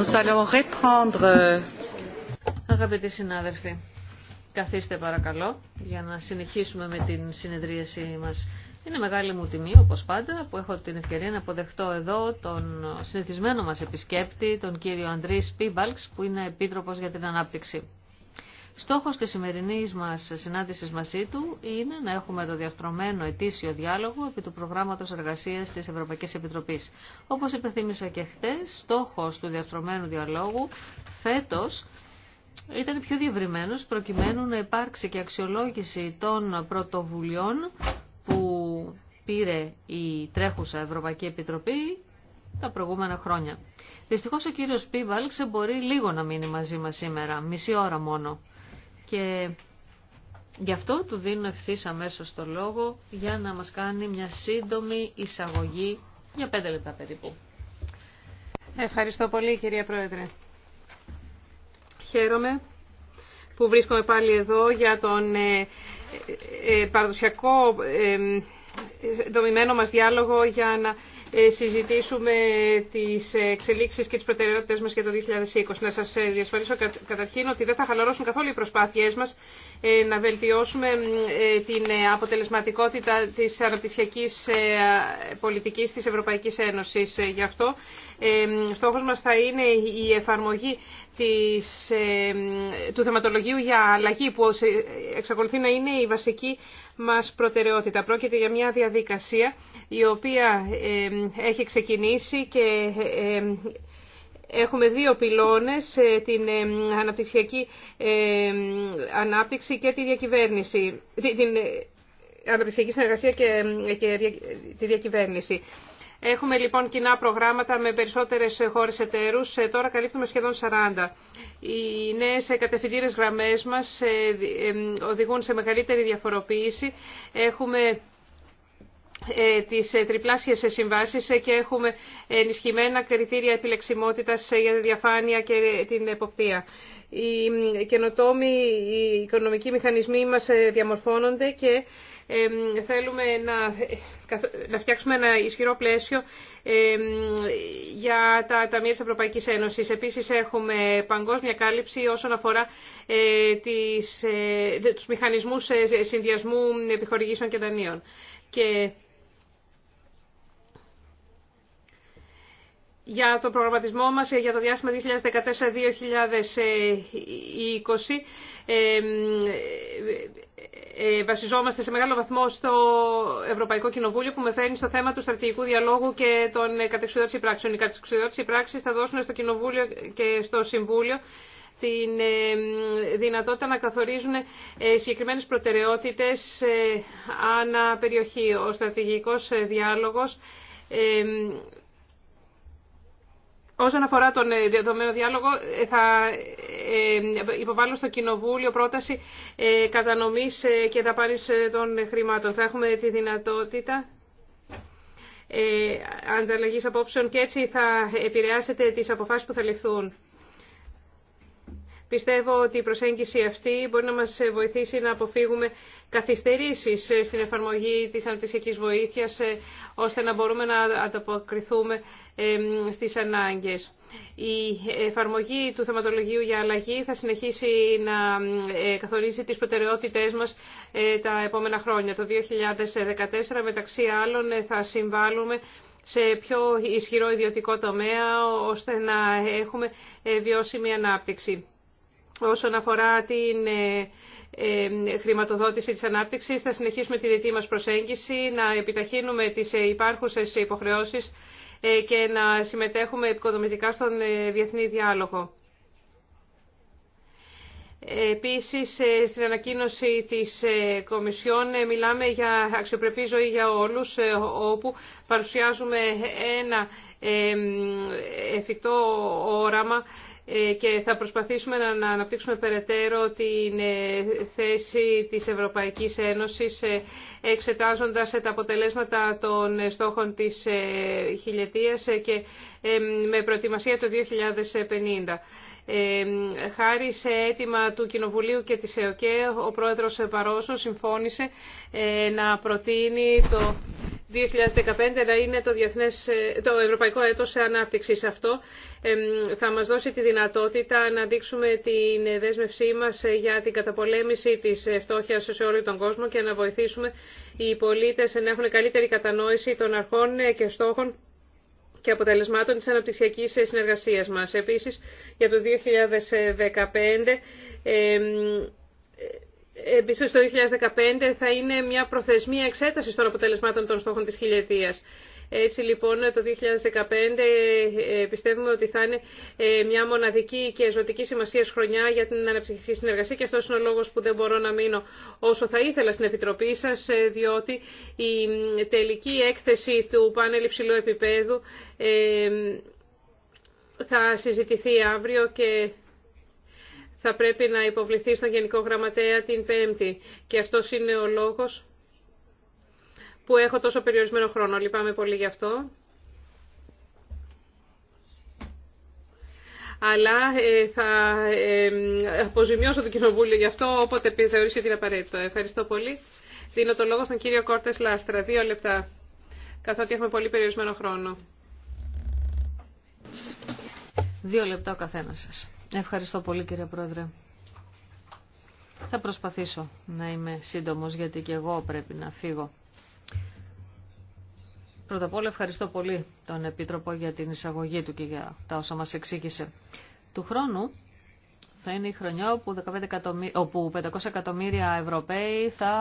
Euh, Αγαπητοί συνάδελφοι, καθίστε παρακαλώ για να συνεχίσουμε με την συνεδρίαση μας. Είναι μεγάλη μου τιμή, όπως πάντα, που έχω την ευκαιρία να αποδεχτώ εδώ τον συνηθισμένο μας επισκέπτη, τον κύριο Ανδρής Πίμπαλξ, που είναι Επίτροπος για την Ανάπτυξη. Στόχος της σημερινής μας συνάντησης μαζί του είναι να έχουμε το διαστρωμένο ετήσιο διάλογο επί του προγράμματος εργασίας της Ευρωπαϊκής Επιτροπής. Όπως υπενθύμησα και χτες, στόχος του διαστρωμένου διαλόγου φέτος ήταν πιο διευρυμένος προκειμένου να υπάρξει και αξιολόγηση των πρωτοβουλειών που πήρε η τρέχουσα Ευρωπαϊκή Επιτροπή τα προηγούμενα χρόνια. Δυστυχώς ο κύριος Πίβαλξ μπορεί λίγο να μείνει μαζί μας σήμερα, μισή ώρα μόνο και γι' αυτό του δίνω ευθύ αμέσω το λόγο για να μας κάνει μια σύντομη εισαγωγή για πέντε λεπτά περίπου. Ευχαριστώ πολύ κυρία Πρόεδρε. Χαίρομαι που βρίσκομαι πάλι εδώ για τον ε, ε, ε παραδοσιακό ε, ε, δομημένο μας διάλογο για να ε, συζητήσουμε τις εξελίξεις και τις προτεραιότητες μας για το 2020. Να σας διασφαλίσω καταρχήν ότι δεν θα χαλαρώσουν καθόλου οι προσπάθειές μας ε, να βελτιώσουμε ε, την αποτελεσματικότητα της αναπτυσιακής ε, πολιτικής της Ευρωπαϊκής Ένωσης. Γι' αυτό στόχος μας θα είναι η εφαρμογή της, του θεματολογίου για αλλαγή που εξακολουθεί να είναι η βασική μας προτεραιότητα. Πρόκειται για μια διαδικασία η οποία έχει ξεκινήσει και Έχουμε δύο πυλώνες, ε, την ε, αναπτυξιακή ε, ανάπτυξη και τη διακυβέρνηση, την αναπτυξιακή συνεργασία και, τη διακυβέρνηση. Έχουμε λοιπόν κοινά προγράμματα με περισσότερες χώρες εταίρους. Τώρα καλύπτουμε σχεδόν 40. Οι νέες κατευθυντήρες γραμμές μας οδηγούν σε μεγαλύτερη διαφοροποίηση. Έχουμε ε, τις ε, τριπλάσιες συμβάσει ε, και έχουμε ενισχυμένα κριτήρια επιλεξιμότητας για τη διαφάνεια και την εποπτεία. Οι καινοτόμοι, οι οικονομικοί μηχανισμοί μας διαμορφώνονται και θέλουμε να φτιάξουμε ένα ισχυρό πλαίσιο για τα ταμεία της Ευρωπαϊκής Ένωσης. Επίσης, έχουμε παγκόσμια κάλυψη όσον αφορά τους μηχανισμούς συνδυασμού επιχορηγήσεων και δανείων. Και για το προγραμματισμό μας ε, για το διάστημα 2014-2020 ε, ε, βασιζόμαστε σε μεγάλο βαθμό στο Ευρωπαϊκό Κοινοβούλιο που με φέρνει στο θέμα του στρατηγικού διαλόγου και των κατεξουδότηση πράξεων. Οι κατεξουδότηση πράξεις θα δώσουν στο Κοινοβούλιο και στο Συμβούλιο την δυνατότητα να καθορίζουν συγκεκριμένες προτεραιότητες ανά περιοχή. Ο στρατηγικός διάλογος Όσον αφορά τον ε, δεδομένο διάλογο, ε, θα ε, υποβάλω στο Κοινοβούλιο πρόταση κατανομής και δαπάνης των χρημάτων. Θα έχουμε τη δυνατότητα ανταλλαγής απόψεων και έτσι θα επηρεάσετε τις αποφάσεις που θα ληφθούν. Πιστεύω ότι η προσέγγιση αυτή μπορεί να μας βοηθήσει να αποφύγουμε Καθυστερήσει ε, στην εφαρμογή της αναπτυξιακή βοήθεια, ε, ώστε να μπορούμε να ανταποκριθούμε ε, στις ανάγκες. Η εφαρμογή του θεματολογίου για αλλαγή θα συνεχίσει να καθορίζει τις προτεραιότητές μας τα επόμενα χρόνια. Το 2014 μεταξύ άλλων θα συμβάλλουμε σε πιο ισχυρό ιδιωτικό τομέα ώστε να έχουμε βιώσιμη ανάπτυξη. Όσον αφορά την χρηματοδότηση της ανάπτυξης. Θα συνεχίσουμε τη διετή μας προσέγγιση, να επιταχύνουμε τις ε, υπάρχουσες υποχρεώσεις ε, και να συμμετέχουμε επικοδομητικά στον ε, διεθνή διάλογο. Επίσης, στην ανακοίνωση της Κομισιόν μιλάμε για αξιοπρεπή ζωή για όλους, όπου παρουσιάζουμε ένα εφικτό όραμα ε, και θα προσπαθήσουμε να αναπτύξουμε περαιτέρω την ε, θέση της Ευρωπαϊκής Ένωσης ε, εξετάζοντας τα αποτελέσματα των στόχων της χιλιετίας και με προετοιμασία το 2050 χάρη σε αίτημα του Κοινοβουλίου και της ΕΟΚΕ, ο πρόεδρος Παρόσο συμφώνησε ε, να προτείνει το 2015 να είναι το, διεθνές, ε, το Ευρωπαϊκό Έτος Ανάπτυξης. Αυτό θα μας δώσει τη δυνατότητα να δείξουμε την δέσμευσή μας για την καταπολέμηση της φτώχειας σε όλο τον κόσμο και να βοηθήσουμε οι πολίτες να έχουν καλύτερη κατανόηση των αρχών και στόχων και αποτελεσμάτων της αναπτυξιακής συνεργασίας μας. Επίσης, για το 2015, ε, επίσης το 2015 θα είναι μια προθεσμία εξέτασης των αποτελεσμάτων των στόχων της χιλιετίας. Έτσι λοιπόν το 2015 ε, πιστεύουμε ότι θα είναι ε, μια μοναδική και ζωτική σημασία χρονιά για την αναψυχική συνεργασία και αυτό είναι ο λόγος που δεν μπορώ να μείνω όσο θα ήθελα στην Επιτροπή σας ε, διότι η τελική έκθεση του πάνελ υψηλού επίπεδου θα συζητηθεί αύριο και θα πρέπει να υποβληθεί στον Γενικό Γραμματέα την Πέμπτη. Και αυτός είναι ο λόγος που έχω τόσο περιορισμένο χρόνο. Λυπάμαι πολύ γι' αυτό. Αλλά ε, θα ε, αποζημιώσω το Κοινοβούλιο γι' αυτό όποτε θεωρήσει ότι είναι απαραίτητο. Ευχαριστώ πολύ. Δίνω το λόγο στον κύριο Κόρτες Λάστρα. Δύο λεπτά, καθότι έχουμε πολύ περιορισμένο χρόνο. Δύο λεπτά ο καθένας σας. Ευχαριστώ πολύ κύριε Πρόεδρε. Θα προσπαθήσω να είμαι σύντομος γιατί και εγώ πρέπει να φύγω. Πρώτα απ' όλα ευχαριστώ πολύ τον Επίτροπο για την εισαγωγή του και για τα όσα μας εξήγησε. Του χρόνου θα είναι η χρονιά όπου, 500 εκατομμύρια Ευρωπαίοι θα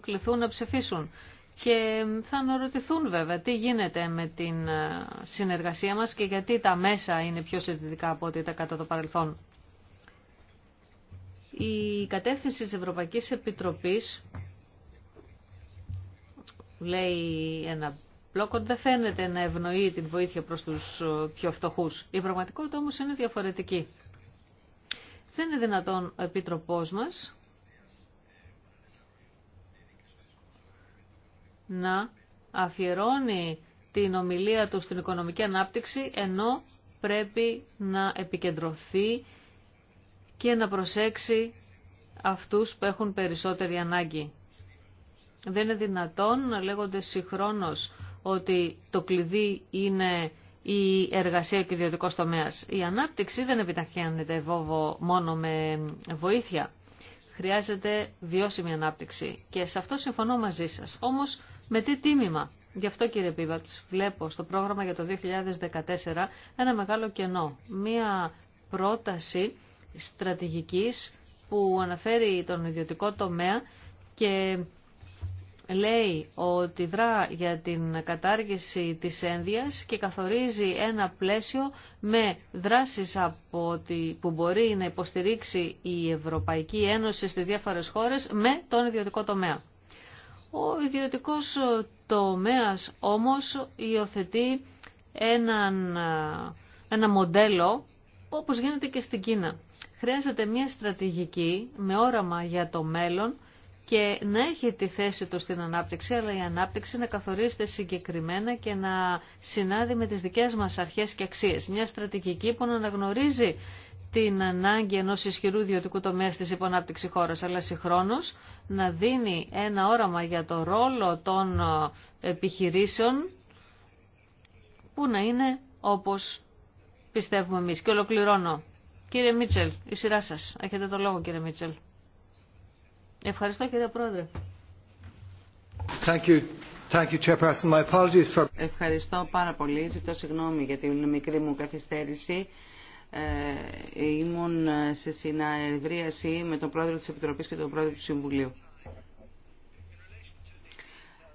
κληθούν να ψηφίσουν. Και θα αναρωτηθούν βέβαια τι γίνεται με την ε, συνεργασία μας και γιατί τα μέσα είναι πιο συντηρητικά από ό,τι τα κατά το παρελθόν. Η κατεύθυνση της Ευρωπαϊκής Επιτροπής λέει ένα πλόκο, δεν φαίνεται να ευνοεί την βοήθεια προς τους ε, πιο φτωχούς. Η πραγματικότητα όμως είναι διαφορετική. Δεν είναι δυνατόν ο Επίτροπός μας να αφιερώνει την ομιλία του στην οικονομική ανάπτυξη ενώ πρέπει να επικεντρωθεί και να προσέξει αυτούς που έχουν περισσότερη ανάγκη. Δεν είναι δυνατόν να λέγονται συγχρόνως ότι το κλειδί είναι η εργασία και ο ιδιωτικό τομέα. Η ανάπτυξη δεν επιταχύνεται βόβο μόνο με βοήθεια. Χρειάζεται βιώσιμη ανάπτυξη και σε αυτό συμφωνώ μαζί σας. Όμως με τι τίμημα. Γι' αυτό κύριε Πίβατς βλέπω στο πρόγραμμα για το 2014 ένα μεγάλο κενό. Μία πρόταση στρατηγικής που αναφέρει τον ιδιωτικό τομέα και λέει ότι δρά για την κατάργηση της ένδιας και καθορίζει ένα πλαίσιο με δράσεις από τη, που μπορεί να υποστηρίξει η Ευρωπαϊκή Ένωση στις διάφορες χώρες με τον ιδιωτικό τομέα. Ο ιδιωτικός τομέας όμως υιοθετεί έναν, ένα μοντέλο όπως γίνεται και στην Κίνα. Χρειάζεται μια στρατηγική με όραμα για το μέλλον και να έχει τη θέση του στην ανάπτυξη, αλλά η ανάπτυξη να καθορίζεται συγκεκριμένα και να συνάδει με τις δικές μας αρχές και αξίες. Μια στρατηγική που να αναγνωρίζει την ανάγκη ενός ισχυρού ιδιωτικού τομέα της υπονάπτυξη χώρας, αλλά συγχρόνως να δίνει ένα όραμα για το ρόλο των ε, επιχειρήσεων που να είναι όπως πιστεύουμε εμείς. Και ολοκληρώνω. Κύριε Μίτσελ, η σειρά σας. Έχετε το λόγο κύριε Μίτσελ. Ευχαριστώ κύριε Πρόεδρε. Thank you. Thank you, for... Ευχαριστώ πάρα πολύ. Ζητώ συγγνώμη για την μικρή μου καθυστέρηση. Ε, ήμουν σε συναευρίαση με τον πρόεδρο της Επιτροπής και τον πρόεδρο του Συμβουλίου.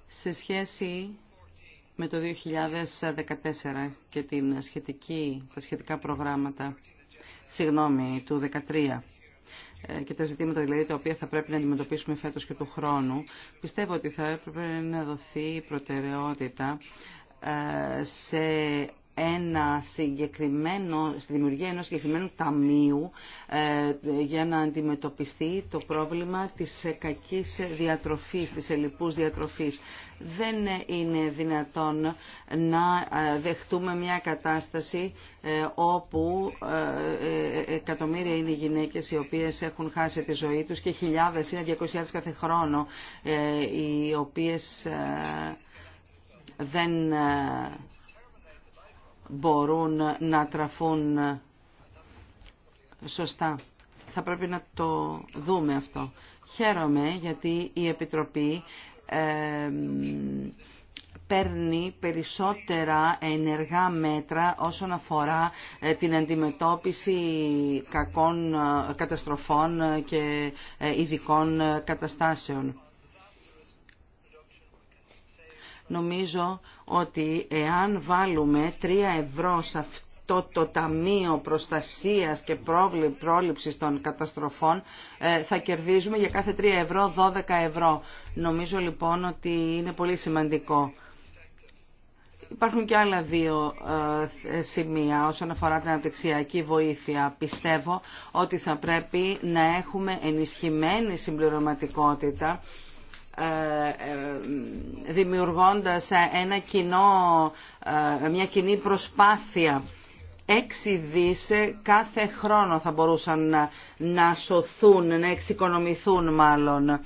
Σε σχέση με το 2014 και την σχετική, τα σχετικά προγράμματα, συγγνώμη, του 2013, ε, και τα ζητήματα δηλαδή τα οποία θα πρέπει να αντιμετωπίσουμε φέτος και του χρόνου, πιστεύω ότι θα έπρεπε να δοθεί προτεραιότητα ε, σε ένα συγκεκριμένο, στη δημιουργία ενός συγκεκριμένου ταμείου ε, για να αντιμετωπιστεί το πρόβλημα της κακής διατροφής, της ελληπούς διατροφής. Δεν είναι δυνατόν να ε, δεχτούμε μια κατάσταση ε, όπου εκατομμύρια είναι οι γυναίκες οι οποίες έχουν χάσει τη ζωή τους και χιλιάδες, είναι 200.000 κάθε χρόνο, οι οποίες δεν μπορούν να τραφούν σωστά. Θα πρέπει να το δούμε αυτό. Χαίρομαι γιατί η Επιτροπή παίρνει περισσότερα ενεργά μέτρα όσον αφορά ε, την αντιμετώπιση κακών ε, καταστροφών και ε, ειδικών καταστάσεων. Νομίζω ότι εάν βάλουμε 3 ευρώ σε αυτό το Ταμείο Προστασίας και Πρόληψης των Καταστροφών ε, θα κερδίζουμε για κάθε 3 ευρώ 12 ευρώ. Νομίζω λοιπόν ότι είναι πολύ σημαντικό. Υπάρχουν και άλλα δύο ε, σημεία όσον αφορά την αναπτυξιακή βοήθεια. Πιστεύω ότι θα πρέπει να έχουμε ενισχυμένη συμπληρωματικότητα ε, ε, δημιουργώντας ένα κοινό, ε, μια κοινή προσπάθεια. έξι δις κάθε χρόνο θα μπορούσαν να σωθούν, να εξοικονομηθούν μάλλον.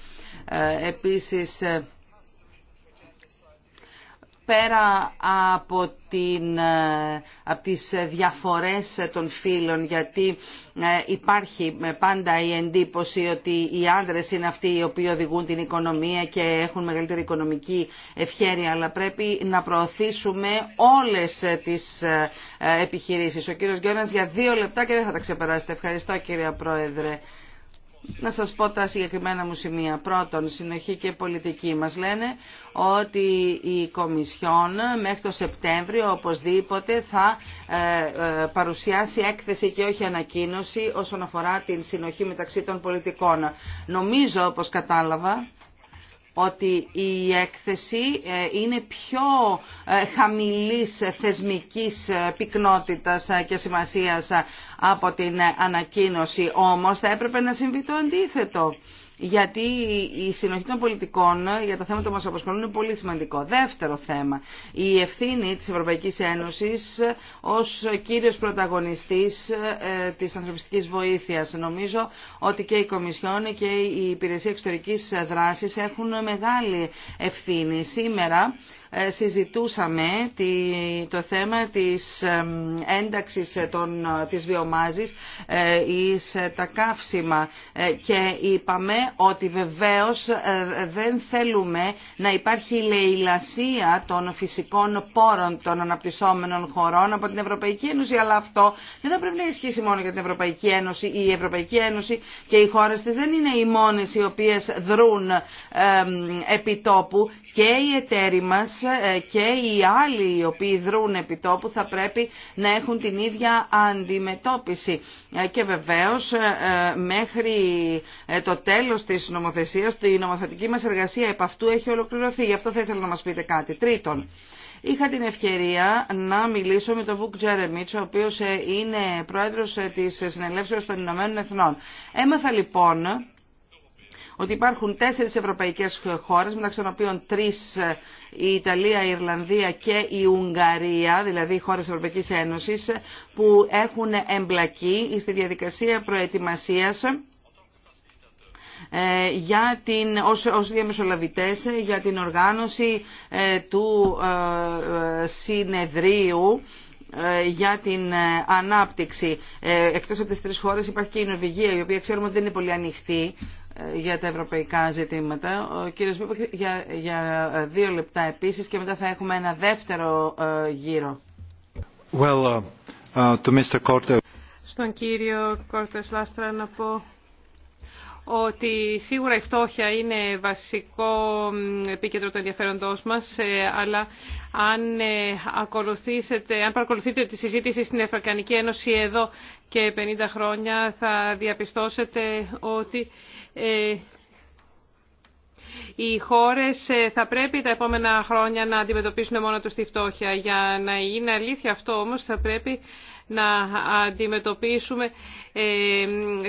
Επίσης πέρα από, την, ε, από τις διαφορές των φίλων, γιατί ε, υπάρχει ε, πάντα η εντύπωση ότι οι άντρες είναι αυτοί οι οποίοι οδηγούν την οικονομία και έχουν μεγαλύτερη οικονομική ευχέρεια αλλά πρέπει να προωθήσουμε όλες τις επιχειρήσεις. Ο κύριος Γιώνας για δύο λεπτά και δεν θα τα ξεπεράσετε. Ευχαριστώ κύριε Πρόεδρε να σας πω τα συγκεκριμένα μου σημεία. Πρώτον, συνοχή και πολιτική. Μας λένε ότι η Κομισιόν μέχρι το Σεπτέμβριο οπωσδήποτε θα ε, ε, παρουσιάσει έκθεση και όχι ανακοίνωση όσον αφορά την συνοχή μεταξύ των πολιτικών. Νομίζω, όπως κατάλαβα, ότι η έκθεση ε, είναι πιο ε, χαμηλής θεσμικής ε, πυκνότητας και σημασίας από την ανακοίνωση. Όμως θα έπρεπε να συμβεί το αντίθετο γιατί η συνοχή των πολιτικών για τα θέματα που μας απασχολούν είναι πολύ σημαντικό. Δεύτερο θέμα, η ευθύνη της Ευρωπαϊκής Ένωσης ως κύριος πρωταγωνιστής ε, της ανθρωπιστικής βοήθειας. Νομίζω ότι και η Κομισιόν και η Υπηρεσία Εξωτερικής Δράσης έχουν μεγάλη ευθύνη. Σήμερα ε, συζητούσαμε το θέμα της ένταξης των, της βιομάζης ε, εις τα καύσιμα ε, και είπαμε ότι βεβαίως δεν θέλουμε να υπάρχει λαιλασία των φυσικών πόρων των αναπτυσσόμενων χωρών από την Ευρωπαϊκή Ένωση, αλλά αυτό δεν θα πρέπει να ισχύσει μόνο για την Ευρωπαϊκή Ένωση. Η Ευρωπαϊκή Ένωση και οι χώρες της δεν είναι οι μόνες οι οποίες δρούν επιτόπου και οι εταίροι μας ε, και οι άλλοι οι οποίοι δρούν επί τόπου θα πρέπει να έχουν την ίδια αντιμετώπιση. Ε, και βεβαίως ε, μέχρι το τέλος της νομοθεσίας, η νομοθετική μας εργασία επ' αυτού έχει ολοκληρωθεί. Γι' αυτό θα ήθελα να μας πείτε κάτι. Τρίτον, Είχα την ευκαιρία να μιλήσω με τον Βουκ Τζέρεμιτς, ο οποίος είναι πρόεδρος της Συνελεύσεως των Ηνωμένων Εθνών. Έμαθα λοιπόν ότι υπάρχουν τέσσερις ευρωπαϊκές χώρες, μεταξύ των οποίων τρεις ε, η Ιταλία, η Ιρλανδία και η Ουγγαρία, δηλαδή οι χώρες Ευρωπαϊκής Ένωσης, που έχουν εμπλακεί στη διαδικασία προετοιμασίας ε, για την, ως, ως διαμεσολαβητές ε, για την οργάνωση του συνεδρίου για την ανάπτυξη. Εκτός από τις τρεις χώρες υπάρχει και η Νορβηγία, η οποία ξέρουμε ότι δεν είναι πολύ ανοιχτή για τα ευρωπαϊκά ζητήματα. Ο κύριος Πίπα για, για ε, δύο λεπτά επίσης και μετά θα έχουμε ένα δεύτερο ε, γύρο. Well, uh, uh, to Mr. Στον κύριο Κόρτες Λάστρα να πω ότι σίγουρα η φτώχεια είναι βασικό επίκεντρο του ενδιαφέροντός μας, ε, αλλά αν, ακολουθήσετε, αν παρακολουθείτε τη συζήτηση στην Αφρικανική Ένωση εδώ και 50 χρόνια, θα διαπιστώσετε ότι ε, οι χώρες ε, θα πρέπει τα επόμενα χρόνια να αντιμετωπίσουν μόνο του τη φτώχεια. Για να είναι αλήθεια αυτό όμως θα πρέπει να αντιμετωπίσουμε ε,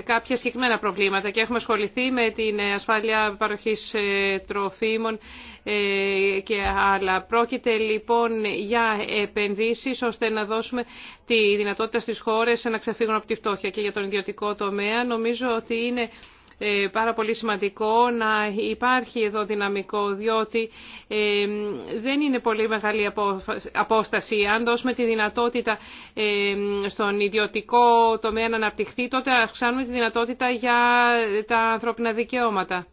κάποια συγκεκριμένα προβλήματα και έχουμε ασχοληθεί με την ασφάλεια παροχής τροφίμων και άλλα. Πρόκειται λοιπόν για επενδύσεις ώστε να δώσουμε τη δυνατότητα στις χώρες να ξεφύγουν από τη φτώχεια και για τον ιδιωτικό τομέα. Νομίζω ότι είναι ε, πάρα πολύ σημαντικό να υπάρχει εδώ δυναμικό, διότι ε, δεν είναι πολύ μεγάλη απόσταση. Αν δώσουμε τη δυνατότητα ε, στον ιδιωτικό τομέα να αναπτυχθεί, τότε αυξάνουμε τη δυνατότητα για τα ανθρώπινα δικαιώματα.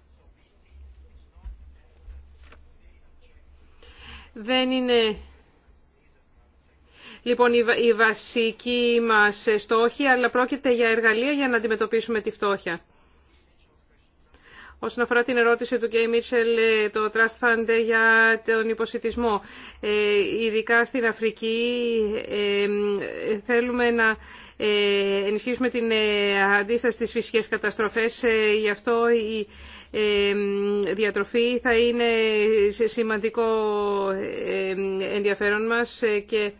Δεν είναι... Λοιπόν, η βασική μας στόχη, αλλά πρόκειται για εργαλεία για να αντιμετωπίσουμε τη φτώχεια. Όσον αφορά την ερώτηση του Γκέι Μίτσελ, ε, το Trust Fund για τον υποσυτισμό, ε, ειδικά στην Αφρική, ε, θέλουμε να ενισχύσουμε την αντίσταση στις φυσικές καταστροφές. Γι' αυτό η διατροφή θα είναι σημαντικό ενδιαφέρον μας και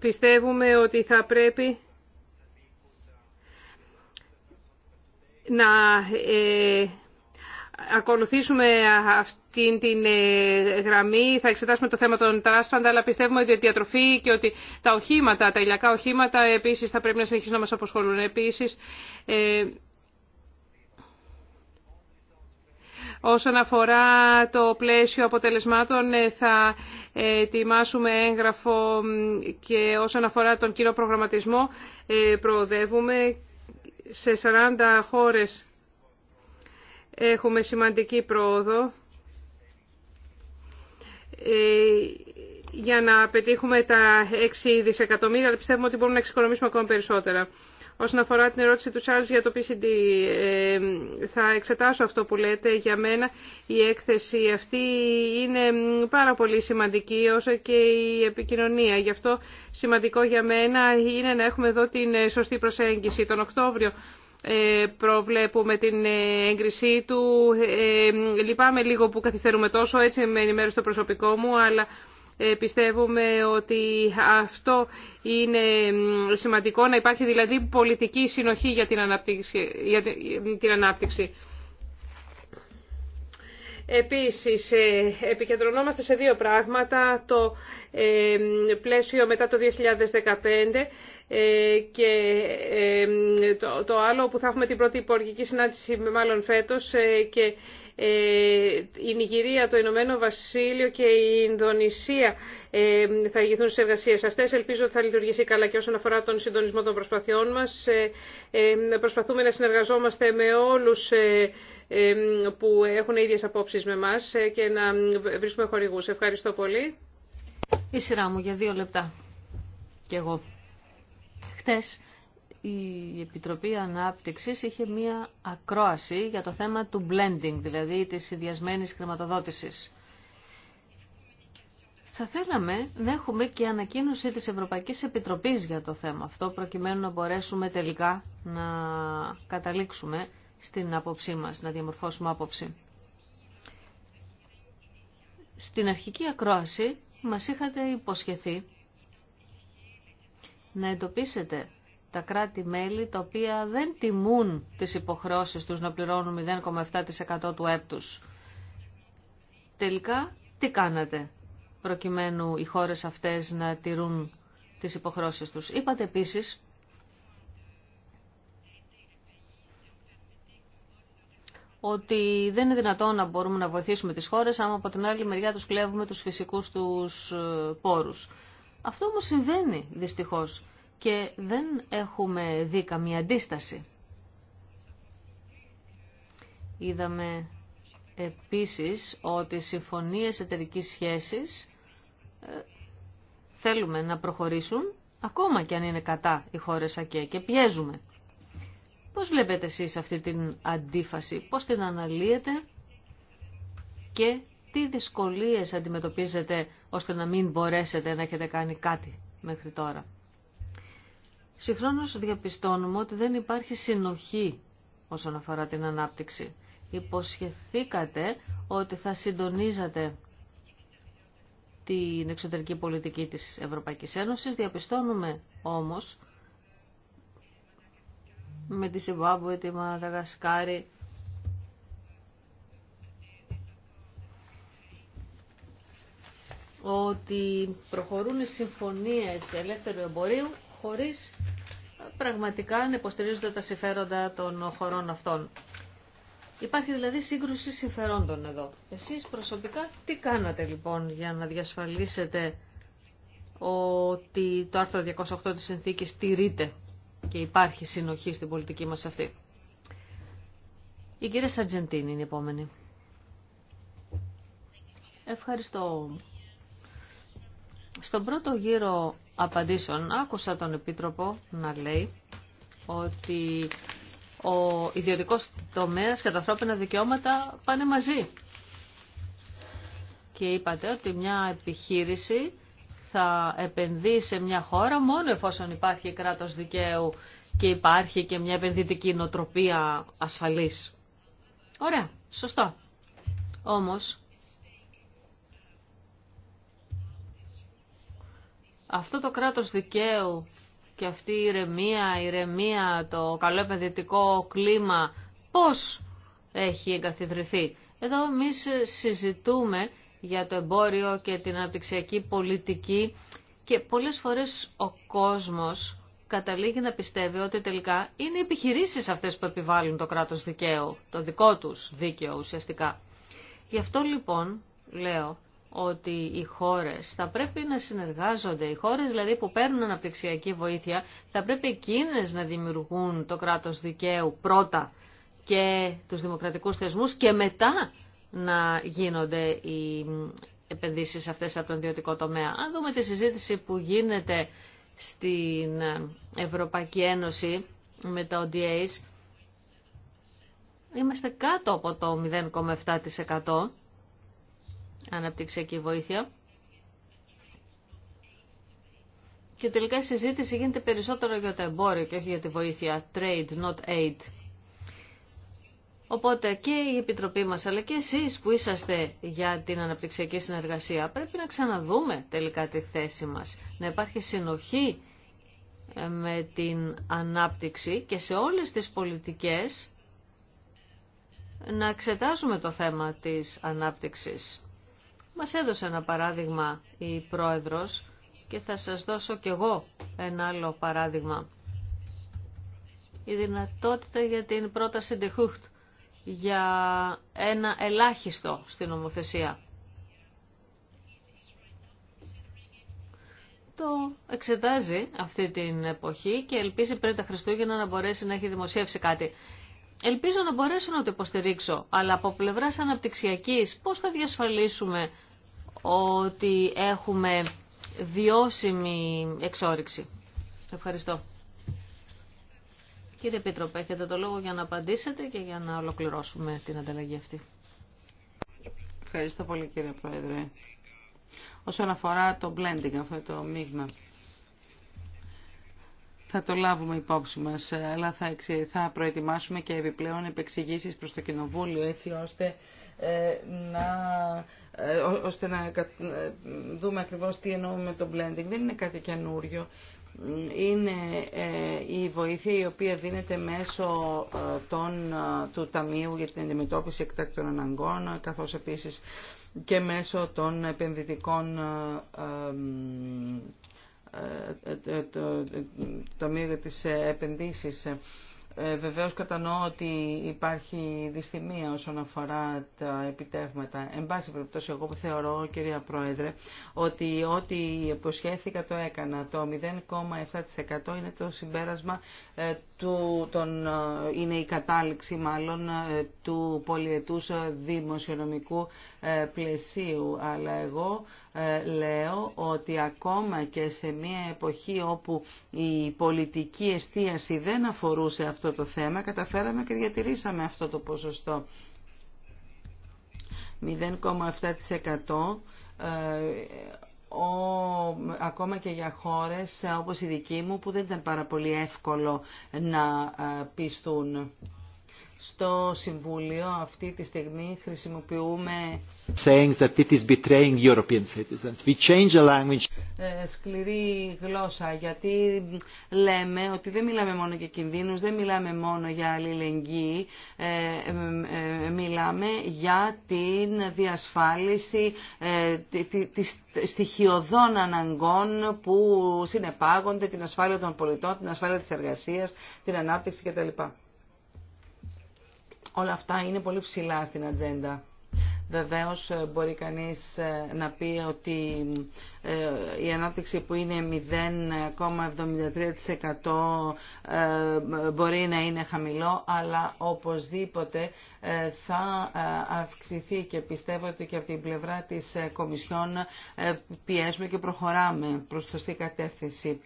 πιστεύουμε ότι θα πρέπει να ε, ακολουθήσουμε αυτήν την ε, γραμμή. Θα εξετάσουμε το θέμα των τράσφαντα, αλλά πιστεύουμε ότι η διατροφή και ότι τα οχήματα, τα ηλιακά οχήματα, επίσης θα πρέπει να συνεχίσουν να μας αποσχολούν. Επίσης, ε, Όσον αφορά το πλαίσιο αποτελεσμάτων θα ετοιμάσουμε έγγραφο και όσον αφορά τον κύριο προγραμματισμό προοδεύουμε σε 40 χώρες έχουμε σημαντική πρόοδο ε, για να πετύχουμε τα 6 δισεκατομμύρια, αλλά πιστεύουμε ότι μπορούμε να εξοικονομήσουμε ακόμα περισσότερα. Όσον αφορά την ερώτηση του Charles για το PCD, ε, θα εξετάσω αυτό που λέτε. Για μένα η έκθεση αυτή είναι πάρα πολύ σημαντική, όσο και η επικοινωνία. Γι' αυτό σημαντικό για μένα είναι να έχουμε εδώ την σωστή προσέγγιση. Τον Οκτώβριο ε, προβλέπουμε την έγκρισή του. Ε, λυπάμαι λίγο που καθυστερούμε τόσο, έτσι με ενημέρωσε το προσωπικό μου, αλλά ε, πιστεύουμε ότι αυτό είναι σημαντικό, να υπάρχει δηλαδή πολιτική συνοχή για την ανάπτυξη. Για την ανάπτυξη. Επίσης, ε, επικεντρωνόμαστε σε δύο πράγματα, το ε, πλαίσιο μετά το 2015 και το άλλο που θα έχουμε την πρώτη υπουργική συνάντηση μάλλον φέτος και ε, η Νιγηρία, το Ηνωμένο Βασίλειο και η Ινδονησία ε, θα ηγηθούν στι εργασίε αυτέ. Ελπίζω ότι θα λειτουργήσει καλά και όσον αφορά τον συντονισμό των προσπαθειών μα. Ε, προσπαθούμε να συνεργαζόμαστε με όλου που έχουν ίδιε απόψει με εμά και να βρίσκουμε χορηγού. Ευχαριστώ πολύ. Η σειρά μου για δύο λεπτά. Και εγώ. Χτες η Επιτροπή Ανάπτυξης είχε μία ακρόαση για το θέμα του blending, δηλαδή της συνδυασμένη χρηματοδότησης. Θα θέλαμε να έχουμε και ανακοίνωση της Ευρωπαϊκής Επιτροπής για το θέμα αυτό, προκειμένου να μπορέσουμε τελικά να καταλήξουμε στην άποψή μας, να διαμορφώσουμε άποψη. Στην αρχική ακρόαση μας είχατε υποσχεθεί να εντοπίσετε τα κράτη-μέλη τα οποία δεν τιμούν τις υποχρεώσεις τους να πληρώνουν 0,7% του έπτους. Τελικά, τι κάνατε προκειμένου οι χώρες αυτές να τηρούν τις υποχρεώσεις τους. Είπατε επίσης ότι δεν είναι δυνατόν να μπορούμε να βοηθήσουμε τις χώρες άμα από την άλλη μεριά τους κλέβουμε τους φυσικούς τους ε, πόρους. Αυτό όμως συμβαίνει δυστυχώς και δεν έχουμε δει καμία αντίσταση. Είδαμε επίσης ότι οι συμφωνίες εταιρικής σχέσης ε, θέλουμε να προχωρήσουν ακόμα και αν είναι κατά οι χώρες ΑΚΕ και πιέζουμε. Πώς βλέπετε εσείς αυτή την αντίφαση, πώς την αναλύετε και τι δυσκολίες αντιμετωπίζετε ώστε να μην μπορέσετε να έχετε κάνει κάτι μέχρι τώρα. Συγχρόνως διαπιστώνουμε ότι δεν υπάρχει συνοχή όσον αφορά την ανάπτυξη. Υποσχεθήκατε ότι θα συντονίζατε την εξωτερική πολιτική της Ευρωπαϊκής Ένωσης. Διαπιστώνουμε όμως με τη Σιμπάμπουε, τη Μαδαγασκάρη, ότι προχωρούν οι συμφωνίες ελεύθερου εμπορίου χωρίς πραγματικά αν υποστηρίζονται τα συμφέροντα των χωρών αυτών. Υπάρχει δηλαδή σύγκρουση συμφερόντων εδώ. Εσείς προσωπικά τι κάνατε λοιπόν για να διασφαλίσετε ότι το άρθρο 208 της συνθήκης τηρείται και υπάρχει συνοχή στην πολιτική μας αυτή. Η κυρία Σαρτζεντίνη είναι η επόμενη. Ευχαριστώ. Στον πρώτο γύρο απαντήσεων άκουσα τον Επίτροπο να λέει ότι ο ιδιωτικός τομέας και τα ανθρώπινα δικαιώματα πάνε μαζί. Και είπατε ότι μια επιχείρηση θα επενδύει σε μια χώρα μόνο εφόσον υπάρχει κράτος δικαίου και υπάρχει και μια επενδυτική νοτροπία ασφαλής. Ωραία, σωστό. Όμως, Αυτό το κράτος δικαίου και αυτή η ηρεμία, η ηρεμία, το καλό επενδυτικό κλίμα, πώς έχει εγκαθιδρυθεί. Εδώ εμεί συζητούμε για το εμπόριο και την αναπτυξιακή πολιτική και πολλές φορές ο κόσμος καταλήγει να πιστεύει ότι τελικά είναι οι επιχειρήσεις αυτές που επιβάλλουν το κράτος δικαίου, το δικό τους δίκαιο ουσιαστικά. Γι' αυτό λοιπόν λέω ότι οι χώρες θα πρέπει να συνεργάζονται. Οι χώρες δηλαδή που παίρνουν αναπτυξιακή βοήθεια θα πρέπει εκείνες να δημιουργούν το κράτος δικαίου πρώτα και τους δημοκρατικούς θεσμούς και μετά να γίνονται οι επενδύσεις αυτές από τον ιδιωτικό τομέα. Αν δούμε τη συζήτηση που γίνεται στην Ευρωπαϊκή Ένωση με τα ODAs, είμαστε κάτω από το 0,7% αναπτυξιακή βοήθεια. Και τελικά η συζήτηση γίνεται περισσότερο για το εμπόριο και όχι για τη βοήθεια. Trade, not aid. Οπότε και η Επιτροπή μας, αλλά και εσείς που είσαστε για την αναπτυξιακή συνεργασία, πρέπει να ξαναδούμε τελικά τη θέση μας. Να υπάρχει συνοχή ε, με την ανάπτυξη και σε όλες τις πολιτικές να εξετάζουμε το θέμα της ανάπτυξης. Μας έδωσε ένα παράδειγμα η Πρόεδρος και θα σας δώσω κι εγώ ένα άλλο παράδειγμα. Η δυνατότητα για την πρόταση de για ένα ελάχιστο στην νομοθεσία. Το εξετάζει αυτή την εποχή και ελπίζει πριν τα Χριστούγεννα να μπορέσει να έχει δημοσιεύσει κάτι. Ελπίζω να μπορέσω να το υποστηρίξω, αλλά από πλευρά αναπτυξιακή. πώς θα διασφαλίσουμε ότι έχουμε βιώσιμη εξόριξη. Ευχαριστώ. Κύριε Επίτροπε, έχετε το λόγο για να απαντήσετε και για να ολοκληρώσουμε την ανταλλαγή αυτή. Ευχαριστώ πολύ κύριε Πρόεδρε. Όσον αφορά το blending, αυτό το μείγμα θα το λάβουμε υπόψη μας, αλλά θα, θα προετοιμάσουμε και επιπλέον επεξηγήσεις προς το Κοινοβούλιο, έτσι ώστε ε, να, ε, ώστε να ε, δούμε ακριβώς τι εννοούμε με το blending. Δεν είναι κάτι καινούριο. Είναι η βοήθεια η οποία δίνεται μέσω των, του Ταμείου για την αντιμετώπιση εκτάκτων αναγκών, καθώς επίσης και μέσω των επενδυτικών το μείγμα για της Επενδύσεις. Ε, βεβαίως κατανοώ ότι υπάρχει δυστημία όσον αφορά τα επιτεύγματα. Εν πάση περιπτώσει, εγώ που θεωρώ, κυρία Πρόεδρε, ότι ό,τι υποσχέθηκα το έκανα. Το 0,7% είναι το συμπέρασμα ε, του, τον, ε, είναι η κατάληξη μάλλον ε, του πολιετούς ε, δημοσιονομικού πλαισίου. Αλλά εγώ λέω ότι ακόμα και σε μια εποχή όπου η πολιτική εστίαση δεν αφορούσε αυτό το θέμα, καταφέραμε και διατηρήσαμε αυτό το ποσοστό. 0,7% ακόμα και για χώρες όπως η δική μου που δεν ήταν πάρα πολύ εύκολο να ε, πιστούν στο Συμβούλιο αυτή τη στιγμή χρησιμοποιούμε saying that it is betraying European citizens. We change the language. Ε, σκληρή γλώσσα γιατί λέμε ότι δεν μιλάμε μόνο για κινδύνους, δεν μιλάμε μόνο για αλληλεγγύη, ε, ε, μιλάμε για την διασφάλιση της στοιχειωδών αναγκών που συνεπάγονται την ασφάλεια των πολιτών, την ασφάλεια της εργασίας, την ανάπτυξη κτλ. Όλα αυτά είναι πολύ ψηλά στην ατζέντα. Βεβαίως ε, μπορεί κανείς ε, να πει ότι ε, η ανάπτυξη που είναι 0,73% μπορεί να είναι χαμηλό, αλλά οπωσδήποτε θα αυξηθεί και πιστεύω ότι και από την πλευρά της Κομισιόν πιέζουμε και προχωράμε προς σωστή κατεύθυνση.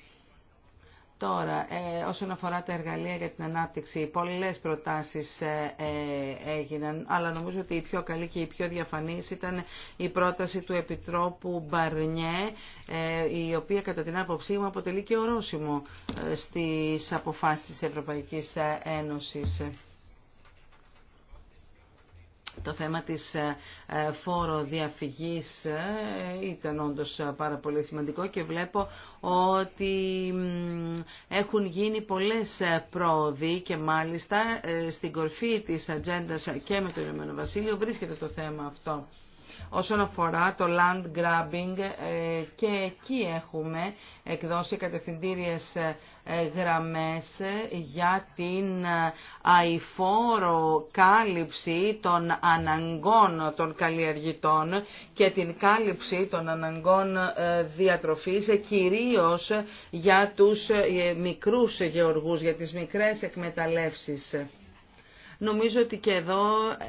Τώρα, ε, όσον αφορά τα εργαλεία για την ανάπτυξη, πολλές προτάσεις ε, ε, έγιναν, αλλά νομίζω ότι η πιο καλή και η πιο διαφανής ήταν η πρόταση του Επιτρόπου Μπαρνιέ, η οποία κατά την άποψή μου αποτελεί και ορόσημο στις αποφάσεις της Ευρωπαϊκής Ένωσης. Το θέμα της ε, ε, φόρο διαφυγής ε, ήταν όντως πάρα πολύ σημαντικό και βλέπω ότι έχουν γίνει πολλές πρόοδοι και μάλιστα στην κορφή της ατζέντα και με το Ηνωμένο Βασίλειο βρίσκεται το θέμα αυτό. Όσον αφορά το land grabbing ε, και εκεί έχουμε εκδώσει κατευθυντήριες ε, γραμμές για την αηφόρο κάλυψη των αναγκών των καλλιεργητών και την κάλυψη των αναγκών ε, διατροφής κυρίως για τους μικρούς γεωργούς, για τις μικρές εκμεταλλεύσεις. Νομίζω ότι και εδώ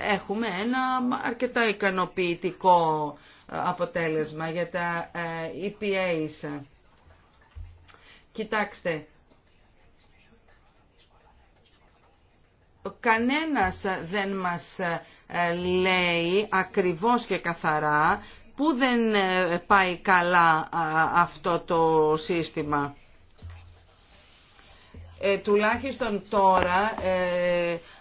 έχουμε ένα αρκετά ικανοποιητικό ε, αποτέλεσμα για τα ε, EPA. Κοιτάξτε, κανένας δεν μας ε, λέει ακριβώς και καθαρά πού δεν πάει καλά αυτό το σύστημα. Ε, τουλάχιστον τώρα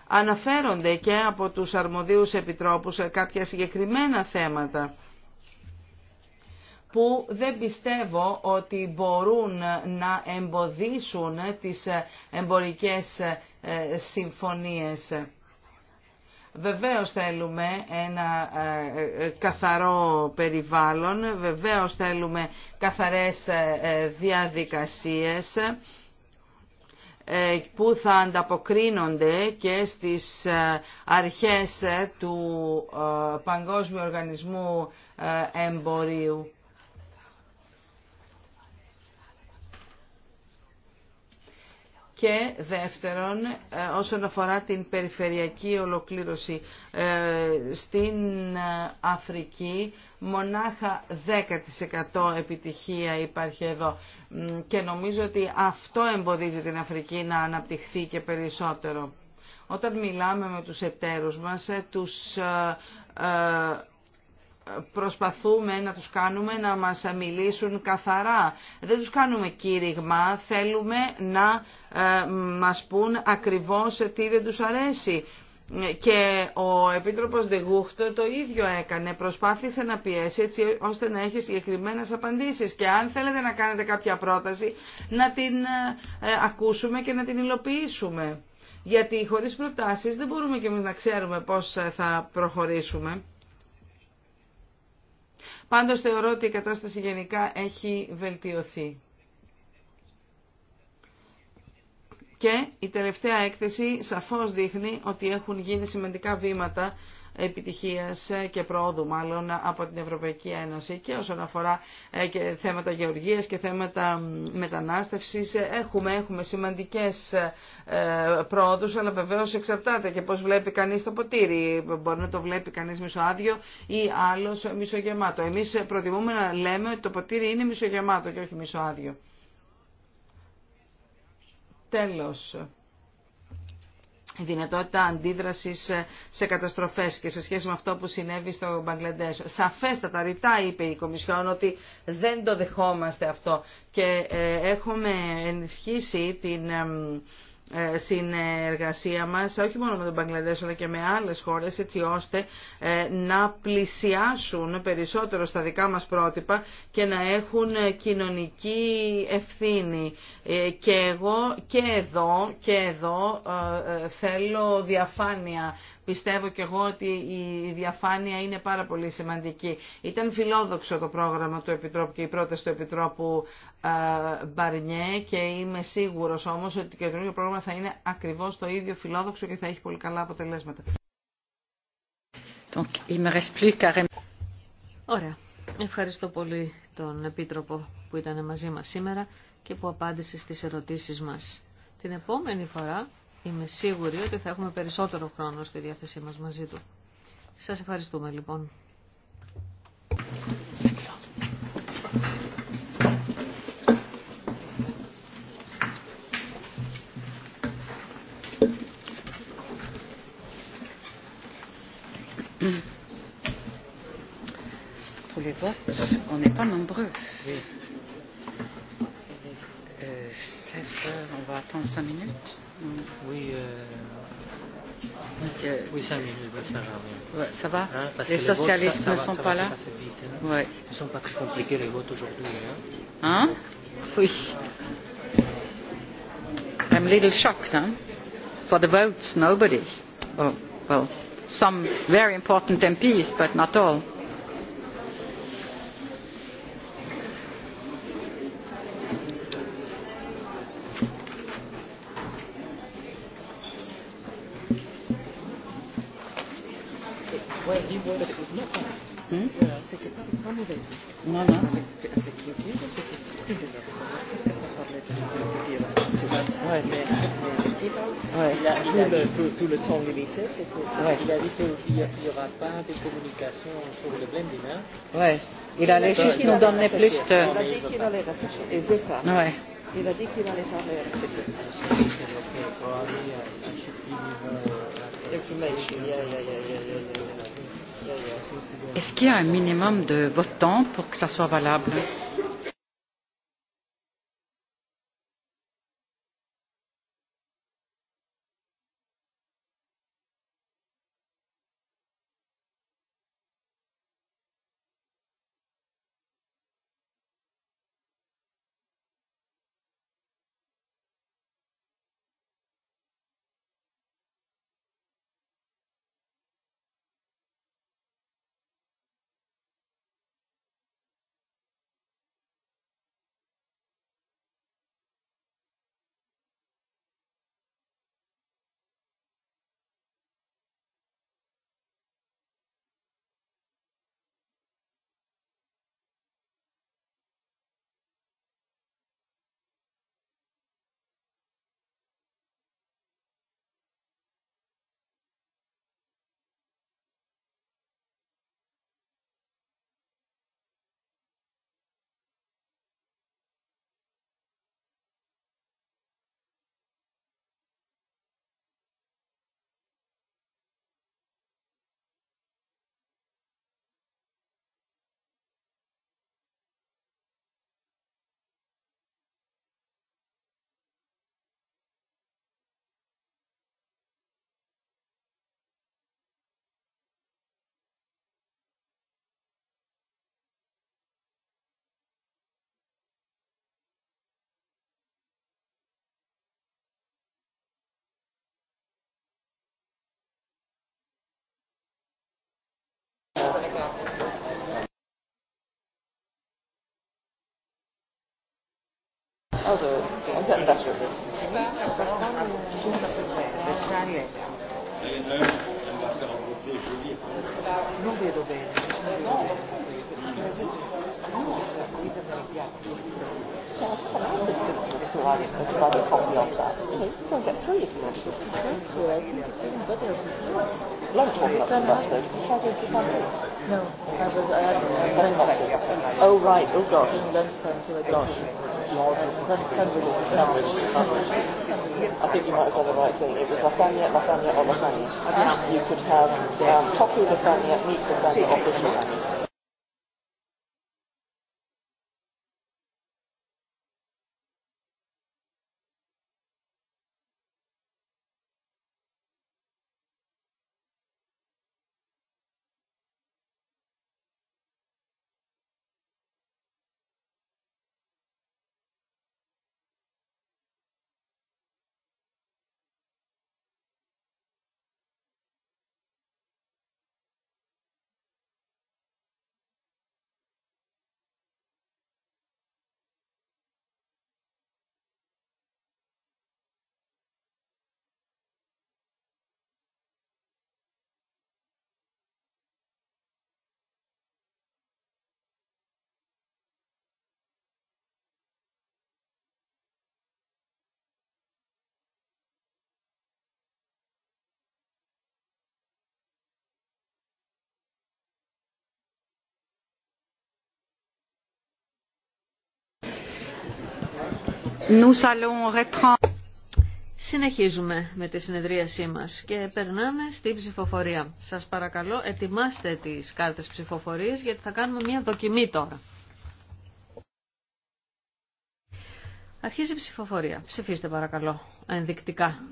αναφέρονται και από τους αρμοδίους επιτρόπους κάποια συγκεκριμένα θέματα που δεν πιστεύω ότι μπορούν να εμποδίσουν τις εμπορικές ε, συμφωνίες. Βεβαίως θέλουμε ένα ε, ε, καθαρό περιβάλλον, βεβαίως θέλουμε καθαρές διαδικασίες ε, που θα ανταποκρίνονται και στις ε, αρχές ε, του Παγκόσμιου Οργανισμού Εμπορίου. και δεύτερον ε, όσον αφορά την περιφερειακή ολοκλήρωση ε, στην ε, Αφρική μονάχα 10% επιτυχία υπάρχει εδώ και νομίζω ότι αυτό εμποδίζει την Αφρική να αναπτυχθεί και περισσότερο. Όταν μιλάμε με τους εταίρους μας, τους προσπαθούμε να τους κάνουμε να μας μιλήσουν καθαρά. Δεν τους κάνουμε κήρυγμα, θέλουμε να ε, μας πούν ακριβώς τι δεν τους αρέσει. Και ο Επίτροπος δεγούχτο το ίδιο έκανε, προσπάθησε να πιέσει έτσι ώστε να έχει συγκεκριμένε απαντήσεις και αν θέλετε να κάνετε κάποια πρόταση να την ε, ακούσουμε και να την υλοποιήσουμε. Γιατί χωρίς προτάσεις δεν μπορούμε και εμείς να ξέρουμε πώς θα προχωρήσουμε. Πάντως θεωρώ ότι η κατάσταση γενικά έχει βελτιωθεί. Και η τελευταία έκθεση σαφώς δείχνει ότι έχουν γίνει σημαντικά βήματα επιτυχίας και πρόοδου μάλλον από την Ευρωπαϊκή Ένωση και όσον αφορά ε, και θέματα γεωργίας και θέματα μετανάστευσης ε, έχουμε, έχουμε σημαντικές ε, πρόοδους αλλά βεβαίως εξαρτάται και πώς βλέπει κανείς το ποτήρι μπορεί να το βλέπει κανείς μισοάδιο ή άλλος μισογεμάτο εμείς προτιμούμε να λέμε ότι το ποτήρι είναι μισογεμάτο και όχι μισοάδιο Τέλος δυνατότητα αντίδρασης σε καταστροφές και σε σχέση με αυτό που συνέβη στο Μπαγκλαντές. Σαφέστατα, ρητά είπε η Κομισιόν ότι δεν το δεχόμαστε αυτό και ε, έχουμε ενισχύσει την ε, συνεργασία μας, όχι μόνο με τον Παγκλαντές αλλά και με άλλες χώρες, έτσι ώστε ε, να πλησιάσουν περισσότερο στα δικά μας πρότυπα και να έχουν κοινωνική ευθύνη. Ε, και εγώ και εδώ, και εδώ θέλω διαφάνεια πιστεύω και εγώ ότι η διαφάνεια είναι πάρα πολύ σημαντική. Ήταν φιλόδοξο το πρόγραμμα του Επιτρόπου και η πρόταση του Επιτρόπου ε, Μπαρνιέ και είμαι σίγουρος όμως ότι το καινούργιο πρόγραμμα θα είναι ακριβώς το ίδιο φιλόδοξο και θα έχει πολύ καλά αποτελέσματα. Ωραία. Ευχαριστώ πολύ τον Επίτροπο που ήταν μαζί μας σήμερα και που απάντησε στις ερωτήσεις μας. Την επόμενη φορά είμαι σίγουρη ότι θα έχουμε περισσότερο χρόνο στη διάθεσή μας μαζί του. Σας ευχαριστούμε λοιπόν. Pour les votes, on n'est pas nombreux. Oui. On va attendre cinq minutes. Oui, euh... oui cinq minutes, ça va. Oui. Ouais, ça va hein, parce Les que socialistes les votes, ça, ça ne va, sont ça pas va, là ça vite, hein. ouais. Ils ne sont pas très compliqués les votes aujourd'hui. Hein, hein Oui. I'm a little shocked, hein For the votes, nobody. Oh, well, some very important MPs, but not all. tout, le temps limité, ouais. il a dit qu'il n'y aura pas de communication sur le Blendina. Ouais. Il allait juste nous donner plus de... Il a veut pas. Il a dit qu'il allait parler. Est-ce qu'il y a un minimum de votants pour que ça soit valable Other, δεν τα Non vedo bene. Yeah, I Oh, right, oh gosh. I think you might have the right thing. It was lasagna, lasagna, or lasagna. You could have um, lasagna, meat lasagna, or fish lasagna. Συνεχίζουμε με τη συνεδρίασή μας και περνάμε στη ψηφοφορία. Σας παρακαλώ ετοιμάστε τις κάρτες ψηφοφορίας γιατί θα κάνουμε μια δοκιμή τώρα. Αρχίζει η ψηφοφορία. Ψηφίστε παρακαλώ ενδεικτικά.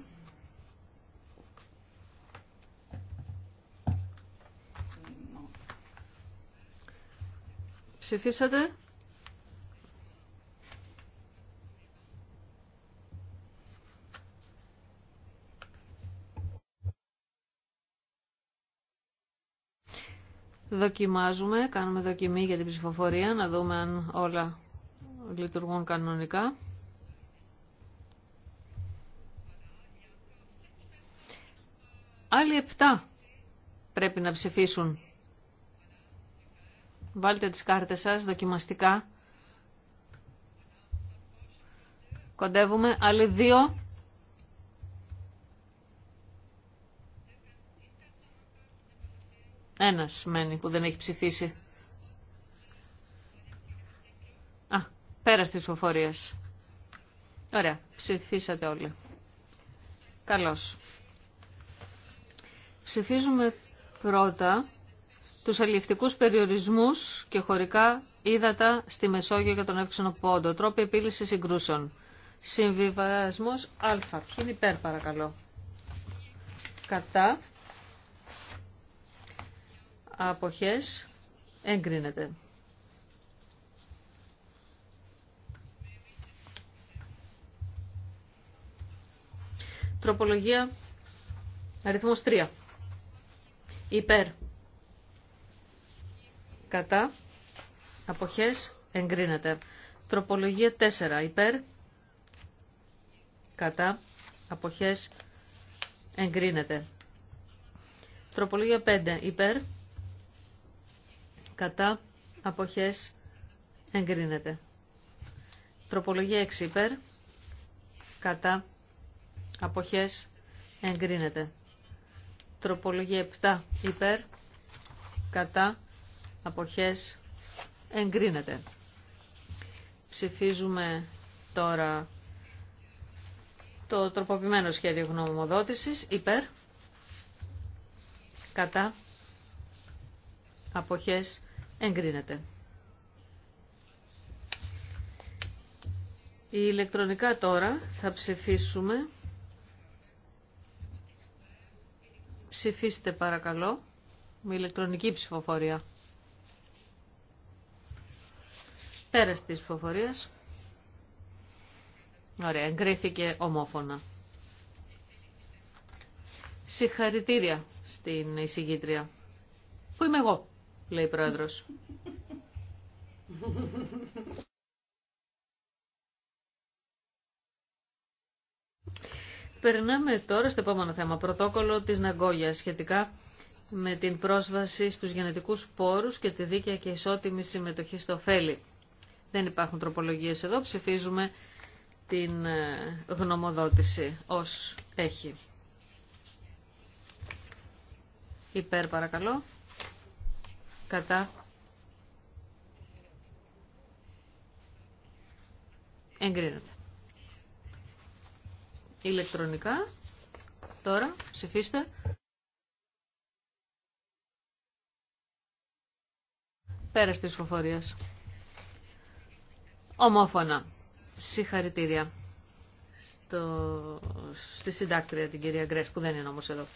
Ψηφίσατε. Δοκιμάζουμε, κάνουμε δοκιμή για την ψηφοφορία, να δούμε αν όλα λειτουργούν κανονικά. Άλλοι 7 πρέπει να ψηφίσουν. Βάλτε τις κάρτες σας δοκιμαστικά. Κοντεύουμε. Άλλοι δύο Ένας μένει που δεν έχει ψηφίσει. Α, πέρα στις φοφορίες. Ωραία, ψηφίσατε όλοι. Καλώς. Ψηφίζουμε πρώτα τους αλληλευτικούς περιορισμούς και χωρικά ύδατα στη Μεσόγειο για τον εύξενο πόντο. Τρόπο επίλυσης συγκρούσεων. Συμβιβασμός Α. Ποιοι είναι υπέρ παρακαλώ. Κατά αποχές εγκρίνεται. Τροπολογία αριθμός 3. Υπέρ. Κατά. Αποχές εγκρίνεται. Τροπολογία 4. Υπέρ. Κατά. Αποχές εγκρίνεται. Τροπολογία 5. Υπέρ κατά αποχές εγκρίνεται. Τροπολογία 6 υπέρ κατά αποχές εγκρίνεται. Τροπολογία 7 υπέρ κατά αποχές εγκρίνεται. Ψηφίζουμε τώρα το τροποποιημένο σχέδιο γνωμοδότησης υπέρ κατά αποχές εγκρίνεται. Η ηλεκτρονικά τώρα θα ψηφίσουμε. Ψηφίστε παρακαλώ με ηλεκτρονική ψηφοφορία. Πέρας της ψηφοφορίας. Ωραία, εγκρίθηκε ομόφωνα. Συγχαρητήρια στην εισηγήτρια. Πού είμαι εγώ λέει Περνάμε τώρα στο επόμενο θέμα, πρωτόκολλο της Ναγκόγια σχετικά με την πρόσβαση στους γενετικούς πόρους και τη δίκαια και ισότιμη συμμετοχή στο φέλη. Δεν υπάρχουν τροπολογίες εδώ, ψηφίζουμε την ε, γνωμοδότηση ως έχει. Υπέρ παρακαλώ κατά εγκρίνεται. Ηλεκτρονικά, τώρα ψηφίστε. Πέρα της φοφορίας. Ομόφωνα. Συγχαρητήρια στο, στη συντάκτρια την κυρία Γκρέσ που δεν είναι όμως εδώ.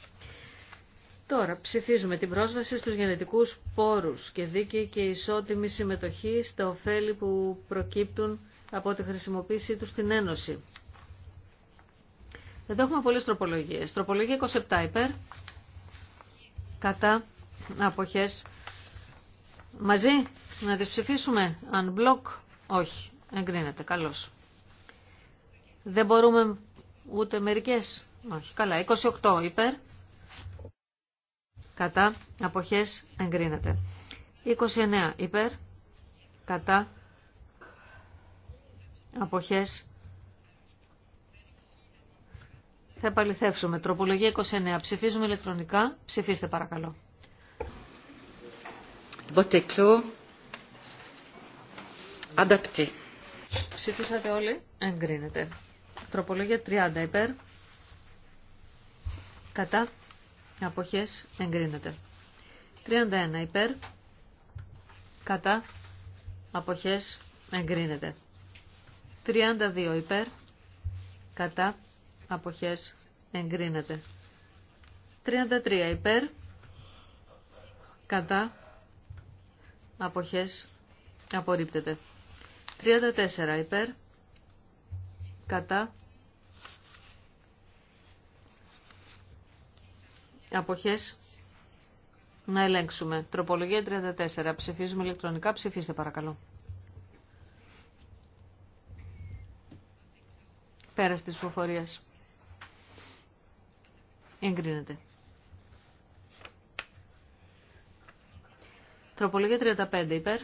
Τώρα ψηφίζουμε την πρόσβαση στους γενετικούς πόρους και δίκαιη και ισότιμη συμμετοχή στα ωφέλη που προκύπτουν από τη χρησιμοποίησή τους στην Ένωση. Εδώ έχουμε πολλές τροπολογίες. Τροπολογία 27 υπέρ, κατά αποχές. Μαζί να τις ψηφίσουμε, αν μπλοκ, όχι, εγκρίνεται, καλώς. Δεν μπορούμε ούτε μερικές, όχι, καλά, 28 υπέρ, κατά αποχές εγκρίνεται. 29 υπέρ κατά αποχές θα επαληθεύσουμε. Τροπολογία 29. Ψηφίζουμε ηλεκτρονικά. Ψηφίστε παρακαλώ. Ψηφίσατε όλοι. Εγκρίνεται. Τροπολογία 30 υπέρ. Κατά. Αποχές εγκρίνεται. 31 υπέρ. Κατά. Αποχές εγκρίνεται. 32 υπέρ. Κατά. Αποχές εγκρίνεται. 33 υπέρ. Κατά. Αποχές απορρίπτεται. 34 υπέρ. Κατά. Αποχές. Να ελέγξουμε. Τροπολογία 34. Ψηφίζουμε ηλεκτρονικά. Ψηφίστε παρακαλώ. Πέρας της ψηφοφορίας. Εγκρίνεται. Τροπολογία 35 υπέρ.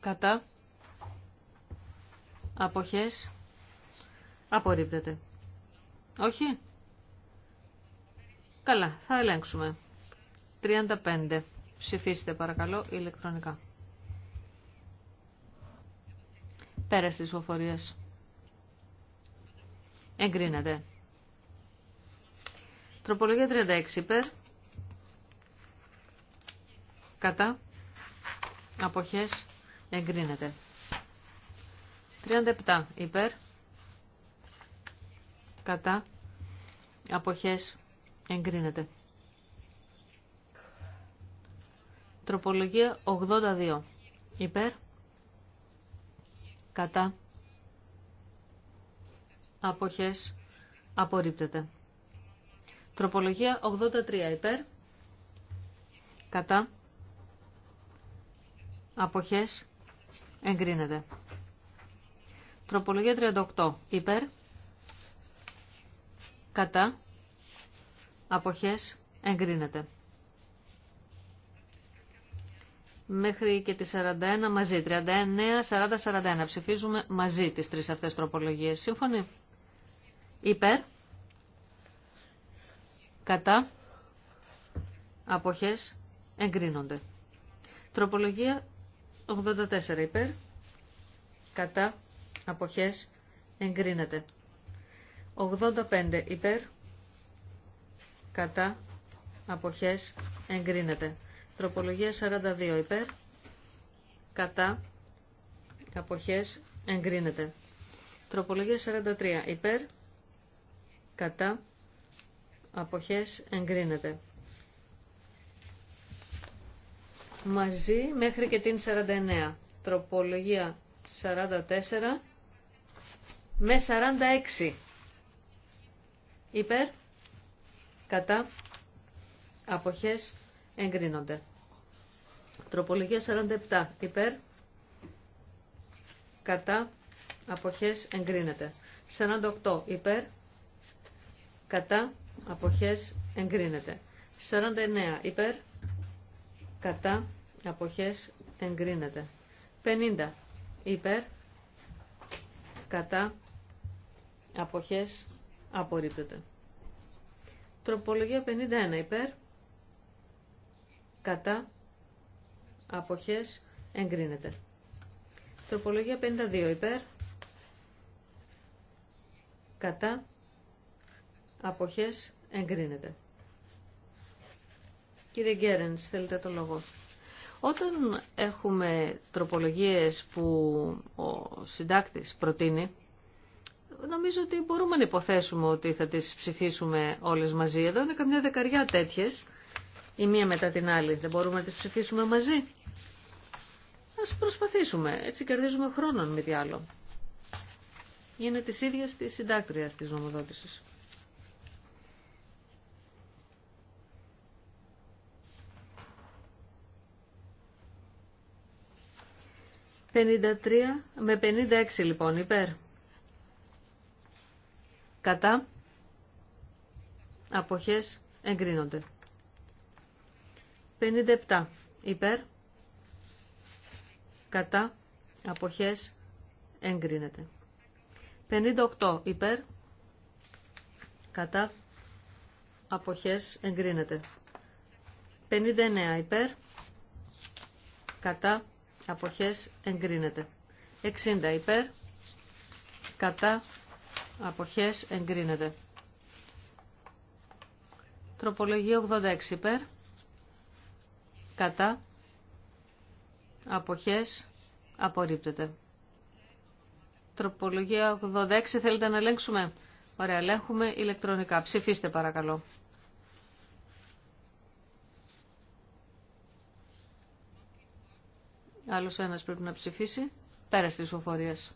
Κατά. Αποχές. Απορρίπτεται. Όχι. Καλά, θα ελέγξουμε. 35. Ψηφίστε παρακαλώ ηλεκτρονικά. Πέρας της φοφορίες. Εγκρίνεται. Τροπολογία 36 υπέρ. Κατά. Αποχές. Εγκρίνεται. 37 υπέρ. Κατά. Αποχές. Εγκρίνεται. Τροπολογία 82. Υπέρ. Κατά. Αποχές. Απορρίπτεται. Τροπολογία 83. Υπέρ. Κατά. Αποχές. Εγκρίνεται. Τροπολογία 38. Υπέρ. Κατά αποχές εγκρίνεται. Μέχρι και τη 41 μαζί, 39, 40, 41. Ψηφίζουμε μαζί τις τρεις αυτές τροπολογίες. Σύμφωνοι. Υπέρ. Κατά. Αποχές εγκρίνονται. Τροπολογία 84 υπέρ. Κατά. Αποχές εγκρίνεται. 85 υπέρ κατά, αποχές, εγκρίνεται. Τροπολογία 42 υπέρ, κατά, αποχές, εγκρίνεται. Τροπολογία 43 υπέρ, κατά, αποχές, εγκρίνεται. Μαζί μέχρι και την 49. Τροπολογία 44 με 46 υπέρ, κατά αποχές εγκρίνονται. Τροπολογία 47 υπέρ κατά αποχές εγκρίνεται. 48 υπέρ κατά αποχές εγκρίνεται. 49 υπέρ κατά αποχές εγκρίνεται. 50 υπέρ κατά αποχές απορρίπτεται. Τροπολογία 51 υπέρ, κατά, αποχές, εγκρίνεται. Τροπολογία 52 υπέρ, κατά, αποχές, εγκρίνεται. Κύριε Γκέρενς, θέλετε το λόγο. Όταν έχουμε τροπολογίες που ο συντάκτης προτείνει, νομίζω ότι μπορούμε να υποθέσουμε ότι θα τις ψηφίσουμε όλες μαζί. Εδώ είναι καμιά δεκαριά τέτοιες, η μία μετά την άλλη. Δεν μπορούμε να τις ψηφίσουμε μαζί. Ας προσπαθήσουμε, έτσι κερδίζουμε χρόνο, με τι άλλο. Είναι της ίδιας της συντάκτριας της νομοδότησης. «53 με 56 λοιπόν, υπέρ» κατά, αποχές εγκρίνονται. 57 υπέρ, κατά, αποχές εγκρίνεται. 58 υπέρ, κατά, αποχές εγκρίνεται. 59 υπέρ, κατά, αποχές εγκρίνεται. 60 υπέρ, κατά, αποχές εγκρίνεται. Τροπολογία 86 υπέρ, κατά, αποχές απορρίπτεται. Τροπολογία 86 θέλετε να ελέγξουμε. Ωραία, ελέγχουμε ηλεκτρονικά. Ψηφίστε παρακαλώ. Άλλος ένας πρέπει να ψηφίσει. Πέρα της ψηφοφορίες.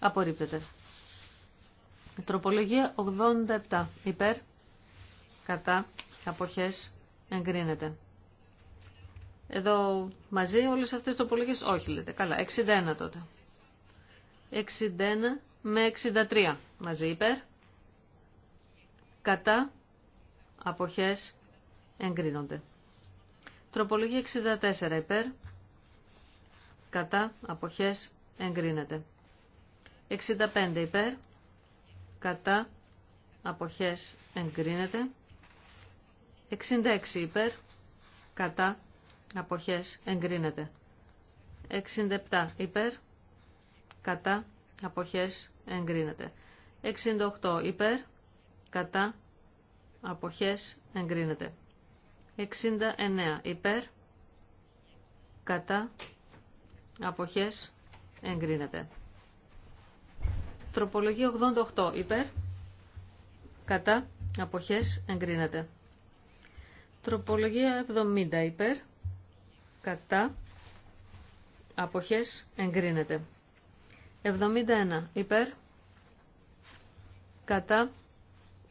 Απορρίπτεται. Τροπολογία 87. Υπέρ, κατά, αποχές, εγκρίνεται. Εδώ μαζί όλες αυτές τις τροπολογίες, όχι λέτε, καλά, 61 τότε. 61 με 63 μαζί υπέρ, κατά, αποχές, εγκρίνονται. Τροπολογία 64 υπέρ, κατά, αποχές, εγκρίνεται. 65 υπέρ, κατά αποχές εγκρίνεται. 66 υπέρ κατά αποχές εγκρίνεται. 67 υπέρ κατά αποχές εγκρίνεται. 68 υπέρ κατά αποχές εγκρίνεται. 69 υπέρ κατά αποχές εγκρίνεται. Τροπολογία 88 υπέρ. Κατά. Αποχές εγκρίνεται. Τροπολογία 70 υπέρ. Κατά. Αποχές εγκρίνεται. 71 υπέρ. Κατά.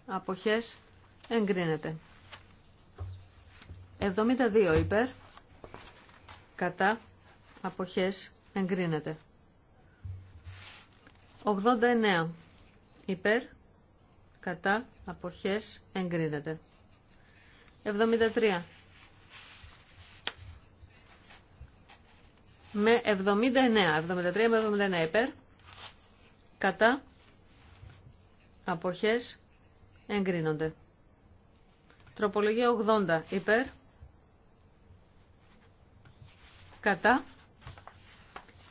Αποχές εγκρίνεται. 72 υπέρ. Κατά. Αποχές εγκρίνεται. 89 υπέρ, κατά, αποχές, εγκρίνεται. 73 με 79, 73 με 79 υπέρ, κατά, αποχές, εγκρίνονται. Τροπολογία 80 υπέρ, κατά,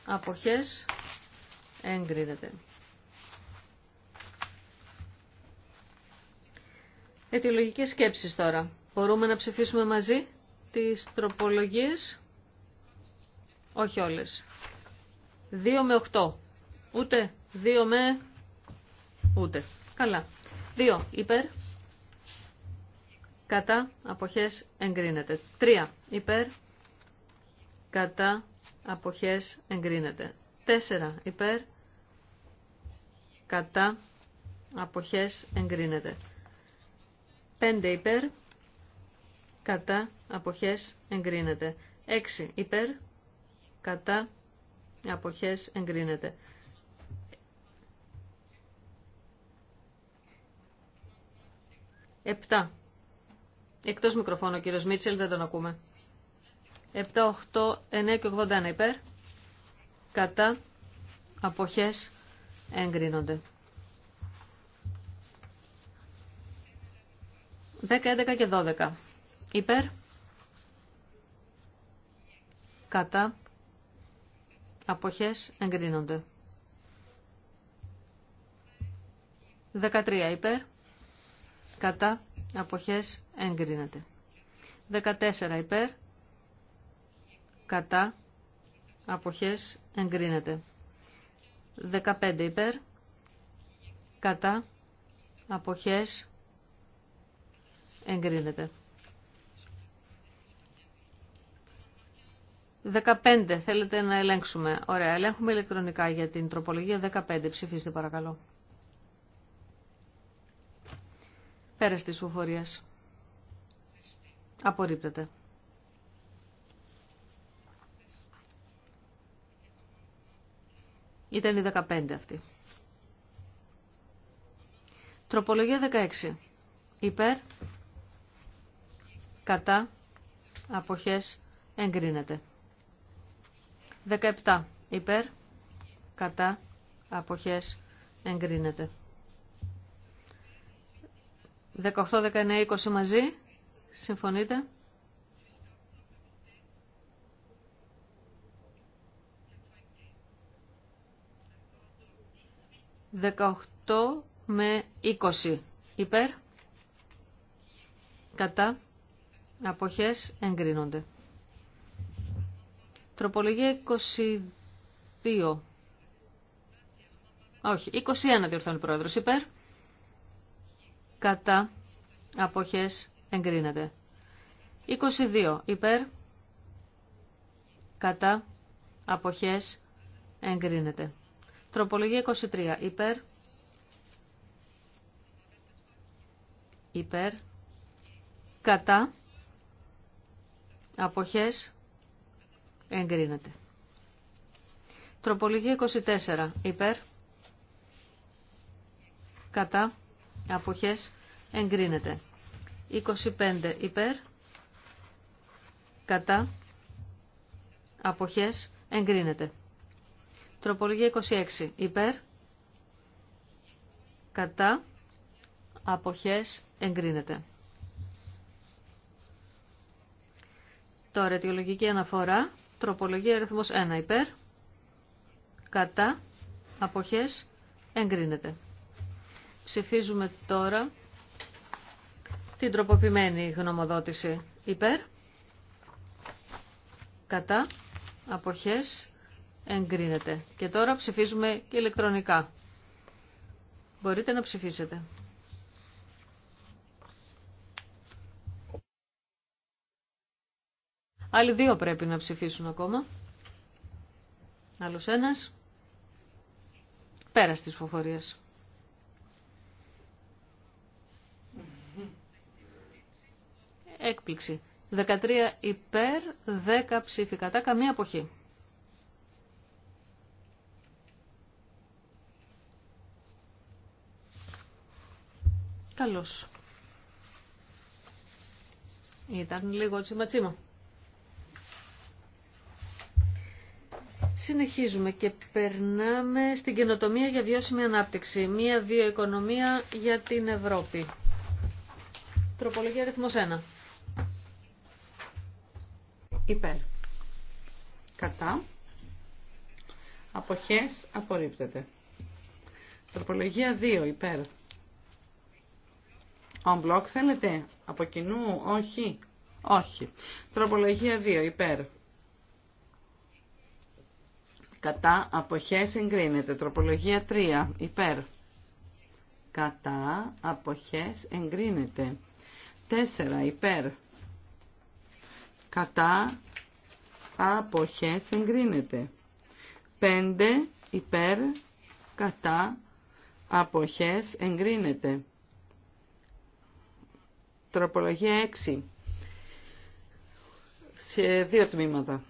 αποχές, εγκρίνονται Εγκρίνεται. Αιτιολογικές σκέψεις τώρα. Μπορούμε να ψηφίσουμε μαζί τις τροπολογίες. Όχι όλες. 2 με 8. Ούτε 2 με... Ούτε. Καλά. 2 υπέρ. Κατά αποχές εγκρίνεται. 3 υπέρ. Κατά αποχές εγκρίνεται. 4 υπέρ κατά αποχές εγκρίνεται. 5 υπέρ κατά αποχές εγκρίνεται. 6 υπέρ κατά αποχές εγκρίνεται. 7. Εκτός μικροφώνου ο κύριος Μίτσελ, δεν τον ακούμε. 7, 8, 9 και 81 υπέρ. Κατά αποχές εγκρίνονται. 10, 11 και 12. Υπέρ. Κατά. Αποχές εγκρίνονται. 13 υπέρ. Κατά. Αποχές εγκρίνεται. 14 υπέρ. Κατά. Αποχές εγκρίνεται. 15 υπέρ, κατά, αποχές, εγκρίνεται. 15 θέλετε να ελέγξουμε. Ωραία, ελέγχουμε ηλεκτρονικά για την τροπολογία 15. Ψηφίστε παρακαλώ. Πέρας της ψηφοφορίας. Απορρίπτεται. Ήταν η 15 αυτή. Τροπολογία 16. Υπέρ, κατά, αποχές, εγκρίνεται. 17. Υπέρ, κατά, αποχές, εγκρίνεται. 18, 19, 20 μαζί. Συμφωνείτε. 18 με 20 υπέρ, κατά, αποχές εγκρίνονται. Τροπολογία 22. Όχι, 21 διορθώνει ο πρόεδρος υπέρ, κατά, αποχές εγκρίνεται. 22 υπέρ, κατά, αποχές εγκρίνεται. Τροπολογία 23. Υπέρ. Υπέρ. Κατά. Αποχές. Εγκρίνεται. Τροπολογία 24. Υπέρ. Κατά. Αποχές. Εγκρίνεται. 25. Υπέρ. Κατά. Αποχές. Εγκρίνεται. Τροπολογία 26. Υπέρ. Κατά. Αποχές. Εγκρίνεται. Τώρα, αιτιολογική αναφορά. Τροπολογία αριθμός 1. Υπέρ. Κατά. Αποχές. Εγκρίνεται. Ψηφίζουμε τώρα την τροποποιημένη γνωμοδότηση. Υπέρ. Κατά. Αποχές εγκρίνεται. Και τώρα ψηφίζουμε και ηλεκτρονικά. Μπορείτε να ψηφίσετε. Άλλοι δύο πρέπει να ψηφίσουν ακόμα. Άλλος ένας. Πέρα της φοφορίας. Έκπληξη. 13 υπέρ, 10 ψήφι κατά, καμία αποχή. Καλώς. Ήταν λίγο τσιματσίμα. Συνεχίζουμε και περνάμε στην καινοτομία για βιώσιμη ανάπτυξη. Μία βιοοικονομία για την Ευρώπη. Τροπολογία ρυθμός 1. Υπέρ. Κατά. Αποχές απορρίπτεται. Τροπολογία 2. Υπέρ. On block θέλετε. Από κοινού. Όχι. Όχι. Τροπολογία 2. Υπέρ. Κατά αποχές εγκρίνεται. Τροπολογία 3. Υπέρ. Κατά αποχές εγκρίνεται. 4. Υπέρ. Κατά αποχές εγκρίνεται. 5. Υπέρ. Κατά αποχές εγκρίνεται. Τροπολογία 6. Σε δύο τμήματα.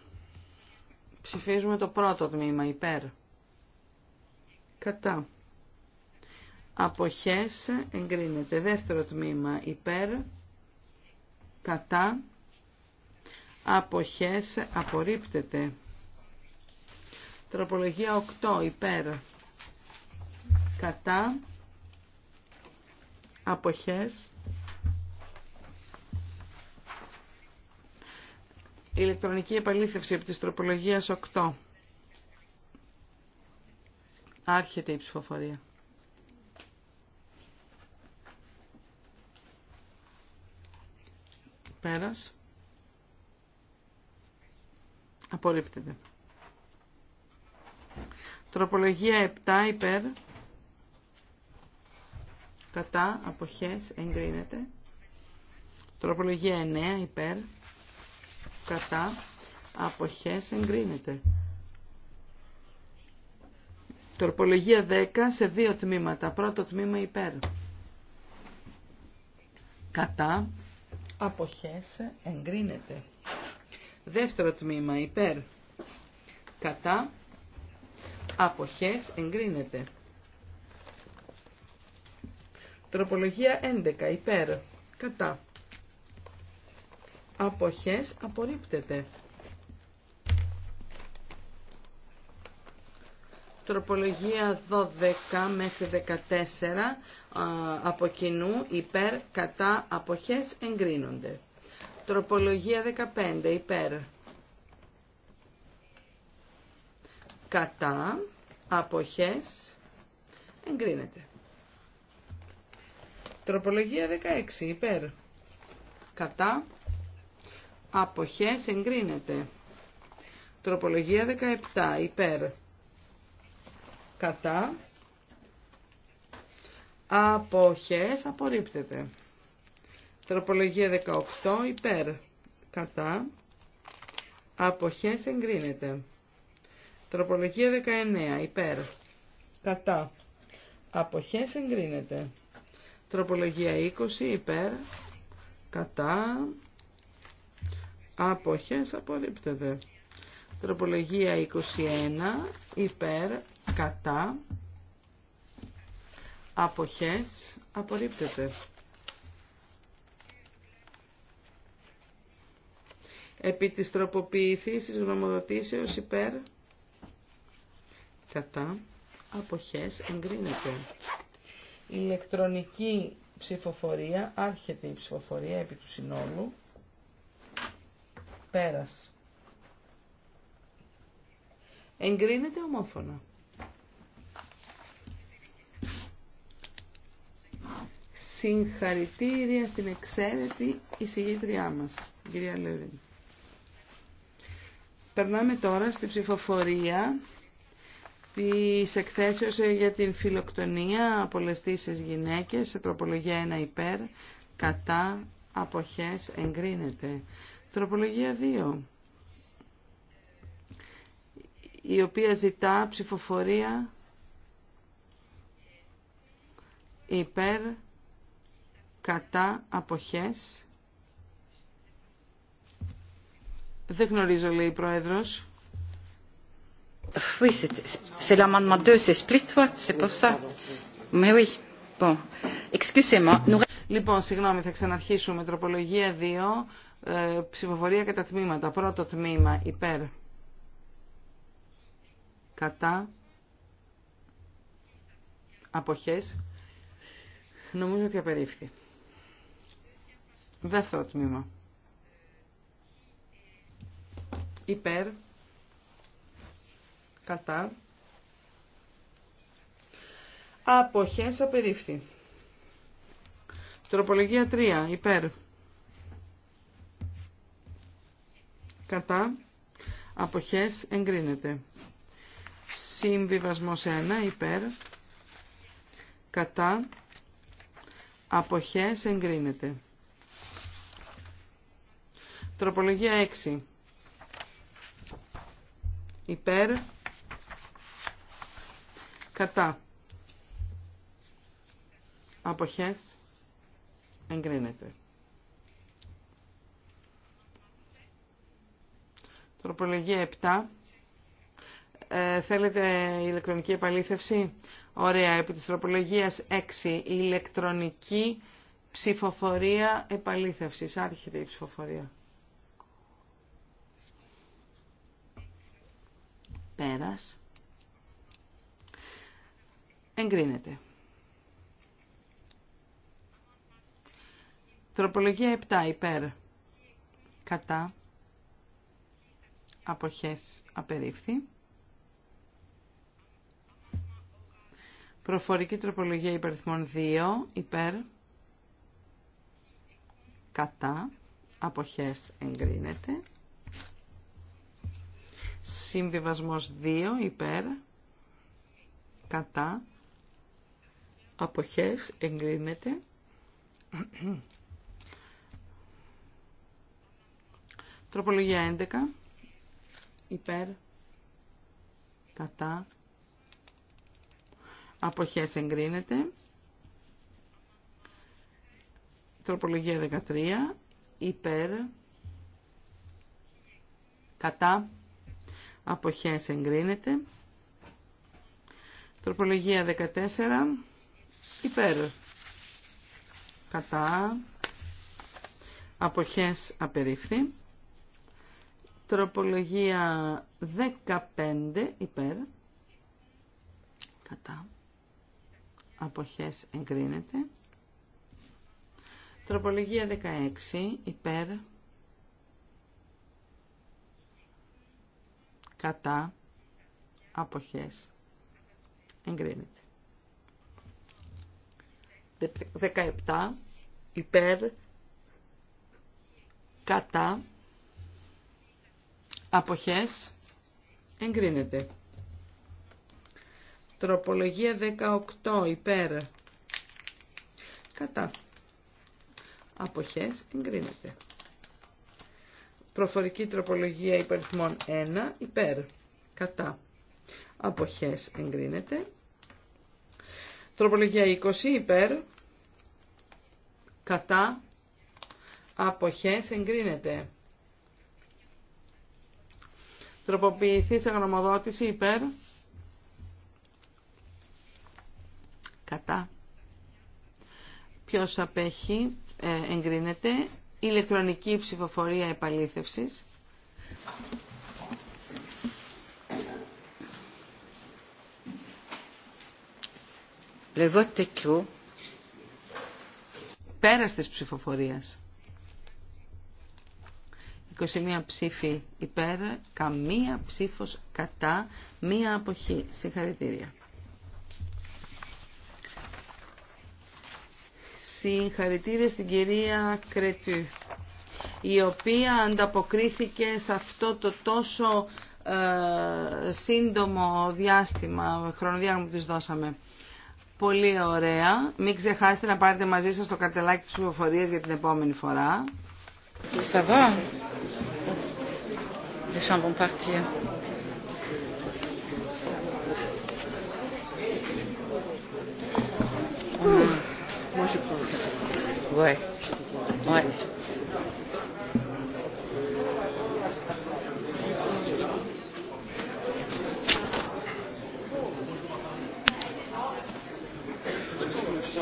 Ψηφίζουμε το πρώτο τμήμα υπέρ. Κατά. Αποχές εγκρίνεται. Δεύτερο τμήμα υπέρ. Κατά. Αποχές απορρίπτεται. Τροπολογία 8 υπέρ. Κατά. Αποχές ηλεκτρονική επαλήθευση από τη τροπολογία 8. Άρχεται η ψηφοφορία. Πέρας. Απορρίπτεται. Τροπολογία 7 υπέρ. Κατά αποχές εγκρίνεται. Τροπολογία 9 υπέρ κατά αποχές εγκρίνεται. Τροπολογία 10 σε δύο τμήματα. Πρώτο τμήμα υπέρ. Κατά αποχές εγκρίνεται. Δεύτερο τμήμα υπέρ. Κατά αποχές εγκρίνεται. Τροπολογία 11 υπέρ. Κατά αποχές απορρίπτεται. Τροπολογία 12 μέχρι 14 από κοινού υπέρ κατά αποχές εγκρίνονται. Τροπολογία 15 υπέρ κατά αποχές εγκρίνεται. Τροπολογία 16 υπέρ κατά αποχές εγκρίνεται. Τροπολογία 17 υπέρ κατά αποχές απορρίπτεται. Τροπολογία 18 υπέρ κατά αποχές εγκρίνεται. Τροπολογία 19 υπέρ κατά αποχές εγκρίνεται. Τροπολογία 20 υπέρ κατά αποχές απορρίπτεται. Τροπολογία 21 υπέρ κατά αποχές απορρίπτεται. Επί της τροποποιηθήσης γνωμοδοτήσεως υπέρ κατά αποχές εγκρίνεται. Ηλεκτρονική ψηφοφορία, άρχεται η ψηφοφορία επί του συνόλου. Πέρας. Εγκρίνεται ομόφωνα. Συγχαρητήρια στην εξαίρετη εισηγήτριά μας, την κυρία Λέβιν. Περνάμε τώρα στη ψηφοφορία της εκθέσεως για την φιλοκτονία λεστήσεις γυναίκες σε τροπολογία 1 υπέρ, κατά αποχές εγκρίνεται. Τροπολογία 2 η οποία ζητά ψηφοφορία υπέρ κατά αποχές. Δεν γνωρίζω, λέει η Πρόεδρος. Oui, c'est l'amendement 2, c'est split c'est Λοιπόν, συγγνώμη, θα ξαναρχίσουμε. Τροπολογία 2 ε, ψηφοφορία τα τμήματα. Πρώτο τμήμα υπέρ. Κατά. Αποχές. Νομίζω ότι απερίφθη. Δεύτερο τμήμα. Υπέρ. Κατά. Αποχές απερίφθη. Τροπολογία 3. Υπέρ. κατά αποχές εγκρίνεται. Συμβιβασμός 1 υπέρ κατά αποχές εγκρίνεται. Τροπολογία 6 υπέρ κατά αποχές εγκρίνεται. Τροπολογία 7. Ε, θέλετε ηλεκτρονική επαλήθευση. Ωραία. Επί της τροπολογίας 6. Ηλεκτρονική ψηφοφορία επαλήθευσης. Άρχεται η ψηφοφορία. Πέρας. Εγκρίνεται. Τροπολογία 7. Υπέρ. Κατά αποχές απερίφθη. Προφορική τροπολογία υπερθμών 2 υπέρ κατά αποχές εγκρίνεται. Συμβιβασμός 2 υπέρ κατά αποχές εγκρίνεται. Τροπολογία 11 υπέρ, κατά, αποχές εγκρίνεται. Τροπολογία 13, υπέρ, κατά, αποχές εγκρίνεται. Τροπολογία 14, υπέρ, κατά, αποχές απερίφθη. Τροπολογία 15 υπέρ. Κατά. Αποχές εγκρίνεται. Τροπολογία 16 υπέρ. Κατά. Αποχές εγκρίνεται. 17 υπέρ. Κατά αποχές εγκρίνεται. Τροπολογία 18 υπέρ κατά αποχές εγκρίνεται. Προφορική τροπολογία υπαριθμών 1 υπέρ κατά αποχές εγκρίνεται. Τροπολογία 20 υπέρ κατά αποχές εγκρίνεται τροποποιηθεί σε γνωμοδότηση υπέρ. Κατά. Ποιος απέχει ε, εγκρίνεται. Ηλεκτρονική ψηφοφορία επαλήθευσης. Le vote est ψηφοφορίας. 21 ψήφοι υπέρ, καμία ψήφος κατά, μία αποχή. Συγχαρητήρια. Συγχαρητήρια στην κυρία Κρετού, η οποία ανταποκρίθηκε σε αυτό το τόσο ε, σύντομο διάστημα, χρονοδιάγραμμα που της δώσαμε. Πολύ ωραία. Μην ξεχάσετε να πάρετε μαζί σας το καρτελάκι της ψηφοφορίας για την επόμενη φορά. Ça va Les gens vont partir. Moi, je prends le café. Ouais. Ouais.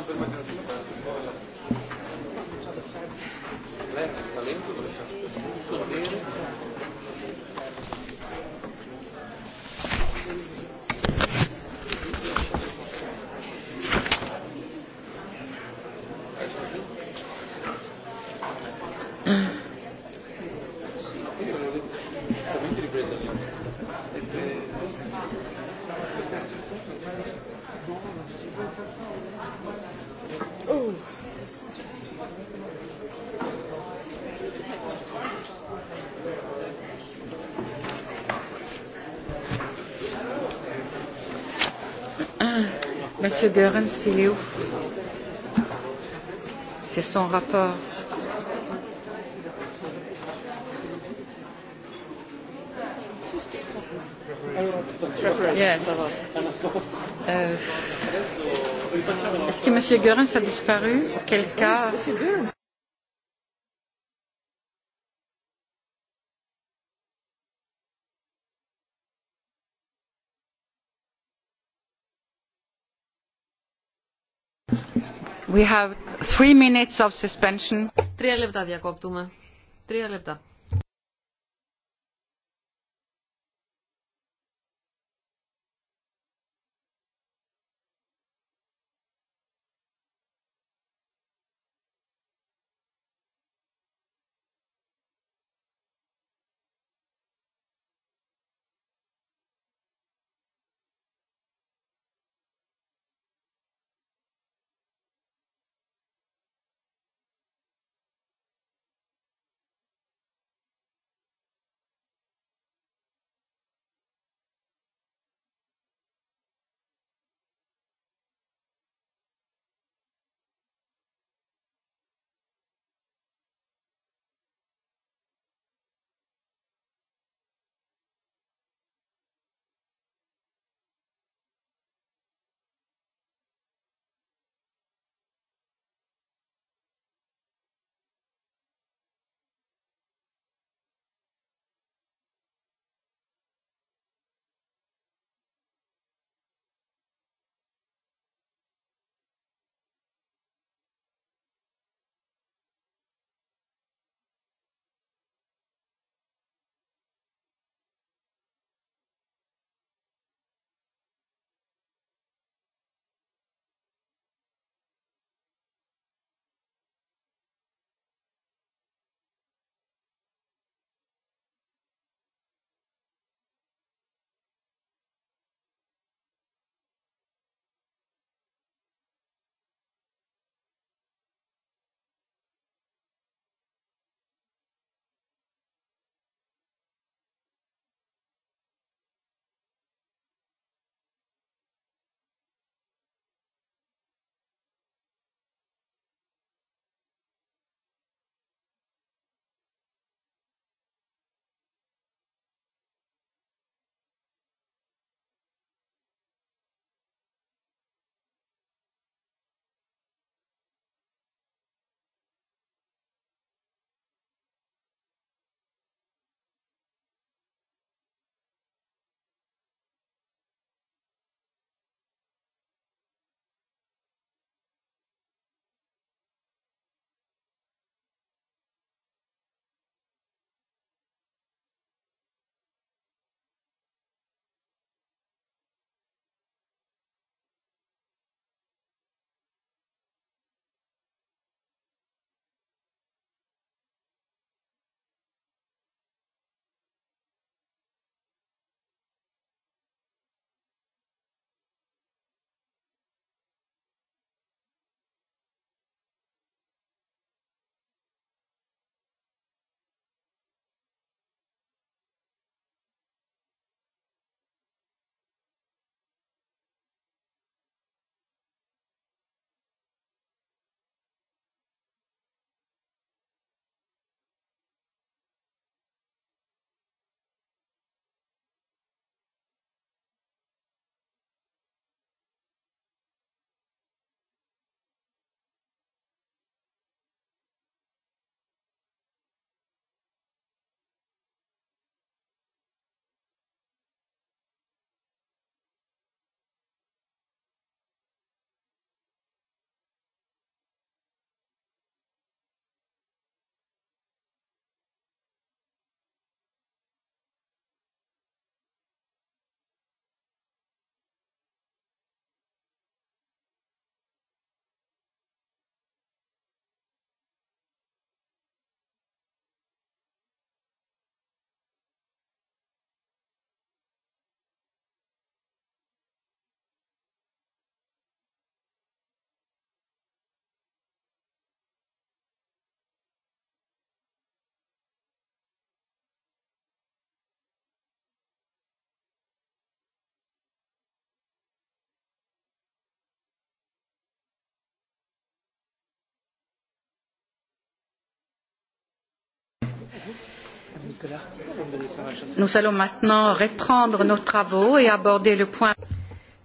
Thank you talento dove Monsieur Goerens, il est où C'est son rapport. Yes. Est-ce que Monsieur Goerens a disparu Quel cas We have three minutes of suspension. Τρία λεπτά διακόπτουμε. Τρία λεπτά.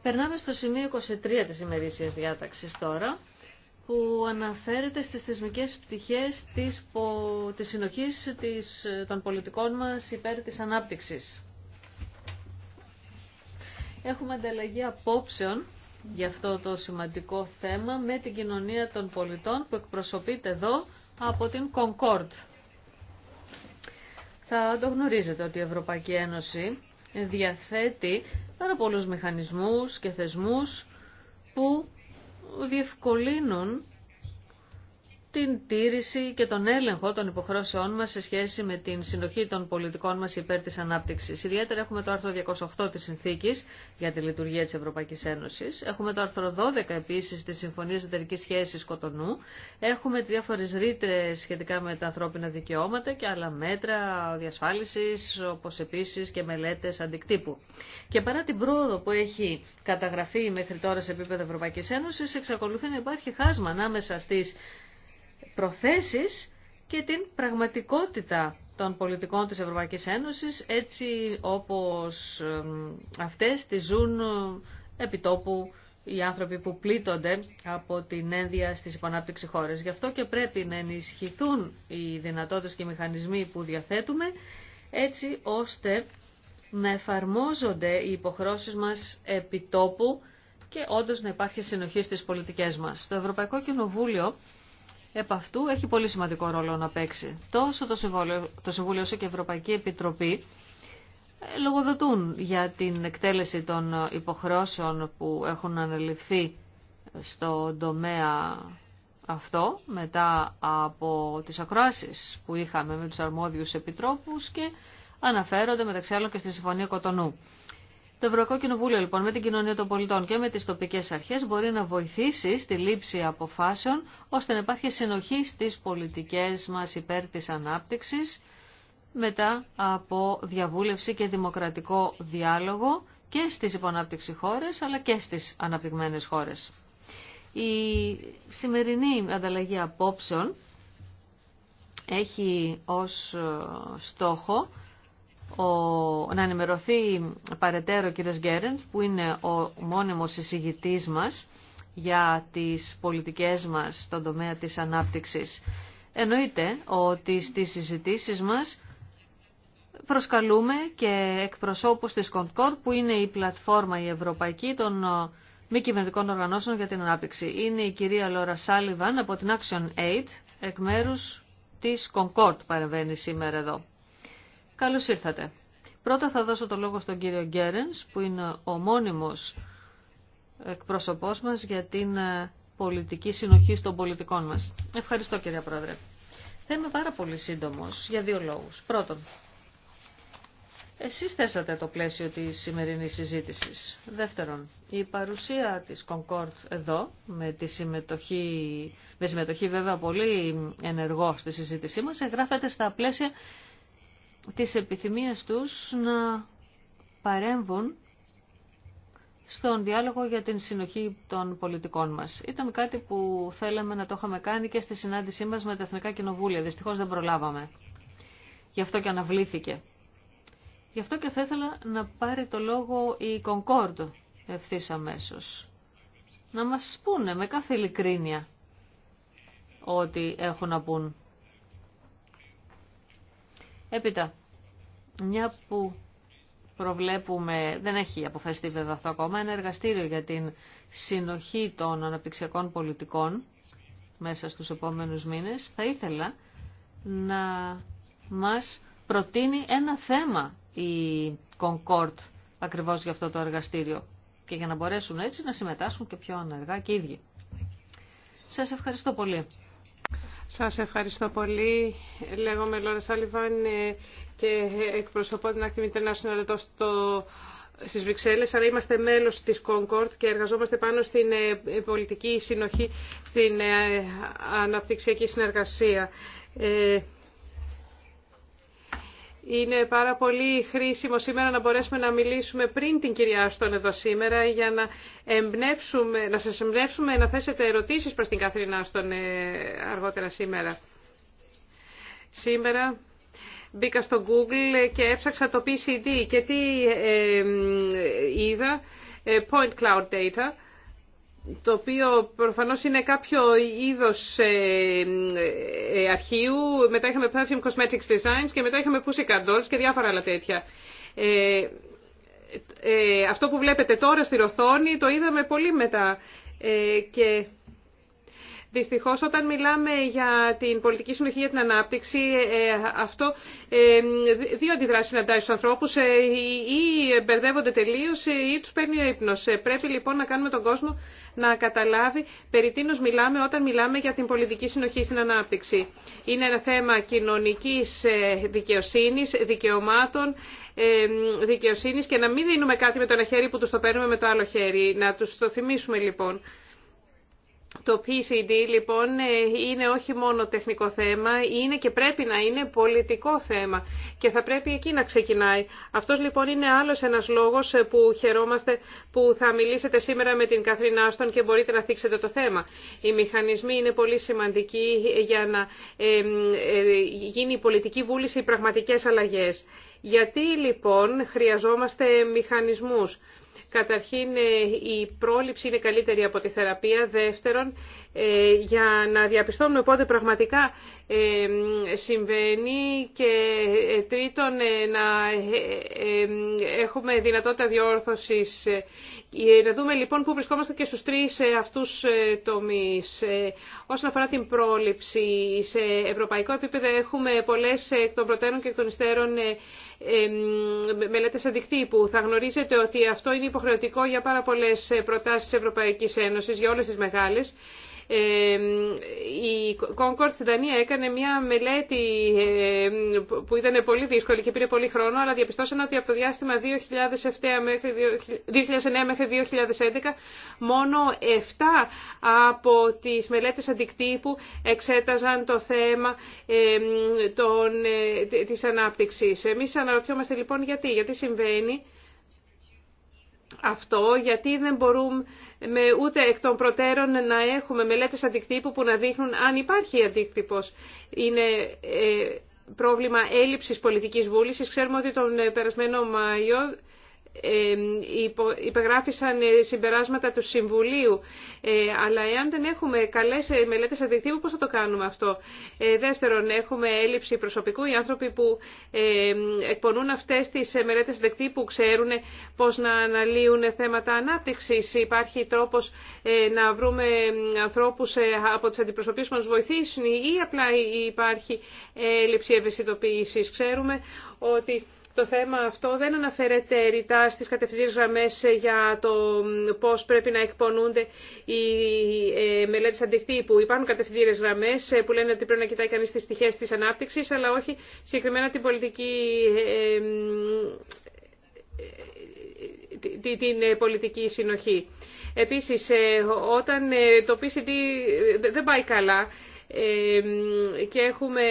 Περνάμε στο σημείο 23 της ημερήσιας διάταξης τώρα, που αναφέρεται στις θεσμικές πτυχές της, της συνοχής της, των πολιτικών μας υπέρ της ανάπτυξης. Έχουμε ανταλλαγή απόψεων για αυτό το σημαντικό θέμα με την κοινωνία των πολιτών που εκπροσωπείται εδώ από την Concord. Θα το γνωρίζετε ότι η Ευρωπαϊκή Ένωση διαθέτει πάρα πολλούς μηχανισμούς και θεσμούς που διευκολύνουν την τήρηση και τον έλεγχο των υποχρεώσεών μας σε σχέση με την συνοχή των πολιτικών μας υπέρ της ανάπτυξης. Ιδιαίτερα έχουμε το άρθρο 208 της Συνθήκης για τη λειτουργία της Ευρωπαϊκής Ένωσης. Έχουμε το άρθρο 12 επίσης της Συμφωνίας Εταιρικής Σχέσης Κοτονού. Έχουμε τις διάφορες ρήτρες σχετικά με τα ανθρώπινα δικαιώματα και άλλα μέτρα διασφάλισης, όπως επίσης και μελέτες αντικτύπου. Και παρά την πρόοδο που έχει καταγραφεί μέχρι τώρα σε επίπεδο Ευρωπαϊκή Ένωση, εξακολουθεί να υπάρχει χάσμα ανάμεσα στις προθέσεις και την πραγματικότητα των πολιτικών της Ευρωπαϊκής Ένωσης έτσι όπως αυτές τη ζουν ε, επιτόπου οι άνθρωποι που πλήττονται από την ένδια στις υπανάπτυξη χώρες. Γι' αυτό και πρέπει να ενισχυθούν οι δυνατότητες και οι μηχανισμοί που διαθέτουμε έτσι ώστε να εφαρμόζονται οι υποχρώσεις μας επιτόπου και όντως να υπάρχει συνοχή στις πολιτικές μας. Το Ευρωπαϊκό Κοινοβούλιο επ' αυτού έχει πολύ σημαντικό ρόλο να παίξει. Τόσο το Συμβούλιο, το Συμβούλιο όσο και η Ευρωπαϊκή Επιτροπή ε, λογοδοτούν για την εκτέλεση των ε, υποχρεώσεων που έχουν αναλυφθεί στον τομέα αυτό μετά από τις ακροάσεις που είχαμε με τους αρμόδιους επιτρόπους και αναφέρονται μεταξύ άλλων και στη Συμφωνία Κοτονού. Το Ευρωπαϊκό Κοινοβούλιο λοιπόν με την κοινωνία των πολιτών και με τις τοπικές αρχές μπορεί να βοηθήσει στη λήψη αποφάσεων ώστε να υπάρχει συνοχή στις πολιτικές μας υπέρ της ανάπτυξης μετά από διαβούλευση και δημοκρατικό διάλογο και στις υπονάπτυξη χώρες αλλά και στις αναπτυγμένες χώρες. Η σημερινή ανταλλαγή απόψεων έχει ως ε, στόχο ο, να ενημερωθεί παρετέρω ο κύριος Γκέρεντ, που είναι ο μόνιμος εισηγητής μας για τις πολιτικές μας στον τομέα της ανάπτυξης. Εννοείται ότι στις συζητήσεις μας προσκαλούμε και εκπροσώπους της Κοντκόρ, που είναι η πλατφόρμα η ευρωπαϊκή των ε, μη κυβερνητικών οργανώσεων για την ανάπτυξη. Είναι η κυρία Λόρα Σάλιβαν από την Action Aid, εκ μέρους της Concord παρεμβαίνει σήμερα εδώ. Καλώς ήρθατε. Πρώτα θα δώσω το λόγο στον κύριο Γκέρενς, που είναι ο μόνιμος εκπρόσωπός μας για την ε, πολιτική συνοχή των πολιτικών μας. Ευχαριστώ κύριε Πρόεδρε. Θα είμαι πάρα πολύ σύντομος για δύο λόγους. Πρώτον, εσείς θέσατε το πλαίσιο της σημερινής συζήτησης. Δεύτερον, η παρουσία της Concord εδώ, με, τη συμμετοχή, με συμμετοχή βέβαια πολύ ενεργό στη συζήτησή μας, εγγράφεται στα πλαίσια τις επιθυμίες τους να παρέμβουν στον διάλογο για την συνοχή των πολιτικών μας. Ήταν κάτι που θέλαμε να το είχαμε κάνει και στη συνάντησή μας με τα Εθνικά Κοινοβούλια. Δυστυχώς δεν προλάβαμε. Γι' αυτό και αναβλήθηκε. Γι' αυτό και θα ήθελα να πάρει το λόγο η Κονκόρντ ευθύ αμέσω. Να μας πούνε με κάθε ειλικρίνεια ότι έχουν να πούν. Έπειτα, μια που προβλέπουμε, δεν έχει αποφασιστεί βέβαια αυτό ακόμα, ένα εργαστήριο για την συνοχή των αναπτυξιακών πολιτικών μέσα στους επόμενους μήνες, θα ήθελα να μας προτείνει ένα θέμα η Concord ακριβώς για αυτό το εργαστήριο και για να μπορέσουν έτσι να συμμετάσχουν και πιο ανεργά και οι ίδιοι. Σας ευχαριστώ πολύ. Σας ευχαριστώ πολύ. Λέγομαι Λόρα Σάλιβαν ε, και εκπροσωπώ την Active International εδώ στο, στις Βρυξέλλες, αλλά είμαστε μέλος της Concord και εργαζόμαστε πάνω στην ε, πολιτική συνοχή, στην ε, αναπτυξιακή συνεργασία. Είναι πάρα πολύ χρήσιμο σήμερα να μπορέσουμε να μιλήσουμε πριν την κυρία Άστον εδώ σήμερα για να, εμπνεύσουμε, να σας εμπνεύσουμε να θέσετε ερωτήσεις προς την Καθρινά Άστον ε, αργότερα σήμερα. Σήμερα μπήκα στο Google και έψαξα το PCD και τι ε, ε, είδα, Point Cloud Data, το οποίο προφανώς είναι κάποιο είδος ε, ε, αρχείου. Μετά είχαμε Perfume Cosmetics Designs και μετά είχαμε Pussycat Dolls και διάφορα άλλα τέτοια. Ε, ε αυτό που βλέπετε τώρα στη Ροθόνη το είδαμε πολύ μετά. Ε, και δυστυχώς όταν μιλάμε για την πολιτική συνοχή για την ανάπτυξη, αυτό δύο αντιδράσεις συναντάει στους ανθρώπους. Ή μπερδεύονται τελείως ή τους παίρνει ο ύπνος. Πρέπει λοιπόν να κάνουμε τον κόσμο να καταλάβει περί τίνος μιλάμε όταν μιλάμε για την πολιτική συνοχή στην ανάπτυξη. Είναι ένα θέμα κοινωνικής ε, δικαιοσύνης, δικαιωμάτων, ε, δικαιοσύνης και να μην δίνουμε κάτι με το ένα χέρι που τους το παίρνουμε με το άλλο χέρι. Να τους το θυμίσουμε λοιπόν. Το PCD λοιπόν ε, είναι όχι μόνο τεχνικό θέμα, είναι και πρέπει να είναι πολιτικό θέμα και θα πρέπει εκεί να ξεκινάει. Αυτός λοιπόν είναι άλλος ένας λόγος ε, που χαιρόμαστε που θα μιλήσετε σήμερα με την Καθρίνα Άστον και μπορείτε να θίξετε το θέμα. Οι μηχανισμοί είναι πολύ σημαντικοί για να ε, γίνει η πολιτική βούληση πραγματικές αλλαγές. Γιατί λοιπόν χρειαζόμαστε μηχανισμούς. Καταρχήν, ε, η πρόληψη είναι καλύτερη από τη θεραπεία. Δεύτερον, ε, για να διαπιστώνουμε πότε πραγματικά ε, συμβαίνει και ε, τρίτον να έχουμε δυνατότητα διόρθωσης. Να δούμε λοιπόν πού βρισκόμαστε και στους τρεις αυτούς τομείς. Όσον αφορά την πρόληψη, σε ευρωπαϊκό επίπεδο έχουμε πολλές εκ των προτέρων και εκ των υστέρων μελέτες αντικτύπου. Θα γνωρίζετε ότι αυτό είναι υποχρεωτικό για πάρα πολλές προτάσεις της Ευρωπαϊκής Ένωσης, για όλες τις μεγάλες η Concord στην Δανία έκανε μια μελέτη που ήταν πολύ δύσκολη και πήρε πολύ χρόνο, αλλά διαπιστώσαν ότι από το διάστημα 2009 μέχρι 2011 μόνο 7 από τις μελέτες αντικτύπου εξέταζαν το θέμα τη ε, της ανάπτυξης. Εμείς αναρωτιόμαστε λοιπόν γιατί, γιατί συμβαίνει αυτό, γιατί δεν μπορούμε με ούτε εκ των προτέρων να έχουμε μελέτες αντικτύπου που να δείχνουν αν υπάρχει αντίκτυπος. Είναι ε, πρόβλημα έλλειψης πολιτικής βούλησης. Ξέρουμε ότι τον ε, περασμένο Μάιο υπεγράφησαν ε, συμπεράσματα του Συμβουλίου. Ε, αλλά εάν δεν έχουμε καλές ε, μελέτες αντικτύπου, πώς θα το κάνουμε αυτό. Δεύτερον, έχουμε έλλειψη προσωπικού. Οι άνθρωποι που εκπονούν αυτές τις μελέτες που ξέρουν πώς να αναλύουν θέματα ανάπτυξης. Υπάρχει τρόπος να βρούμε ανθρώπους από τις αντιπροσωπείς που μας βοηθήσουν ή απλά υπάρχει έλλειψη ευαισθητοποίησης. Ξέρουμε ότι το θέμα αυτό δεν αναφέρεται ρητά στις κατευθυντήρες γραμμές ε, για το πώς πρέπει να εκπονούνται οι ε, μελέτες αντικτύπου. Υπάρχουν κατευθυντήρες γραμμές ε, που λένε ότι πρέπει να κοιτάει κανείς τις πτυχές της ανάπτυξης, αλλά όχι συγκεκριμένα την πολιτική, την πολιτική συνοχή. Επίσης, όταν το PCD δεν πάει καλά, και έχουμε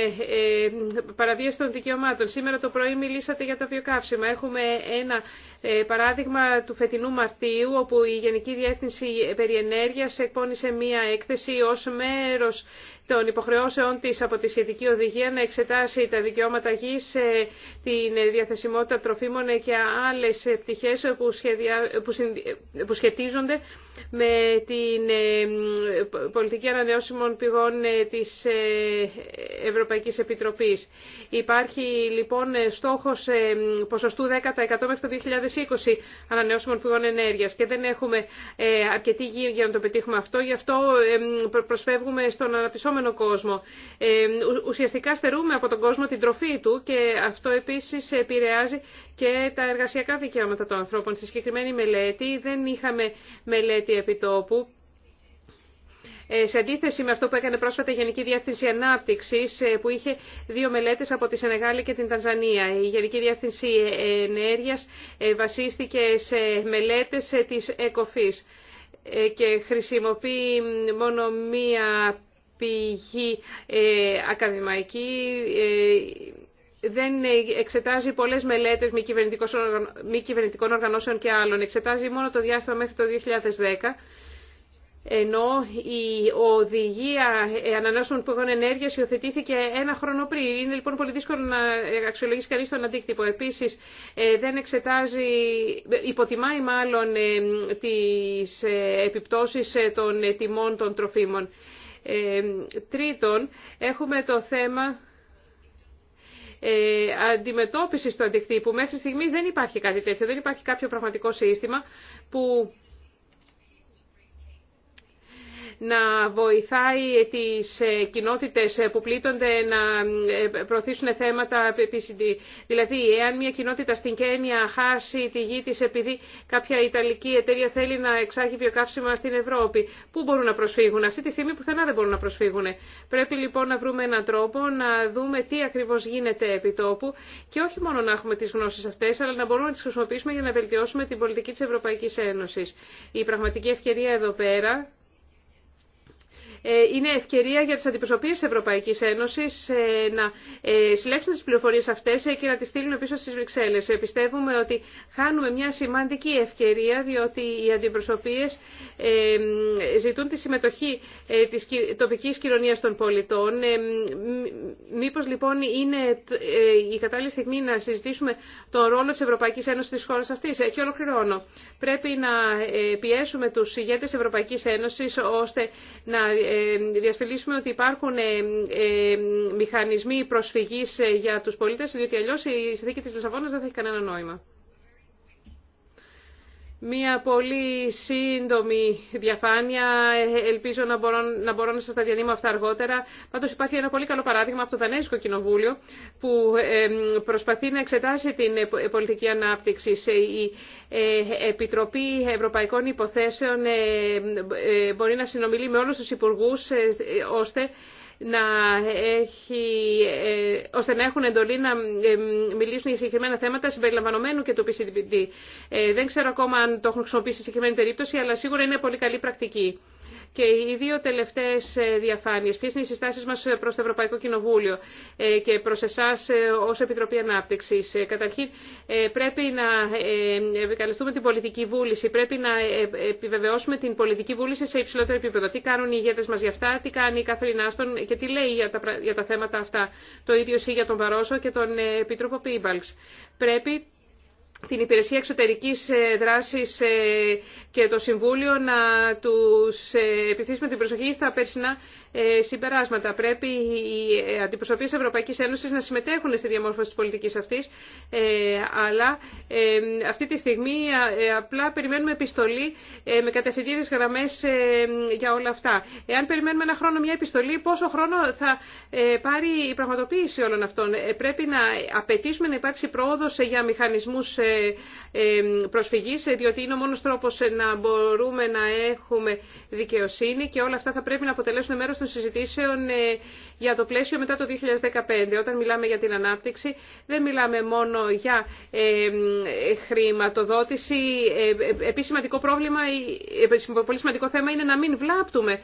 παραβίαση των δικαιωμάτων. Σήμερα το πρωί μιλήσατε για τα βιοκαύσιμα. Έχουμε ένα ε, παράδειγμα του φετινού Μαρτίου, όπου η Γενική Διεύθυνση Περιενέργειας εκπώνησε μία έκθεση ως μέρος των υποχρεώσεων της από τη σχετική οδηγία να εξετάσει τα δικαιώματα γης, ε, την διαθεσιμότητα τροφίμων ε, και άλλες ε, πτυχές που, σχεδια... που σχετίζονται με την πολιτική ανανεώσιμων πηγών της Ευρωπαϊκής Επιτροπής. Υπάρχει λοιπόν στόχος ποσοστού 10% μέχρι το 2020 ανανεώσιμων πηγών ενέργειας και δεν έχουμε αρκετή γη για να το πετύχουμε αυτό, γι' αυτό προσφεύγουμε στον αναπτυσσόμενο αναπτυσσόμενο κόσμο. Ε, ουσιαστικά στερούμε από τον κόσμο την τροφή του και αυτό επίσης επηρεάζει και τα εργασιακά δικαιώματα των ανθρώπων. Στη συγκεκριμένη μελέτη δεν είχαμε μελέτη επιτόπου. Ε, σε αντίθεση με αυτό που έκανε πρόσφατα η Γενική Διεύθυνση Ανάπτυξη, ε, που είχε δύο μελέτε από τη Σενεγάλη και την Τανζανία. Η Γενική Διεύθυνση Ενέργεια βασίστηκε σε μελέτε τη ΕΚΟΦΗΣ και χρησιμοποιεί μόνο μία πηγή ε, ακαδημαϊκή ε, δεν εξετάζει πολλές μελέτες μη κυβερνητικών οργανώσεων και άλλων. Εξετάζει μόνο το διάστημα μέχρι το 2010 ενώ η οδηγία ε, ανανεώσιμων πηγών ενέργεια υιοθετήθηκε ένα χρόνο πριν. Είναι λοιπόν πολύ δύσκολο να αξιολογήσει κανεί τον αντίκτυπο. Επίση, δεν εξετάζει, υποτιμάει μάλλον τι επιπτώσει των τιμών των τροφίμων. Ε, τρίτον, έχουμε το θέμα ε, αντιμετώπισης του αντικτύπου. Μέχρι στιγμής δεν υπάρχει κάτι τέτοιο, δεν υπάρχει κάποιο πραγματικό σύστημα που να βοηθάει τις ε, κοινότητες ε, που πλήττονται να ε, προωθήσουν θέματα PCD. Δηλαδή, εάν μια κοινότητα στην Κένια χάσει τη γη της επειδή κάποια Ιταλική εταιρεία θέλει να εξάγει βιοκαύσιμα στην Ευρώπη, πού μπορούν να προσφύγουν. Αυτή τη στιγμή πουθενά δεν μπορούν να προσφύγουν. Πρέπει λοιπόν να βρούμε έναν τρόπο να δούμε τι ακριβώς γίνεται επί τόπου και όχι μόνο να έχουμε τις γνώσεις αυτές, αλλά να μπορούμε να τις χρησιμοποιήσουμε για να βελτιώσουμε την πολιτική της Ευρωπαϊκής Ένωσης. Η πραγματική ευκαιρία εδώ πέρα ε, είναι ευκαιρία για τις αντιπροσωπείες της Ευρωπαϊκής Ένωσης ε, να ε, συλλέξουν τις πληροφορίες αυτές και να τις στείλουν πίσω στις Βρυξέλλες. Πιστεύουμε ότι χάνουμε μια σημαντική ευκαιρία διότι οι αντιπροσωπείες ζητούν τη συμμετοχή της τοπικής κοινωνίας των πολιτών. Μήπως λοιπόν είναι η κατάλληλη στιγμή να συζητήσουμε τον ρόλο της Ευρωπαϊκής Ένωσης της χώρας αυτής. Και ολοκληρώνω. Πρέπει να πιέσουμε τους ηγέτες Ευρωπαϊκής Ένωσης ώστε να ε, διασφαλίσουμε ότι υπάρχουν ε, ε, μηχανισμοί προσφυγής για τους πολίτες, διότι αλλιώς η συνθήκη της Λισαβόνας δεν θα έχει κανένα νόημα. Μία πολύ σύντομη διαφάνεια, ελπίζω να μπορώ, να μπορώ σας τα διανύμω αυτά αργότερα. Πάντως υπάρχει ένα πολύ καλό παράδειγμα από το Δανέζικο Κοινοβούλιο που προσπαθεί να εξετάσει την ε, ε, πολιτική ανάπτυξη. Σε η ε, Επιτροπή Ευρωπαϊκών Υποθέσεων μπορεί να συνομιλεί με όλους τους υπουργούς ώστε να έχει, ε, ώστε να έχουν εντολή να ε, μιλήσουν για συγκεκριμένα θέματα συμπεριλαμβανομένου και του PCDPD. Ε, δεν ξέρω ακόμα αν το έχουν χρησιμοποιήσει σε συγκεκριμένη περίπτωση, αλλά σίγουρα είναι πολύ καλή πρακτική. Και οι δύο τελευταίες ε, διαφάνειες, ποιες είναι οι συστάσεις μας ε, προς το Ευρωπαϊκό Κοινοβούλιο ε, και προς εσάς ως Επιτροπή Ανάπτυξης. Καταρχήν, πρέπει να επικαλεστούμε την πολιτική βούληση, πρέπει να επιβεβαιώσουμε την πολιτική βούληση σε υψηλότερο επίπεδο. Τι κάνουν οι ηγέτες μας για αυτά, τι κάνει η Καθολίνα Άστον και τι λέει για τα, για τα θέματα αυτά. Το ίδιο ισχύει για τον Παρόσο και τον Επίτροπο Πίμπαλξ. Πρέπει την Υπηρεσία Εξωτερικής ε, Δράσης ε, και το Συμβούλιο να τους ε, επιστήσουμε την προσοχή στα περσινά ε, συμπεράσματα. Πρέπει οι τη Ευρωπαϊκή Ένωση να συμμετέχουν στη διαμόρφωση της πολιτικής Ε, αλλά ε, αυτή τη στιγμή ε, απλά περιμένουμε επιστολή με κατευθυντήριες γραμμές για όλα αυτά. Εάν περιμένουμε ένα χρόνο μια επιστολή, πόσο χρόνο θα πάρει η πραγματοποίηση όλων αυτών. Πρέπει να απαιτήσουμε να υπάρξει πρόοδος για μηχανισμούς προσφυγής, διότι είναι ο μόνος τρόπος να μπορούμε να έχουμε δικαιοσύνη και όλα αυτά θα πρέπει να αποτελέσουν μέρος των συζητήσεων ε, για το πλαίσιο μετά το 2015. Όταν μιλάμε για την ανάπτυξη, δεν μιλάμε μόνο για ε, χρηματοδότηση. Ε, Επίση σημαντικό πρόβλημα, πολύ σημαντικό θέμα είναι να μην βλάπτουμε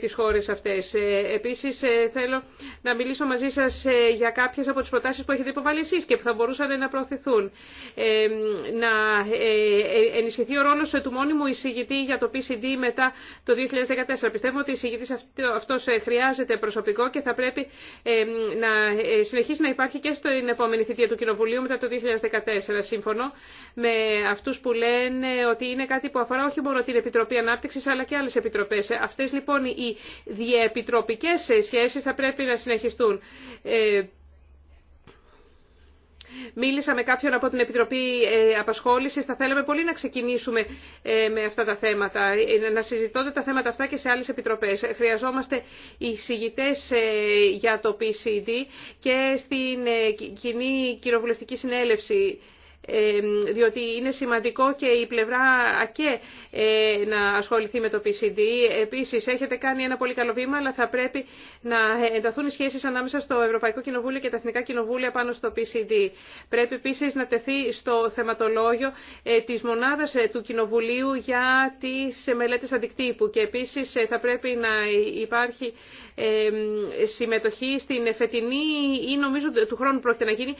τις χώρες αυτές. Επίσης, θέλω να μιλήσω μαζί σας για κάποιες από τις προτάσεις που έχετε υποβάλει εσείς και που θα μπορούσαν να προωθηθούν. Να ενισχυθεί ο ρόλος του μόνιμου εισηγητή για το PCD μετά το 2014. Πιστεύω ότι ο εισηγητής αυτό ε, χρειάζεται προσωπικό και θα πρέπει ε, να ε, συνεχίσει να υπάρχει και στην επόμενη θητεία του Κοινοβουλίου μετά το 2014. Σύμφωνο με αυτούς που λένε ότι είναι κάτι που αφορά όχι μόνο την Επιτροπή Ανάπτυξης αλλά και άλλες επιτροπές. Αυτές λοιπόν οι διεπιτροπικές σχέσεις θα πρέπει να συνεχιστούν. Μίλησα με κάποιον από την Επιτροπή ε, Απασχόλησης. Θα θέλαμε πολύ να ξεκινήσουμε ε, με αυτά τα θέματα, ε, να συζητώνται τα θέματα αυτά και σε άλλες επιτροπές. Χρειαζόμαστε εισηγητές για το PCD και στην κοινή κυροβουλευτική συνέλευση διότι είναι σημαντικό και η πλευρά ΑΚΕ ε, να ασχοληθεί με το PCD. Επίσης, έχετε κάνει ένα πολύ καλό βήμα, αλλά θα πρέπει να ενταθούν οι σχέσεις ανάμεσα στο Ευρωπαϊκό Κοινοβούλιο και τα Εθνικά Κοινοβούλια πάνω στο PCD. Πρέπει επίσης να τεθεί στο θεματολόγιο ε, της μονάδας ε, του Κοινοβουλίου για τις μελέτες αντικτύπου και επίσης θα πρέπει να υπάρχει συμμετοχή στην φετινή ή νομίζω του χρόνου πρόκειται να γίνει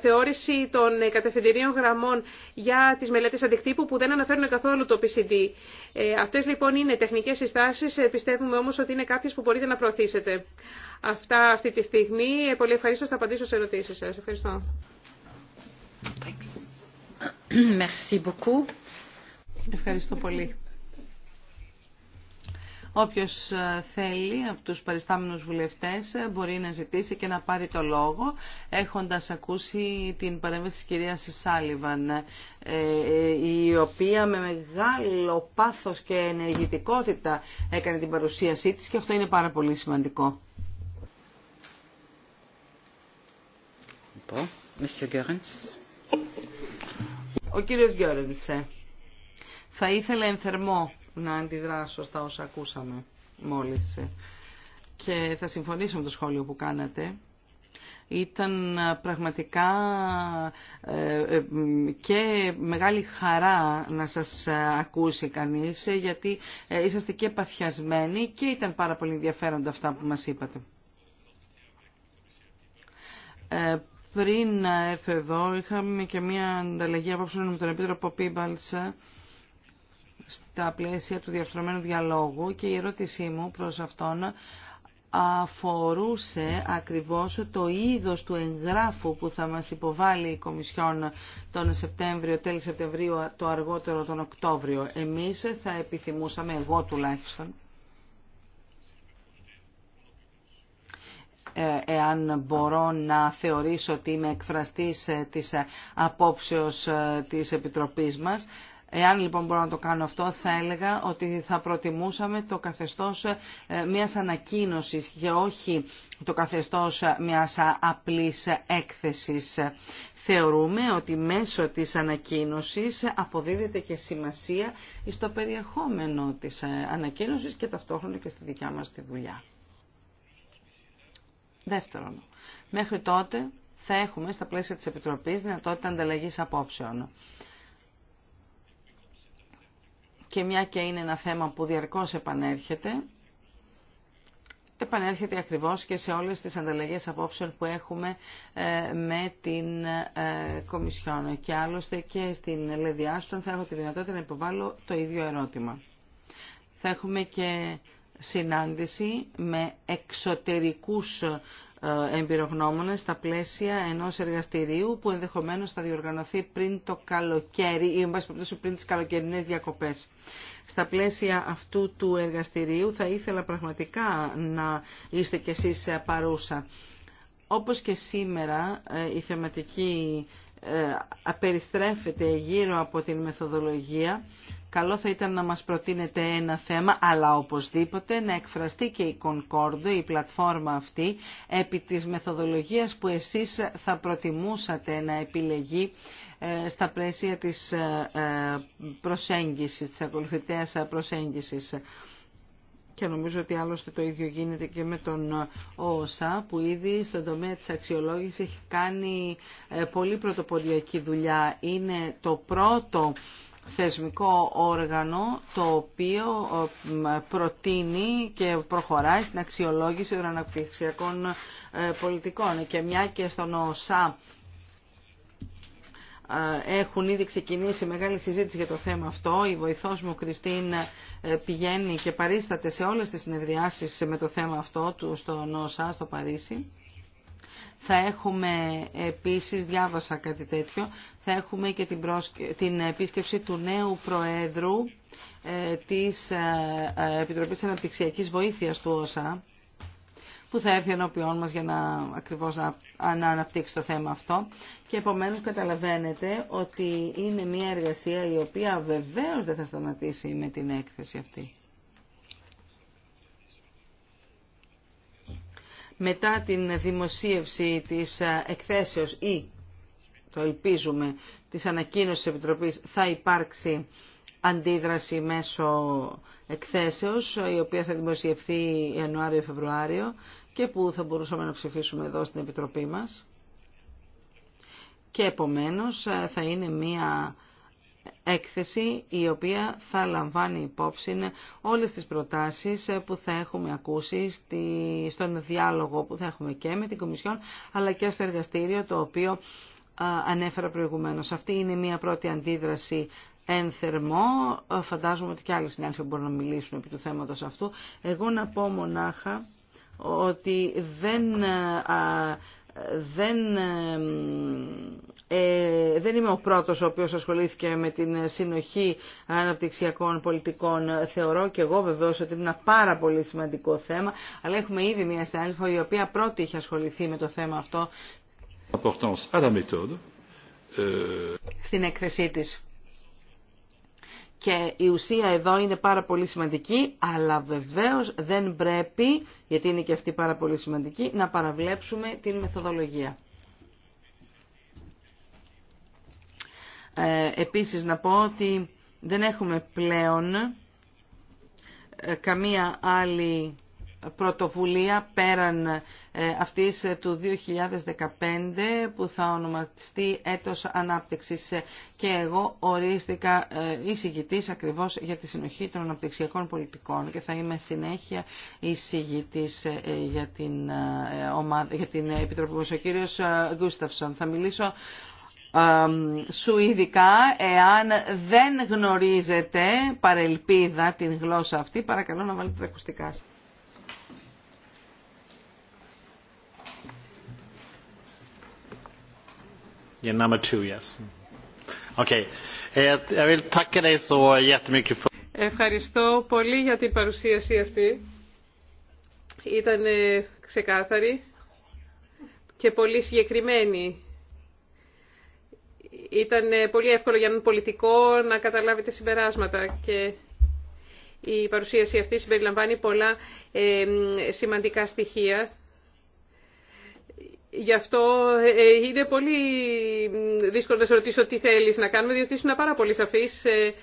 θεώρηση των κατευθυντηρίων γραμμών για τις μελέτε αντικτύπου που δεν αναφέρουν καθόλου το PCD. Ε, αυτές λοιπόν είναι τεχνικές συστάσεις, ε, πιστεύουμε όμως ότι είναι κάποιε που μπορείτε να προωθήσετε. Αυτά αυτή τη στιγμή. Ε, πολύ ευχαριστώ, θα απαντήσω σε ερωτήσεις σας. Ευχαριστώ. Merci beaucoup. Ευχαριστώ πολύ. Όποιος ε, θέλει από τους παριστάμενους βουλευτές ε, μπορεί να ζητήσει και να πάρει το λόγο έχοντας ακούσει την παρέμβαση της κυρίας Σάλιβαν ε, η οποία με μεγάλο πάθος και ενεργητικότητα έκανε την παρουσίασή της και αυτό είναι πάρα πολύ σημαντικό. Ο κύριος Γκέρενσε θα ήθελε ενθερμό να αντιδράσω στα όσα ακούσαμε μόλις. Και θα συμφωνήσω με το σχόλιο που κάνατε. Ήταν ε, πραγματικά ε, ε, και μεγάλη χαρά να σας ακούσει κανείς, γιατί είσαστε και παθιασμένοι και ήταν πάρα πολύ ενδιαφέροντα αυτά που μας είπατε. Πριν έρθω εδώ είχαμε και μία ανταλλαγή απόψε με τον Επίτροπο Πίμπαλτσα στα πλαίσια του διαρθρωμένου διαλόγου και η ερώτησή μου προς αυτόν αφορούσε ακριβώς το είδος του εγγράφου που θα μας υποβάλει η Κομισιόν τον Σεπτέμβριο, τέλη Σεπτεμβρίου, το αργότερο τον Οκτώβριο. Εμείς θα επιθυμούσαμε, εγώ τουλάχιστον, ε, εάν μπορώ να θεωρήσω ότι είμαι εκφραστής ε, της ε, απόψεως της Επιτροπής μας, Εάν λοιπόν μπορώ να το κάνω αυτό, θα έλεγα ότι θα προτιμούσαμε το καθεστώς ε, μιας ανακοίνωσης και όχι το καθεστώς ε, μιας απλής έκθεσης. Θεωρούμε ότι μέσω της ανακοίνωσης αποδίδεται και σημασία στο περιεχόμενο της ε, ανακοίνωσης και ταυτόχρονα και στη δικιά μας τη δουλειά. Δεύτερον, μέχρι τότε θα έχουμε στα πλαίσια της Επιτροπής δυνατότητα ανταλλαγής απόψεων και μια και είναι ένα θέμα που διαρκώς επανέρχεται, επανέρχεται ακριβώς και σε όλες τις ανταλλαγές απόψεων που έχουμε ε, με την ε, Κομισιόν. Και άλλωστε και στην Λεδιάστον θα έχω τη δυνατότητα να υποβάλω το ίδιο ερώτημα. Θα έχουμε και συνάντηση με εξωτερικούς ε, εμπειρογνώμονε στα πλαίσια ενός εργαστηρίου που ενδεχομένως θα διοργανωθεί πριν το καλοκαίρι ή εν πριν τι καλοκαιρινέ διακοπές. Στα πλαίσια αυτού του εργαστηρίου θα ήθελα πραγματικά να είστε κι εσείς ε, παρούσα. Όπως και σήμερα ε, η θεματική ε, απεριστρέφεται γύρω από την μεθοδολογία. Καλό θα ήταν να μας προτείνετε ένα θέμα, αλλά οπωσδήποτε να εκφραστεί και η Concordo, η πλατφόρμα αυτή, επί της μεθοδολογίας που εσείς θα προτιμούσατε να επιλεγεί ε, στα πλαίσια της ε, προσέγγισης, της ακολουθητέας προσέγγισης και νομίζω ότι άλλωστε το ίδιο γίνεται και με τον ε, ΟΣΑ που ήδη στον τομέα της αξιολόγησης έχει κάνει ε, πολύ πρωτοποριακή δουλειά. Είναι το πρώτο θεσμικό όργανο το οποίο ε, προτείνει και προχωράει στην αξιολόγηση των αναπτυξιακών πολιτικών. Και μια και στον ΟΣΑ έχουν ήδη ξεκινήσει μεγάλη συζήτηση για το θέμα αυτό. Η βοηθός μου Κριστίν ε, πηγαίνει και παρίσταται σε όλες τις συνεδριάσεις με το θέμα αυτό του στο ΝΟΣΑ, στο Παρίσι. Θα έχουμε επίσης, διάβασα κάτι τέτοιο, θα έχουμε και την, την επίσκεψη του νέου Προέδρου ε, της ε, Επιτροπής Αναπτυξιακής Βοήθειας του Όσα που θα έρθει ενώπιόν μας για να ακριβώς να, αναπτύξει το θέμα αυτό. Και επομένως καταλαβαίνετε ότι είναι μια εργασία η οποία βεβαίως δεν θα σταματήσει με την έκθεση αυτή. Μετά την δημοσίευση της εκθέσεως ή το ελπίζουμε, της ανακοίνωσης της Επιτροπής θα υπάρξει αντίδραση μέσω εκθέσεως, η οποία θα δημοσιευθεί Ιανουάριο-Φεβρουάριο και που θα μπορούσαμε να ψηφίσουμε εδώ στην Επιτροπή μας. Και επομένως ε, θα είναι μία έκθεση η οποία θα λαμβάνει υπόψη όλες τις προτάσεις ε, που θα έχουμε ακούσει στον διάλογο που θα έχουμε και με την Κομισιόν αλλά και στο εργαστήριο το οποίο ε, ανέφερα προηγουμένως. Αυτή είναι μια πρώτη αντίδραση εν θερμό. Φαντάζομαι ότι και άλλοι συνάδελφοι μπορούν να μιλήσουν επί του θέματος αυτού. Εγώ να πω μονάχα ότι δεν δεν, ε, δεν είμαι ο πρώτος ο οποίος ασχολήθηκε με την συνοχή αναπτυξιακών πολιτικών. Θεωρώ και εγώ βεβαίως ότι είναι ένα πάρα πολύ σημαντικό θέμα, αλλά έχουμε ήδη μια συνάδελφο η οποία πρώτη είχε ασχοληθεί με το θέμα αυτό ε, στην έκθεσή της και η ουσία εδώ είναι πάρα πολύ σημαντική, αλλά βεβαίως δεν πρέπει, γιατί είναι και αυτή πάρα πολύ σημαντική, να παραβλέψουμε την μεθοδολογία. Ε, επίσης να πω ότι δεν έχουμε πλέον ε, καμία άλλη πρωτοβουλία πέραν ε, αυτής ε, του 2015 που θα ονομαστεί έτος ανάπτυξης ε, και εγώ ορίστηκα εισηγητής ακριβώς για τη συνοχή των αναπτυξιακών πολιτικών και θα είμαι συνέχεια εισηγητής για την, για την Επιτροπή μας. Ο κύριος Γκούσταυσον θα μιλήσω σου ειδικά εάν δεν γνωρίζετε παρελπίδα την γλώσσα αυτή παρακαλώ να βάλετε τα ακουστικά σας. Ευχαριστώ πολύ για την παρουσίαση αυτή. Ήταν ξεκάθαρη και πολύ συγκεκριμένη. Ήταν πολύ εύκολο για έναν πολιτικό να καταλάβει τα συμπεράσματα και η παρουσίαση αυτή συμπεριλαμβάνει πολλά σημαντικά στοιχεία Γι' αυτό ε, ε, είναι πολύ δύσκολο να σε ρωτήσω τι θέλεις να κάνουμε, διότι ήσουν πάρα πολύ σαφής. Ε,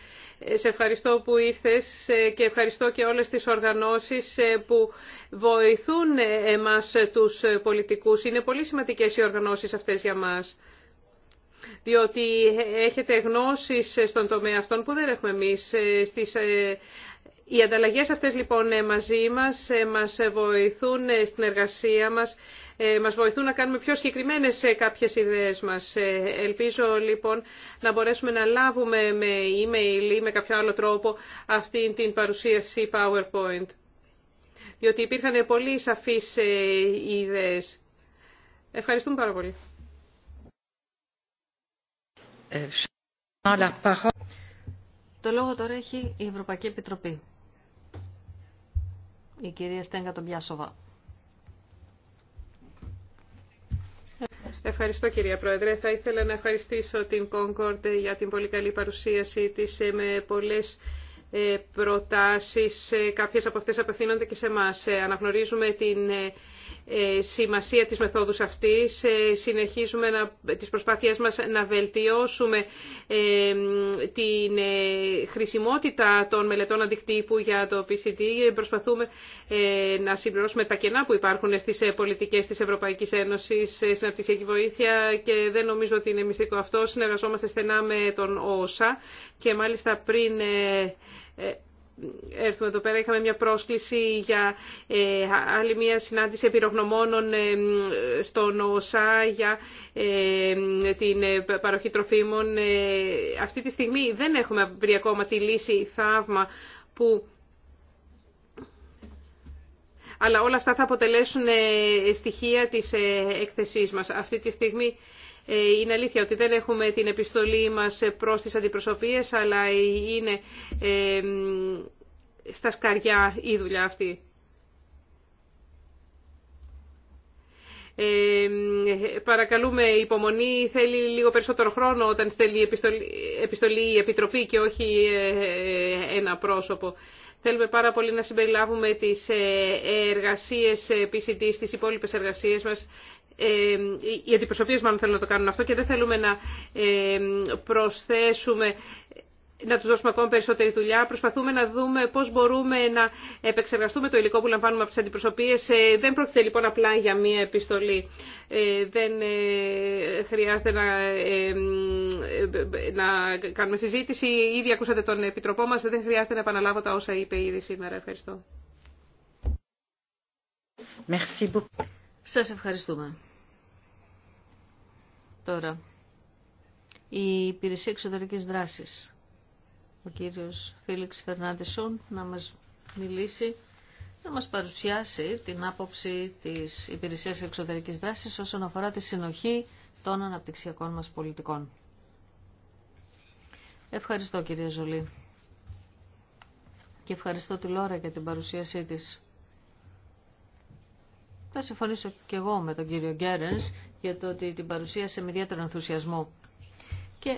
σε ευχαριστώ που ήρθες και ευχαριστώ και όλες τις οργανώσεις που βοηθούν εμάς τους πολιτικούς. Είναι πολύ σημαντικές οι οργανώσεις αυτές για μας, διότι έχετε γνώσεις στον τομέα αυτών που δεν έχουμε εμείς. Στις οι ανταλλαγές αυτές λοιπόν μαζί μας μας βοηθούν στην εργασία μας ε, μας βοηθούν να κάνουμε πιο συγκεκριμένες ε, κάποιες ιδέες μας. Ε, ελπίζω λοιπόν να μπορέσουμε να λάβουμε με email ή με κάποιο άλλο τρόπο αυτή την παρουσίαση PowerPoint. Διότι υπήρχαν πολύ σαφείς ιδέες. Ευχαριστούμε πάρα πολύ. Το λόγο τώρα έχει η Ευρωπαϊκή Επιτροπή. Η κυρία Στέγκα τον Πιάσοβα. Ευχαριστώ κυρία Πρόεδρε. Θα ήθελα να ευχαριστήσω την Concord για την πολύ καλή παρουσίαση της ε, με πολλές ε, προτάσεις. Ε, κάποιες από αυτές απευθύνονται και σε εμά. Αναγνωρίζουμε την ε, σημασία της μεθόδους αυτής. Ε, συνεχίζουμε να, τις προσπάθειές μας να βελτιώσουμε ε, την χρησιμότητα των μελετών αντικτύπου για το PCT. Προσπαθούμε να συμπληρώσουμε τα κενά που υπάρχουν στις πολιτικές της Ευρωπαϊκής Ένωσης στην απτυσιακή βοήθεια και δεν νομίζω ότι είναι μυστικό αυτό. Συνεργαζόμαστε στενά με τον ΩΣΑ και μάλιστα πριν έρθουμε εδώ πέρα. Είχαμε μια πρόσκληση για ε, άλλη μια συνάντηση επιρογνωμόνων ε, στον ΟΣΑ για ε, την παροχή τροφίμων. Αυτή τη στιγμή δεν έχουμε βρει ακόμα τη λύση θαύμα που αλλά όλα αυτά θα αποτελέσουν στοιχεία της έκθεσής μας. Αυτή τη στιγμή ε, είναι αλήθεια ότι δεν έχουμε την επιστολή μας προς τις αντιπροσωπείες, αλλά είναι στα σκαριά η δουλειά αυτή. Ε, παρακαλούμε υπομονή, θέλει λίγο περισσότερο χρόνο όταν στέλνει επιστολή, επιστολή η Επιτροπή και όχι ε, ένα πρόσωπο. Θέλουμε πάρα πολύ να συμπεριλάβουμε τις ε, εργασίες PCD στις υπόλοιπες εργασίες μας οι αντιπροσωπείες μάλλον θέλουν να το κάνουν αυτό και δεν θέλουμε να προσθέσουμε να τους δώσουμε ακόμα περισσότερη δουλειά. Προσπαθούμε να δούμε πώς μπορούμε να επεξεργαστούμε το υλικό που λαμβάνουμε από τις αντιπροσωπείες. Ε, δεν πρόκειται λοιπόν απλά για μία επιστολή. Ε, δεν ε, χρειάζεται να, να κάνουμε συζήτηση. Ήδη ακούσατε τον Επιτροπό μας. Δεν χρειάζεται να επαναλάβω τα όσα είπε ήδη σήμερα. Ευχαριστώ. Merci Σας ευχαριστούμε. Τώρα, η Υπηρεσία Εξωτερικής Δράσης. Ο κύριος Φίλιξ Φερνάντισον να μας μιλήσει, να μας παρουσιάσει την άποψη της Υπηρεσίας Εξωτερικής Δράσης όσον αφορά τη συνοχή των αναπτυξιακών μας πολιτικών. Ευχαριστώ κύριε Ζολή και ευχαριστώ τη Λόρα για την παρουσίασή της. Θα συμφωνήσω και εγώ με τον κύριο Γκέρενς για το ότι την παρουσίασε με ιδιαίτερο ενθουσιασμό. Και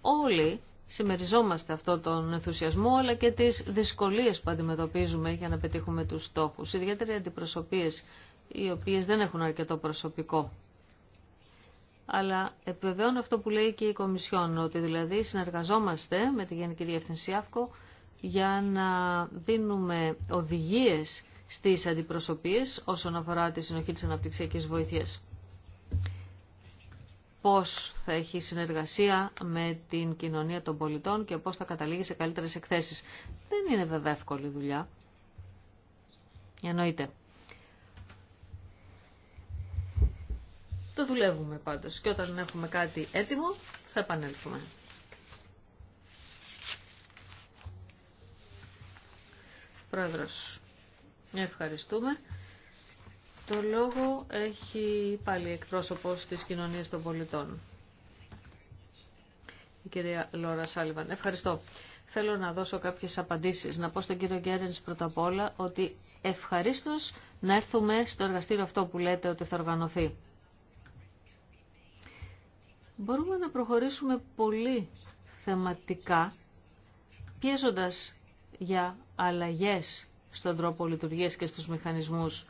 όλοι συμμεριζόμαστε αυτό τον ενθουσιασμό, αλλά και τις δυσκολίες που αντιμετωπίζουμε για να πετύχουμε τους στόχους. Ιδιαίτερα οι αντιπροσωπείες, οι οποίες δεν έχουν αρκετό προσωπικό. Αλλά επιβεβαιώνω αυτό που λέει και η Κομισιόν, ότι δηλαδή συνεργαζόμαστε με τη Γενική Διεύθυνση ΑΦΚΟ για να δίνουμε οδηγίες στις αντιπροσωπείες όσον αφορά τη συνοχή της αναπτυξιακής βοήθειας. Πώς θα έχει συνεργασία με την κοινωνία των πολιτών και πώς θα καταλήγει σε καλύτερες εκθέσεις. Δεν είναι βέβαια εύκολη δουλειά. Εννοείται. Το δουλεύουμε πάντως και όταν έχουμε κάτι έτοιμο θα επανέλθουμε. Πρόεδρος, Ευχαριστούμε. Το λόγο έχει πάλι εκπρόσωπος της κοινωνίας των πολιτών. Η κυρία Λόρα Σάλιβαν. Ευχαριστώ. Θέλω να δώσω κάποιες απαντήσεις. Να πω στον κύριο Γκέρενς πρώτα απ' όλα ότι ευχαρίστως να έρθουμε στο εργαστήριο αυτό που λέτε ότι θα οργανωθεί. Μπορούμε να προχωρήσουμε πολύ θεματικά, πιέζοντας για αλλαγές στον τρόπο λειτουργίας και στους μηχανισμούς.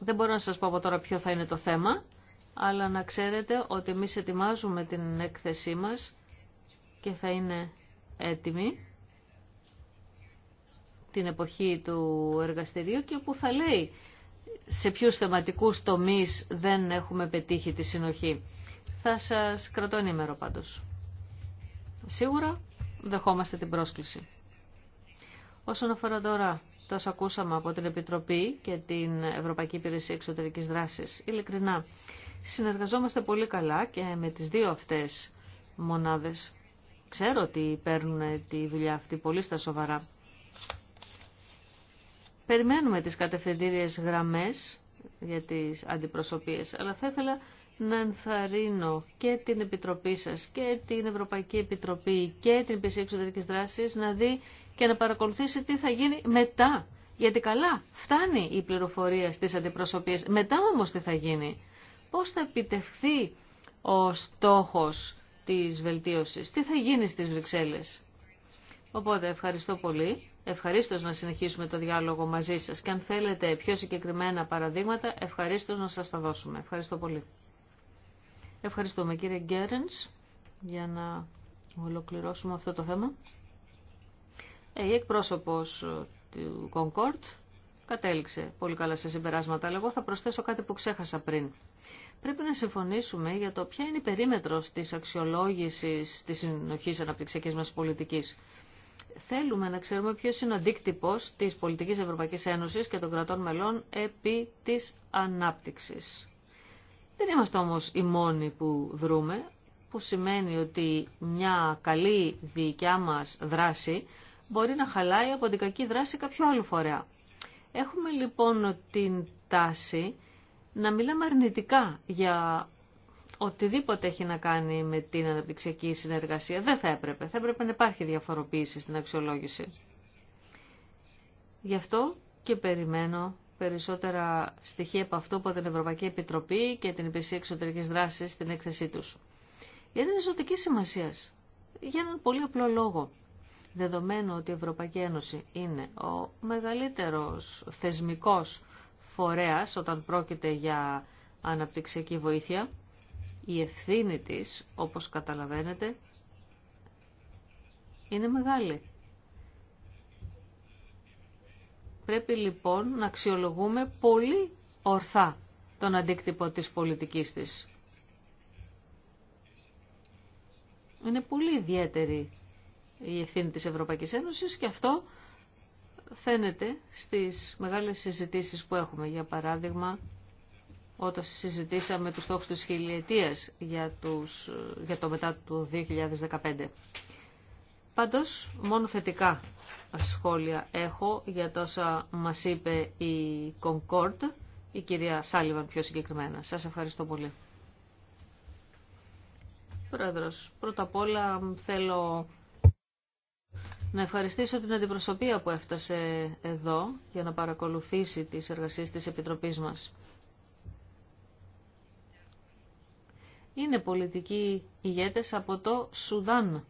Δεν μπορώ να σας πω από τώρα ποιο θα είναι το θέμα, αλλά να ξέρετε ότι εμείς ετοιμάζουμε την έκθεσή μας και θα είναι έτοιμη την εποχή του εργαστηρίου και που θα λέει σε ποιου θεματικούς τομείς δεν έχουμε πετύχει τη συνοχή. Θα σας κρατώ ενήμερο πάντως. Σίγουρα δεχόμαστε την πρόσκληση. Όσον αφορά τώρα τόσο ακούσαμε από την Επιτροπή και την Ευρωπαϊκή Υπηρεσία Εξωτερικής Δράσης, ειλικρινά, συνεργαζόμαστε πολύ καλά και με τις δύο αυτές μονάδες. Ξέρω ότι παίρνουν τη δουλειά αυτή πολύ στα σοβαρά. Περιμένουμε τις κατευθυντήριες γραμμές για τις αντιπροσωπείες, αλλά θα ήθελα να ενθαρρύνω και την Επιτροπή σας και την Ευρωπαϊκή Επιτροπή και την Υπηρεσία Εξωτερικής Δράσης να δει και να παρακολουθήσει τι θα γίνει μετά. Γιατί καλά, φτάνει η πληροφορία στις αντιπροσωπείες. Μετά όμως τι θα γίνει. Πώς θα επιτευχθεί ο στόχος της βελτίωσης. Τι θα γίνει στις Βρυξέλλες. Οπότε ευχαριστώ πολύ. Ευχαρίστως να συνεχίσουμε το διάλογο μαζί σας. Και αν θέλετε πιο συγκεκριμένα παραδείγματα, ευχαρίστως να σας τα δώσουμε. Ευχαριστώ πολύ. Ευχαριστούμε κύριε Γκέρενς για να ολοκληρώσουμε αυτό το θέμα. Ε, η εκπρόσωπος του Concord κατέληξε πολύ καλά σε συμπεράσματα, αλλά εγώ θα προσθέσω κάτι που ξέχασα πριν. Πρέπει να συμφωνήσουμε για το ποια είναι η περίμετρος της αξιολόγησης της συνοχής αναπτυξιακής μας πολιτικής. Θέλουμε να ξέρουμε ποιο είναι ο αντίκτυπο τη πολιτική Ευρωπαϊκή Ένωση και των κρατών μελών επί τη ανάπτυξη. Δεν είμαστε όμως οι μόνοι που δρούμε, που σημαίνει ότι μια καλή δικιά μας δράση μπορεί να χαλάει από την κακή δράση κάποιου άλλου φορέα. Έχουμε λοιπόν την τάση να μιλάμε αρνητικά για οτιδήποτε έχει να κάνει με την αναπτυξιακή συνεργασία. Δεν θα έπρεπε. Θα έπρεπε να υπάρχει διαφοροποίηση στην αξιολόγηση. Γι' αυτό και περιμένω περισσότερα στοιχεία από αυτό από την Ευρωπαϊκή Επιτροπή και την Υπηρεσία Εξωτερική Δράση στην έκθεσή του. Γιατί είναι ζωτική σημασία. Για έναν πολύ απλό λόγο. Δεδομένου ότι η Ευρωπαϊκή Ένωση είναι ο μεγαλύτερος θεσμικός φορέας όταν πρόκειται για αναπτυξιακή βοήθεια, η ευθύνη της, όπως καταλαβαίνετε, είναι μεγάλη. Πρέπει λοιπόν να αξιολογούμε πολύ ορθά τον αντίκτυπο της πολιτικής της. Είναι πολύ ιδιαίτερη η ευθύνη της Ευρωπαϊκής Ένωσης και αυτό φαίνεται στις μεγάλες συζητήσεις που έχουμε. Για παράδειγμα, όταν συζητήσαμε τους στόχους της χιλιετίας για, τους, για το μετά του 2015. Πάντως, μόνο θετικά σχόλια έχω για τόσα μας είπε η Concord, η κυρία Σάλιβαν πιο συγκεκριμένα. Σας ευχαριστώ πολύ. Πρόεδρος, πρώτα απ' όλα θέλω να ευχαριστήσω την αντιπροσωπεία που έφτασε εδώ για να παρακολουθήσει τις εργασίες της Επιτροπής μας. Είναι πολιτικοί ηγέτες από το Σουδάν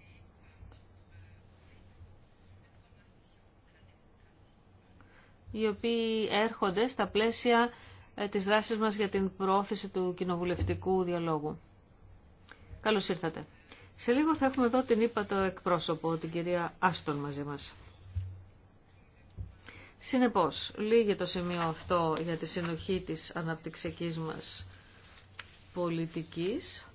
οι οποίοι έρχονται στα πλαίσια ε, της δράσης μας για την προώθηση του κοινοβουλευτικού διαλόγου. Καλώς ήρθατε. Σε λίγο θα έχουμε εδώ την είπα το εκπρόσωπο, την κυρία Άστον μαζί μας. Συνεπώς, λίγε το σημείο αυτό για τη συνοχή της αναπτυξιακής μας πολιτικής.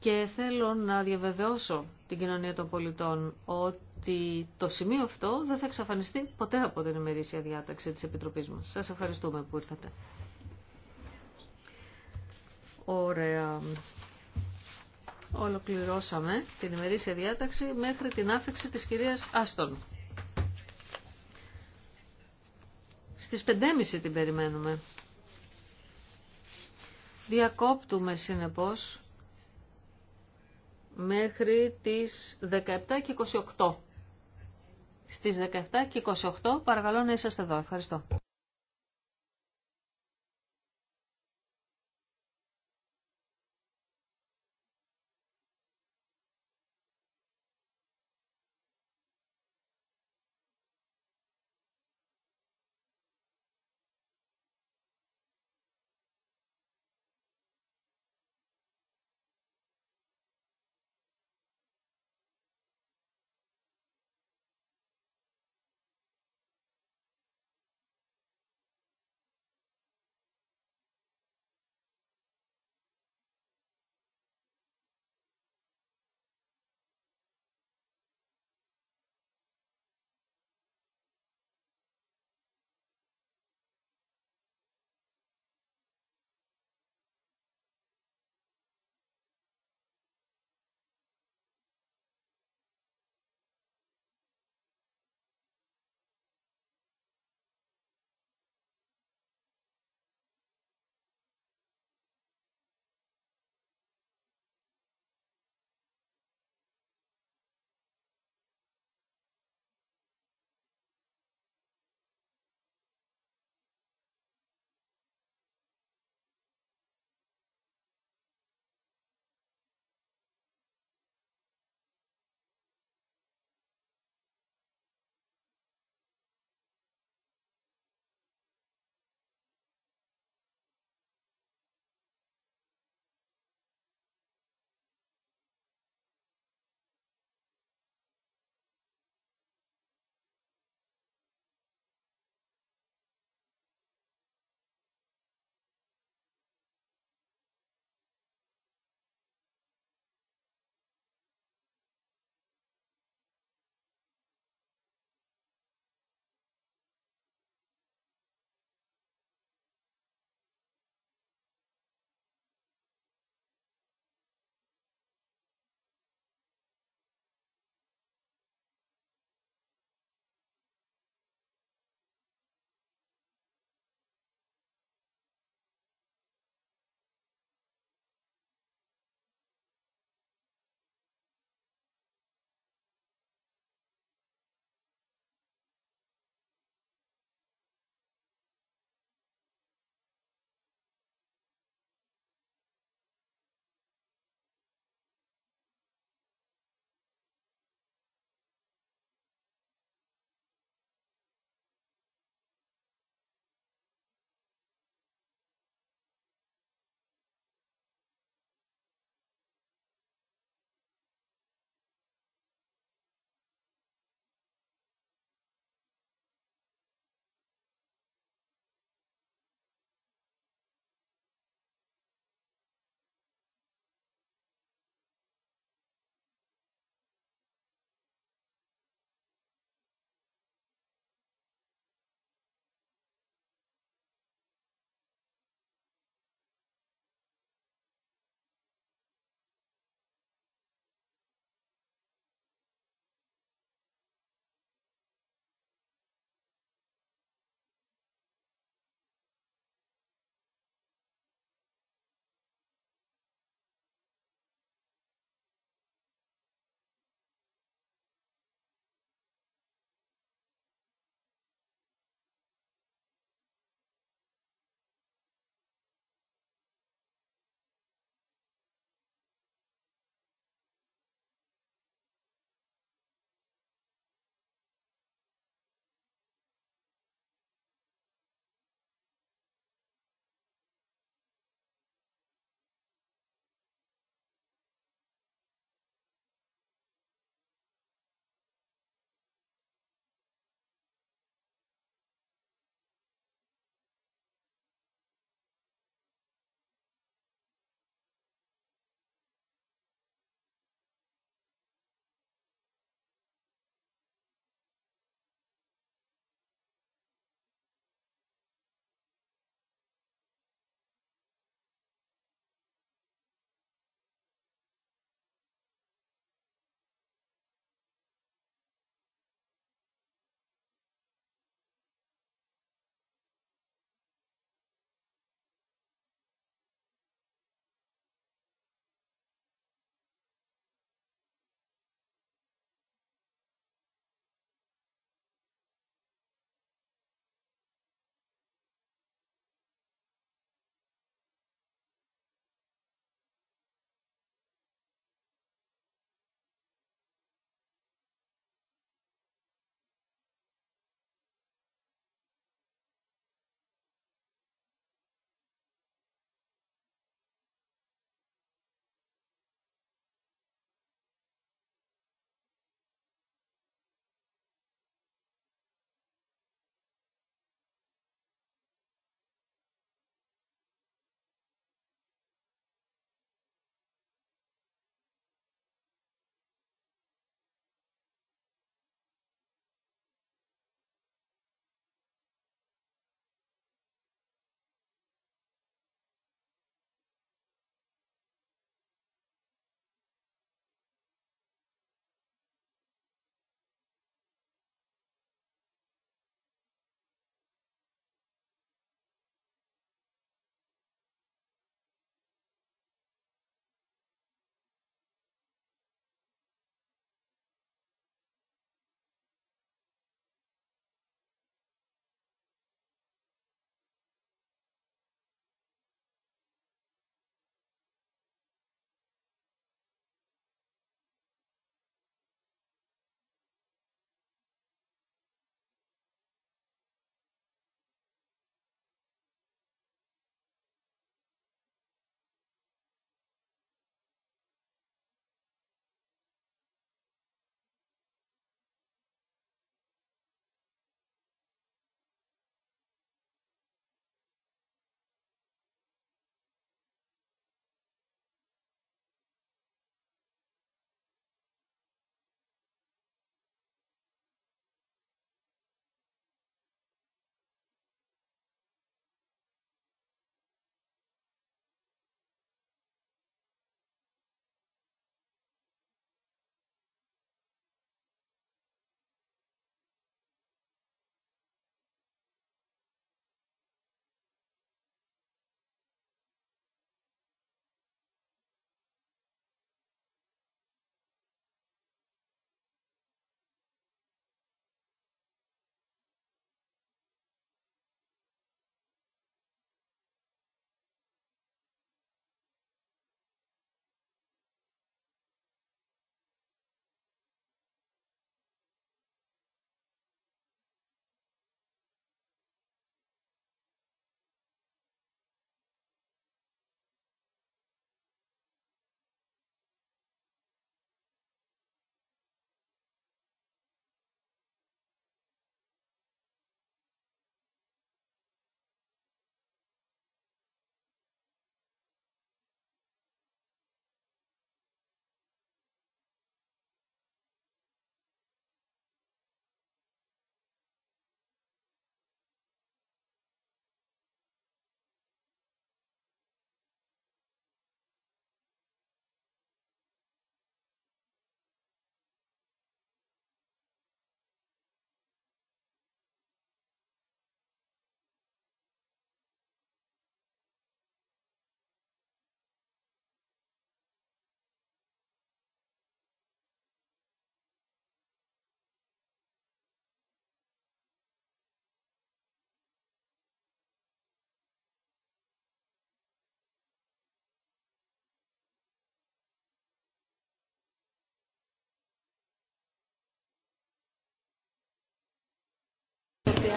Και θέλω να διαβεβαιώσω την κοινωνία των πολιτών ότι το σημείο αυτό δεν θα εξαφανιστεί ποτέ από την ημερήσια διάταξη της Επιτροπής μας. Σας ευχαριστούμε που ήρθατε. Ωραία. Ολοκληρώσαμε την ημερήσια διάταξη μέχρι την άφηξη της κυρίας Άστον. Στις 5.30 την περιμένουμε. Διακόπτουμε συνεπώς μέχρι τις 17 και 28. Στις 17 και 28 παρακαλώ να είσαστε εδώ. Ευχαριστώ.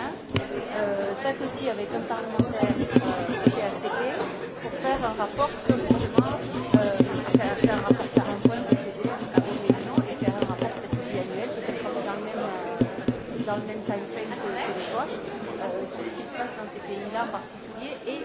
européen s'associe avec un parlementaire du CACP pour faire un rapport sur justement faire un rapport sur un point procédé à vos réunions et faire un rapport peut-être annuel, peut-être dans le même dans le même time frame que l'époque, sur ce qui se passe dans ces pays là en particulier et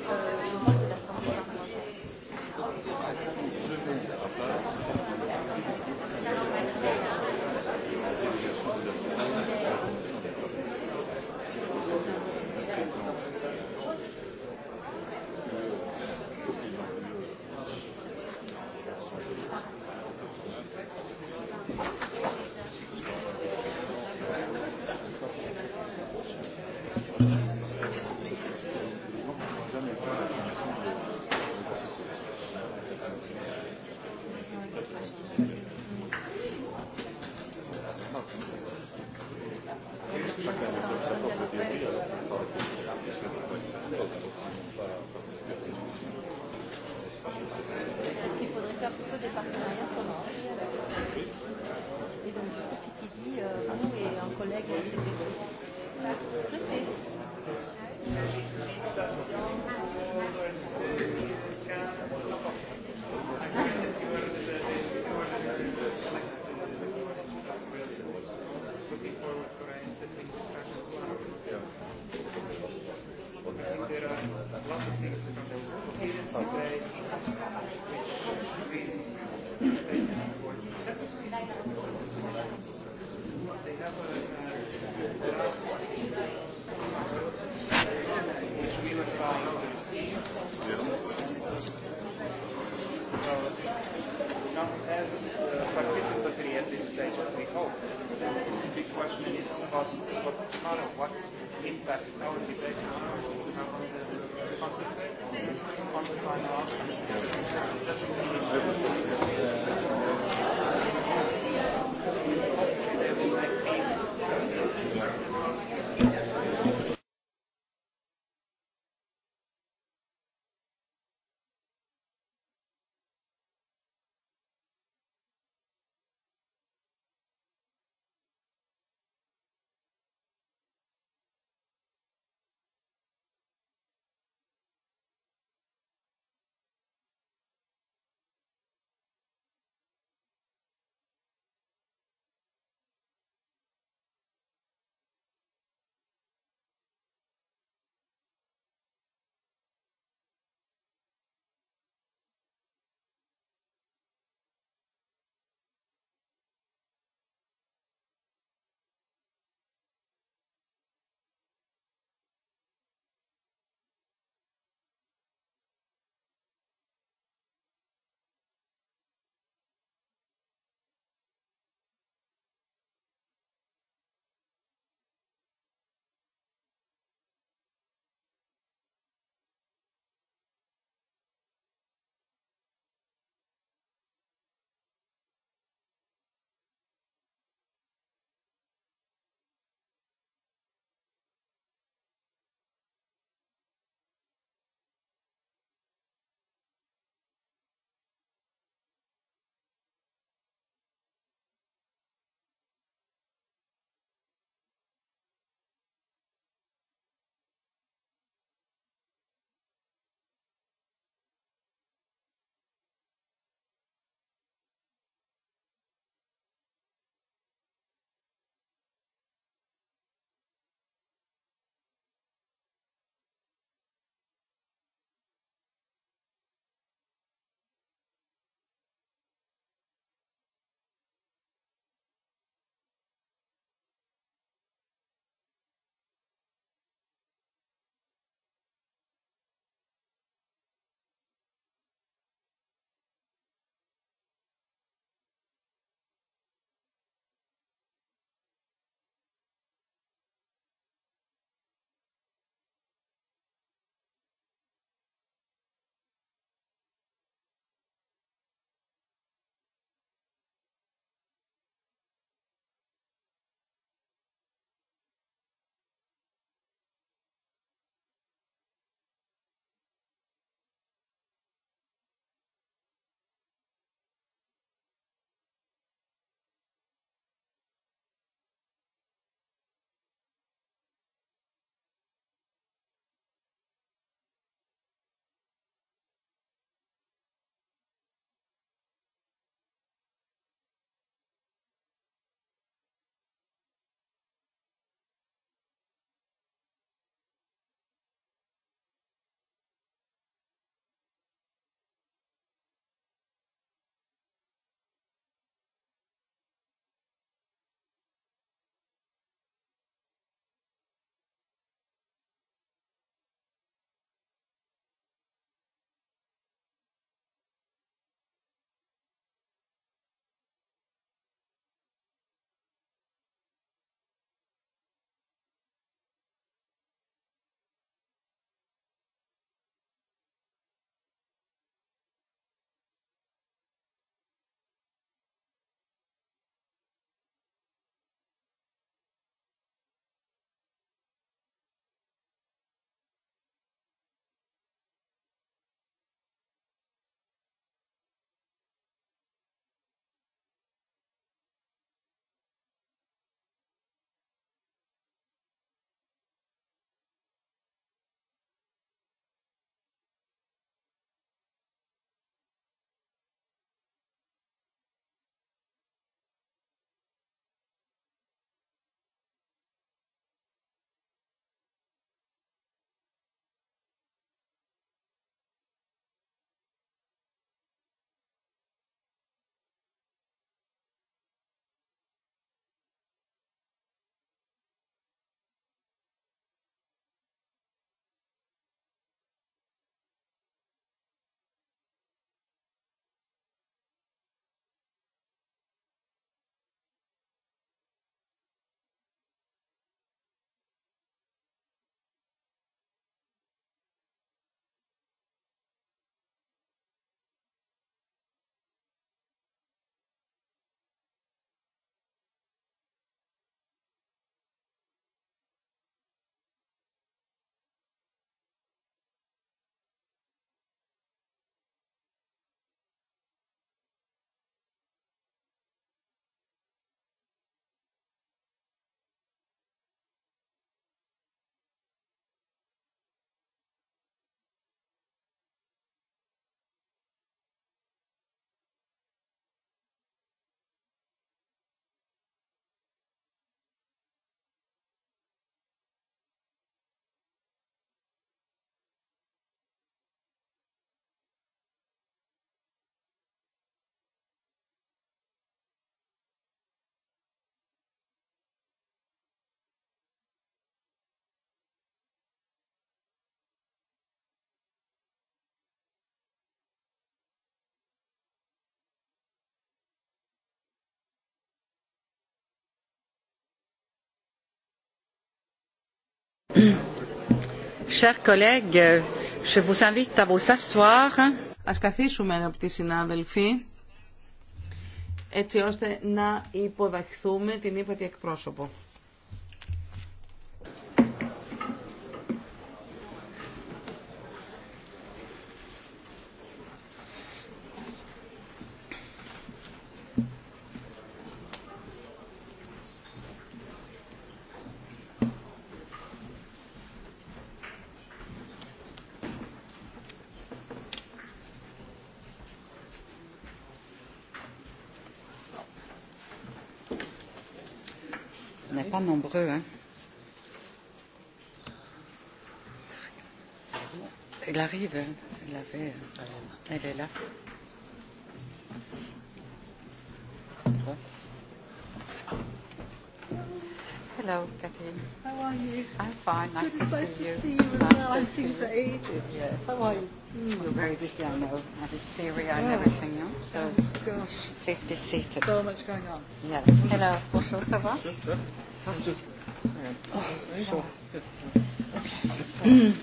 Ας καθίσουμε αγαπητοί συνάδελφοι έτσι ώστε να υποδαχθούμε την ύπατη εκπρόσωπο. arrive. Elle, avait, elle est là. Bon. Hello, Kathy. How are you? I'm fine. Nice to see you. to see you as well. I've seen you for ages. Yes. How are you? Mm. You're very busy, I know. I did Syria and everything, no? So, oh, gosh. Please be seated. So much going on. Yes. Mm. Hello. Bonjour, ça va? Bonjour.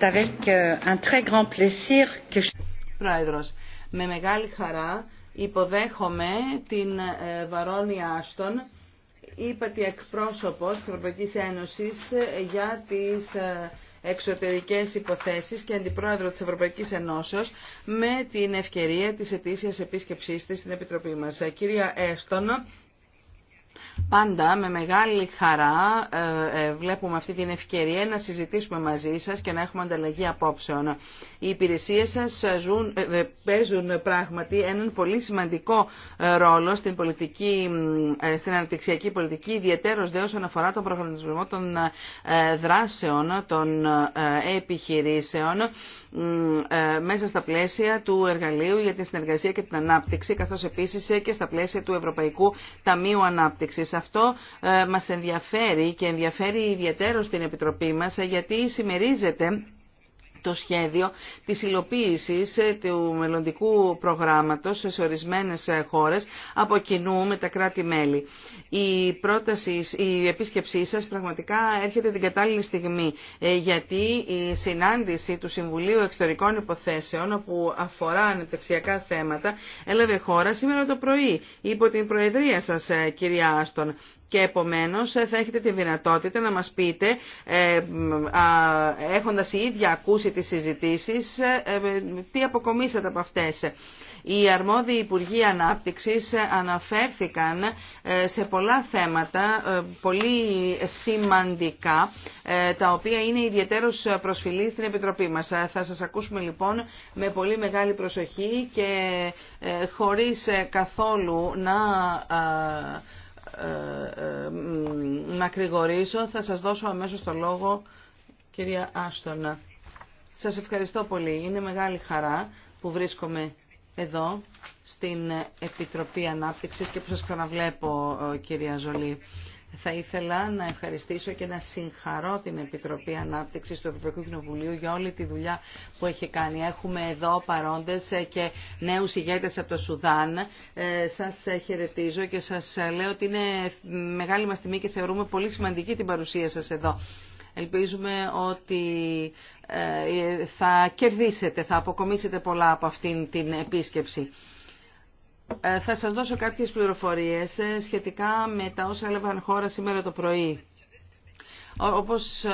Euh, Πρόεδρος, με μεγάλη χαρά υποδέχομαι την ε, Βαρόνια Άστον, ύπατη εκπρόσωπο της Ευρωπαϊκής Ένωσης ε, για τις ε, εξωτερικές υποθέσεις και αντιπρόεδρο της Ευρωπαϊκής Ενώσεως με την ευκαιρία της ετήσιας επίσκεψής της στην Επιτροπή μας. Κυρία Έστον, Πάντα με μεγάλη χαρά ε, ε, βλέπουμε αυτή την ευκαιρία να συζητήσουμε μαζί σας και να έχουμε ανταλλαγή απόψεων. Οι υπηρεσίες σας ζουν, ε, παίζουν πράγματι έναν πολύ σημαντικό ρόλο στην, πολιτική, στην αναπτυξιακή πολιτική, ιδιαίτερος δε όσον αφορά τον προγραμματισμό των δράσεων των επιχειρήσεων ε, μέσα στα πλαίσια του εργαλείου για την συνεργασία και την ανάπτυξη, καθώς επίσης και στα πλαίσια του Ευρωπαϊκού Ταμείου Ανάπτυξης. Αυτό ε, μας ενδιαφέρει και ενδιαφέρει ιδιαίτερο στην Επιτροπή μας, ε, γιατί συμμερίζεται το σχέδιο της υλοποίησης ε, του μελλοντικού προγράμματος σε ορισμένες ε, χώρες από κοινού με τα κράτη-μέλη. Η, πρόταση, η επίσκεψή σας πραγματικά έρχεται την κατάλληλη στιγμή ε, γιατί η συνάντηση του Συμβουλίου Εξωτερικών Υποθέσεων οπου αφορά ανεπτυξιακά θέματα έλαβε χώρα σήμερα το πρωί υπό την Προεδρία σας κυρία Άστον και επομένως θα έχετε τη δυνατότητα να μας πείτε έχοντας η ίδια ακούσει τις τις ε, ε, τι αποκομίσατε από αυτές. Οι αρμόδιοι Υπουργοί Ανάπτυξης αναφέρθηκαν ε, σε πολλά θέματα πολύ σημαντικά, τα οποία είναι ιδιαίτερος προσφυλή στην Επιτροπή μας. Θα σας ακούσουμε λοιπόν με πολύ μεγάλη προσοχή και χωρίς καθόλου να μακρηγορήσω, θα σας δώσω αμέσως το λόγο κυρία Άστονα. Σας ευχαριστώ πολύ. Είναι μεγάλη χαρά που βρίσκομαι εδώ στην Επιτροπή Ανάπτυξης και που σας ξαναβλέπω κυρία Ζολή. Θα ήθελα να ευχαριστήσω και να συγχαρώ την Επιτροπή Ανάπτυξης του Ευρωπαϊκού Κοινοβουλίου για όλη τη δουλειά που έχει κάνει. Έχουμε εδώ παρόντες και νέους ηγέτες από το Σουδάν. Ε, σας χαιρετίζω και σας λέω ότι είναι μεγάλη μας τιμή και θεωρούμε πολύ σημαντική την παρουσία σας εδώ. Ελπίζουμε ότι ε, θα κερδίσετε, θα αποκομίσετε πολλά από αυτήν την επίσκεψη. Ε, θα σας δώσω κάποιες πληροφορίες ε, σχετικά με τα όσα έλαβαν χώρα σήμερα το πρωί. Όπως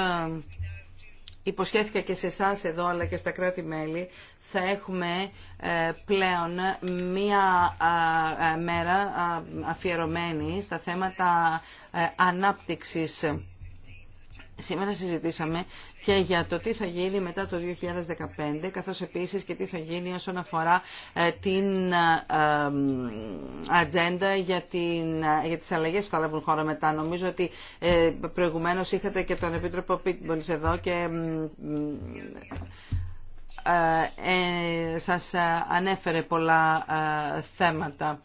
υποσχέθηκα και σε εσά εδώ αλλά και στα κράτη-μέλη, θα έχουμε πλέον μία μέρα αφιερωμένη στα θέματα ανάπτυξης Σήμερα συζητήσαμε και για το τι θα γίνει μετά το 2015, καθώς επίσης και τι θα γίνει όσον αφορά ε, την ε, ατζέντα για, την, ε, για τις αλλαγές που θα λάβουν χώρα μετά. Νομίζω ότι προηγουμένως είχατε και τον Επίτροπο Πίτμπολης εδώ και σας ανέφερε πολλά θέματα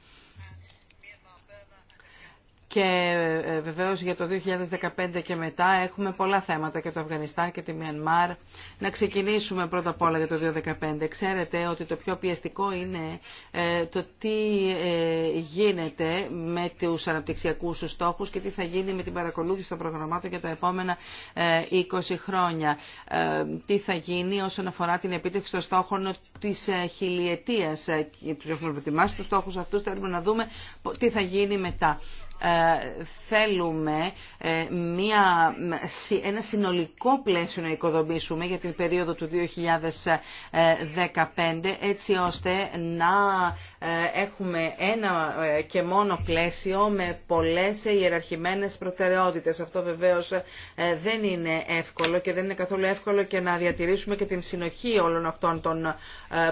και ε, βεβαίως για το 2015 και μετά έχουμε πολλά θέματα και το Αφγανιστάν και τη Μιανμάρ. Να ξεκινήσουμε πρώτα απ' όλα για το 2015. Ξέρετε ότι το πιο πιεστικό είναι ε, το τι ε, γίνεται με τους αναπτυξιακούς στόχους και τι θα γίνει με την παρακολούθηση των προγραμμάτων για τα επόμενα 20 χρόνια. Τι θα γίνει όσον αφορά την επίτευξη των στόχων της χιλιετίας. του έχουμε προετοιμάσει τους στόχους αυτούς, θέλουμε να δούμε τι θα γίνει μετά. Ε, θέλουμε ε, μια, ένα συνολικό πλαίσιο να οικοδομήσουμε για την περίοδο του 2015 ε, έτσι ώστε να ε, έχουμε ένα ε, και μόνο πλαίσιο με πολλές ιεραρχημένες προτεραιότητες. Αυτό βεβαίως ε, δεν είναι εύκολο και δεν είναι καθόλου εύκολο και να διατηρήσουμε και την συνοχή όλων αυτών των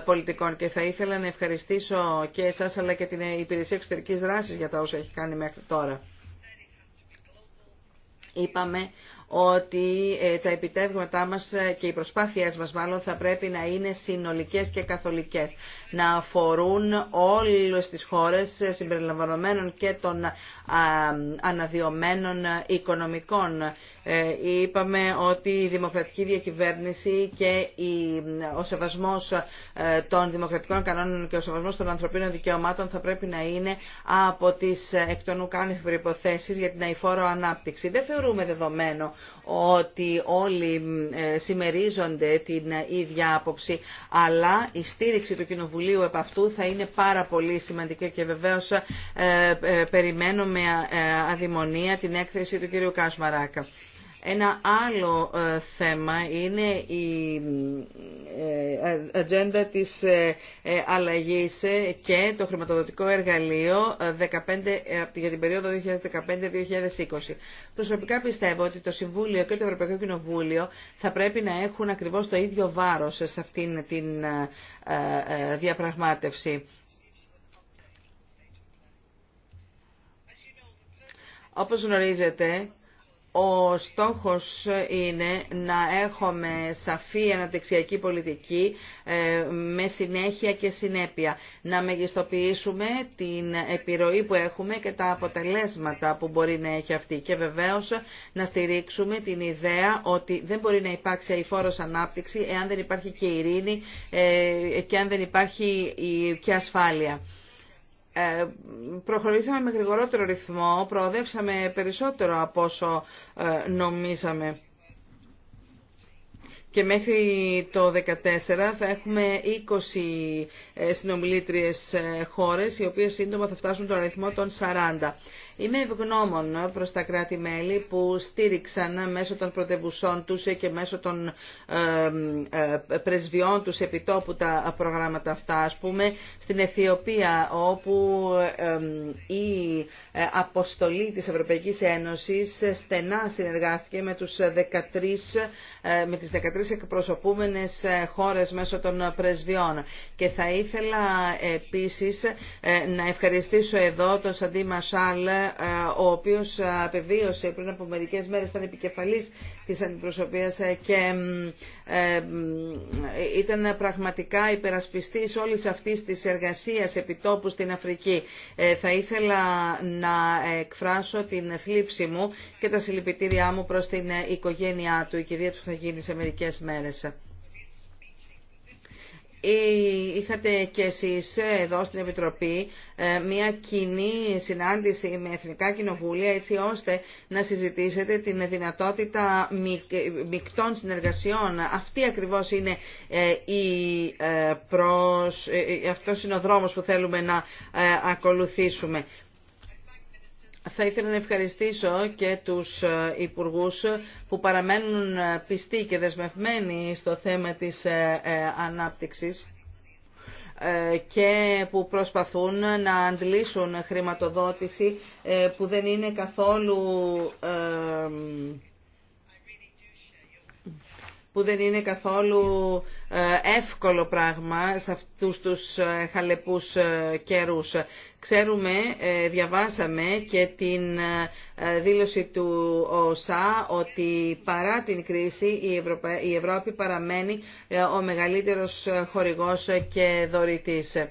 πολιτικών. Και θα ήθελα να ευχαριστήσω και εσάς αλλά και την Υπηρεσία Εξωτερικής Δράσης για τα όσα έχει κάνει μέχρι τώρα. Είπαμε ότι ε, τα επιτεύγματά μας και οι προσπάθειές μας μάλλον θα πρέπει να είναι συνολικές και καθολικές. Να αφορούν όλες τις χώρες συμπεριλαμβανομένων και των αναδειωμένων οικονομικών. Ε, είπαμε ότι η δημοκρατική διακυβέρνηση και ο σεβασμός ε, των δημοκρατικών κανόνων και ο σεβασμός των ανθρωπίνων δικαιωμάτων θα πρέπει να είναι από τις εκ των ουκάνευ για την αηφόρο ανάπτυξη. Δεν θεωρούμε δεδομένο ότι όλοι ε, συμμερίζονται την ε, ίδια άποψη, αλλά η στήριξη του Κοινοβουλίου επ' αυτού θα είναι πάρα πολύ σημαντική και βεβαίως ε, περιμένουμε αδημονία την έκθεση του κ. Κάσμαράκα. Ένα άλλο ε, θέμα είναι η ε, ε, ατζέντα της αλλαγής και το χρηματοδοτικό εργαλείο 15, για την περίοδο 2015-2020. Προσωπικά πιστεύω ότι το Συμβούλιο και το Ευρωπαϊκό Κοινοβούλιο θα πρέπει να έχουν ακριβώς το ίδιο βάρος σε αυτήν την διαπραγμάτευση. Όπως γνωρίζετε, ο στόχος είναι να έχουμε σαφή αναπτυξιακή πολιτική ε, με συνέχεια και συνέπεια. Να μεγιστοποιήσουμε την επιρροή που έχουμε και τα αποτελέσματα που μπορεί να έχει αυτή. Και βεβαίως να στηρίξουμε την ιδέα ότι δεν μπορεί να υπάρξει αηφόρος ανάπτυξη εάν δεν υπάρχει και ειρήνη ε, και αν δεν υπάρχει και ασφάλεια. Ε, προχωρήσαμε με γρηγορότερο ρυθμό, προοδεύσαμε περισσότερο από όσο ε, νομίζαμε. Και μέχρι το 2014 θα έχουμε 20 ε, συνομιλήτριες χώρες, οι οποίες σύντομα θα φτάσουν τον αριθμό των 40. Είμαι ευγνώμων προς τα κράτη-μέλη που στήριξαν μέσω των πρωτευουσών τους και μέσω των ε, ε, πρεσβειών τους επιτόπου τα προγράμματα αυτά, ας πούμε, στην Αιθιοπία όπου ε, η αποστολή της Ευρωπαϊκής Ένωσης στενά συνεργάστηκε με, τους 13, με τις 13 εκπροσωπούμενες χώρες μέσω των πρεσβειών. Και θα ήθελα επίσης να ευχαριστήσω εδώ τον Σαντί Μασάλ ε, ο οποίος ε, απεβίωσε πριν από μερικές μέρες, ήταν επικεφαλής της αντιπροσωπείας ε, και ήταν πραγματικά υπερασπιστής όλης αυτής της εργασίας επιτόπου στην Αφρική. Θα ήθελα να εκφράσω την θλίψη μου και τα συλληπιτήριά μου προς την οικογένειά του, η κυρία του θα γίνει σε μερικές μέρες. Ε, είχατε και εσείς εδώ στην Επιτροπή ε, μια κοινή συνάντηση με εθνικά κοινοβούλια έτσι ώστε να συζητήσετε την δυνατότητα μεικτών συνεργασιών. Αυτή ακριβώς είναι ε, η προς... αυτός είναι ο δρόμος που θέλουμε να ακολουθήσουμε. Θα ήθελα να ευχαριστήσω και τους ε, υπουργούς που παραμένουν ε, πιστοί και δεσμευμένοι στο θέμα της ε, ανάπτυξης και που προσπαθούν να αντλήσουν χρηματοδότηση που δεν είναι καθόλου που δεν είναι καθόλου ε, εύκολο πράγμα σε αυτούς τους ε, χαλεπούς ε, καιρούς. Ξέρουμε, διαβάσαμε και την δήλωση του ΟΣΑ ότι παρά την κρίση η Ευρώπη παραμένει ο μεγαλύτερος χορηγός και δωρητής.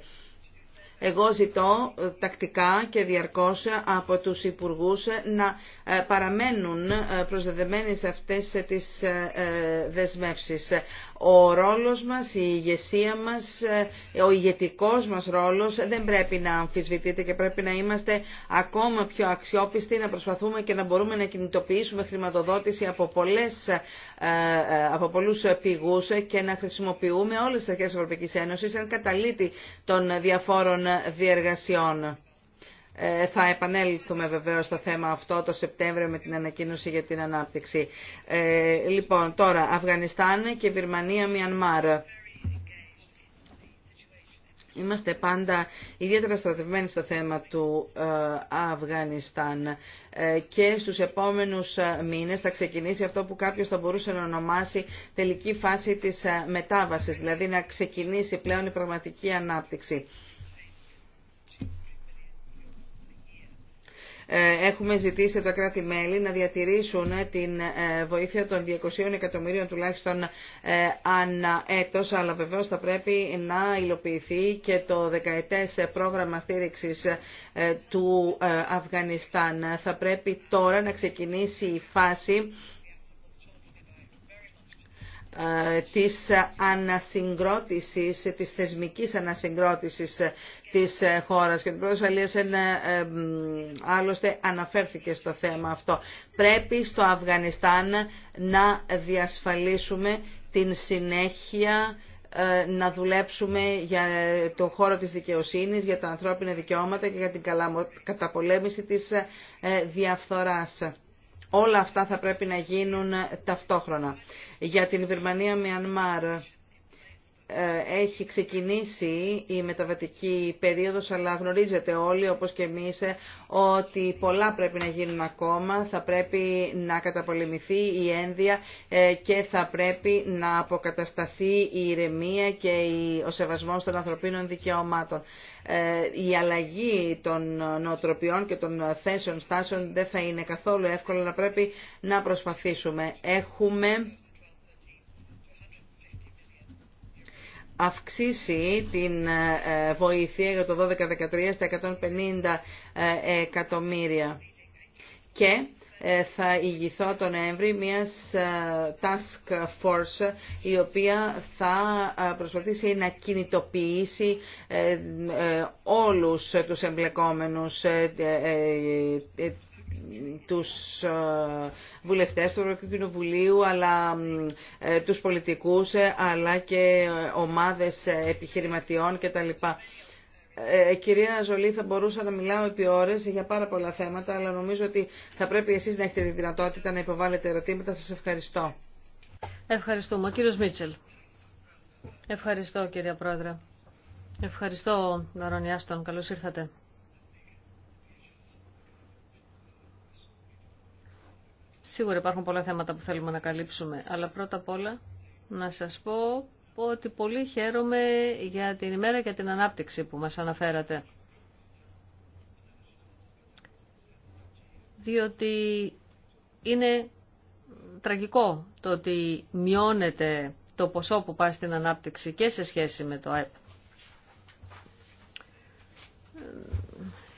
Εγώ ζητώ τακτικά και διαρκώς από τους Υπουργούς να παραμένουν προσδεδεμένοι σε αυτές τις δεσμεύσεις ο ρόλος μας, η ηγεσία μας, ο ηγετικός μας ρόλος δεν πρέπει να αμφισβητείται και πρέπει να είμαστε ακόμα πιο αξιόπιστοι, να προσπαθούμε και να μπορούμε να κινητοποιήσουμε χρηματοδότηση από, πολλές, ε, ε, από πολλούς και να χρησιμοποιούμε όλες τις αρχές της Ευρωπαϊκής Ένωσης, εν καταλήτη των διαφόρων διεργασιών. Ε, θα επανέλθουμε βεβαίω στο θέμα αυτό το Σεπτέμβριο με την ανακοίνωση για την ανάπτυξη. Ε, λοιπόν, τώρα Αφγανιστάν και Βυρμανία, Μιανμάρ. Είμαστε πάντα ιδιαίτερα στρατευμένοι στο θέμα του ε, Αφγανιστάν και στους επόμενους μήνες θα ξεκινήσει αυτό που κάποιος θα μπορούσε να ονομάσει τελική φάση της μετάβασης, δηλαδή να ξεκινήσει πλέον η πραγματική ανάπτυξη. Ε, έχουμε ζητήσει τα κράτη-μέλη να διατηρήσουν την ε, βοήθεια των 200 εκατομμυρίων τουλάχιστον ε, ανά έτος, αλλά βεβαίως θα πρέπει να υλοποιηθεί και το δεκαετές πρόγραμμα στήριξης του Αφγανιστάν. Θα πρέπει τώρα να ξεκινήσει η φάση ε, της ανασυγκρότησης, της θεσμικής ανασυγκρότησης της χώρας και ο Πρόεδρος Αλίας ε, άλλωστε αναφέρθηκε στο θέμα αυτό. Πρέπει στο Αφγανιστάν να διασφαλίσουμε την συνέχεια ε, να δουλέψουμε για το χώρο της δικαιοσύνης, για τα ανθρώπινα δικαιώματα και για την καταπολέμηση της διαφθοράς. Όλα αυτά θα πρέπει να γίνουν ταυτόχρονα. Για την Βερμανία Μιανμάρ ε, έχει ξεκινήσει η μεταβατική περίοδος, αλλά γνωρίζετε όλοι, όπως και εμείς, ε, ότι πολλά πρέπει να γίνουν ακόμα. Θα πρέπει να καταπολεμηθεί η ένδια ε, και θα πρέπει να αποκατασταθεί η ηρεμία και ο σεβασμός των ανθρωπίνων δικαιωμάτων. Η αλλαγή των νοοτροπιών και των θέσεων στάσεων δεν θα είναι καθόλου εύκολο να πρέπει να προσπαθήσουμε. Έχουμε αυξήσει την ε, βοήθεια για το 12-13 στα 150 ε, εκατομμύρια. Και ε, θα ηγηθώ τον Νοέμβρη μια task force η οποία θα προσπαθήσει να κινητοποιήσει όλους τους εμπλεκόμενους τους ε, βουλευτές του Ευρωπαϊκού Κοινοβουλίου, αλλά ε, τους πολιτικούς, ε, αλλά και ομάδες επιχειρηματιών κτλ. Ε, κυρία Ζολή, θα μπορούσα να μιλάω επί ώρες για πάρα πολλά θέματα, αλλά νομίζω ότι θα πρέπει εσείς να έχετε τη δυνατότητα να υποβάλλετε ερωτήματα. Σας ευχαριστώ. Ευχαριστούμε. Ο κύριος Μίτσελ. Ευχαριστώ, κυρία Πρόεδρε. Ευχαριστώ, Ναρονιάστον. Καλώς ήρθατε. Σίγουρα υπάρχουν πολλά θέματα που θέλουμε να καλύψουμε, αλλά πρώτα απ' όλα να σας πω ότι πολύ χαίρομαι για την ημέρα και την ανάπτυξη που μας αναφέρατε. Διότι είναι τραγικό το ότι μειώνεται το ποσό που πάει στην ανάπτυξη και σε σχέση με το ΑΕΠ.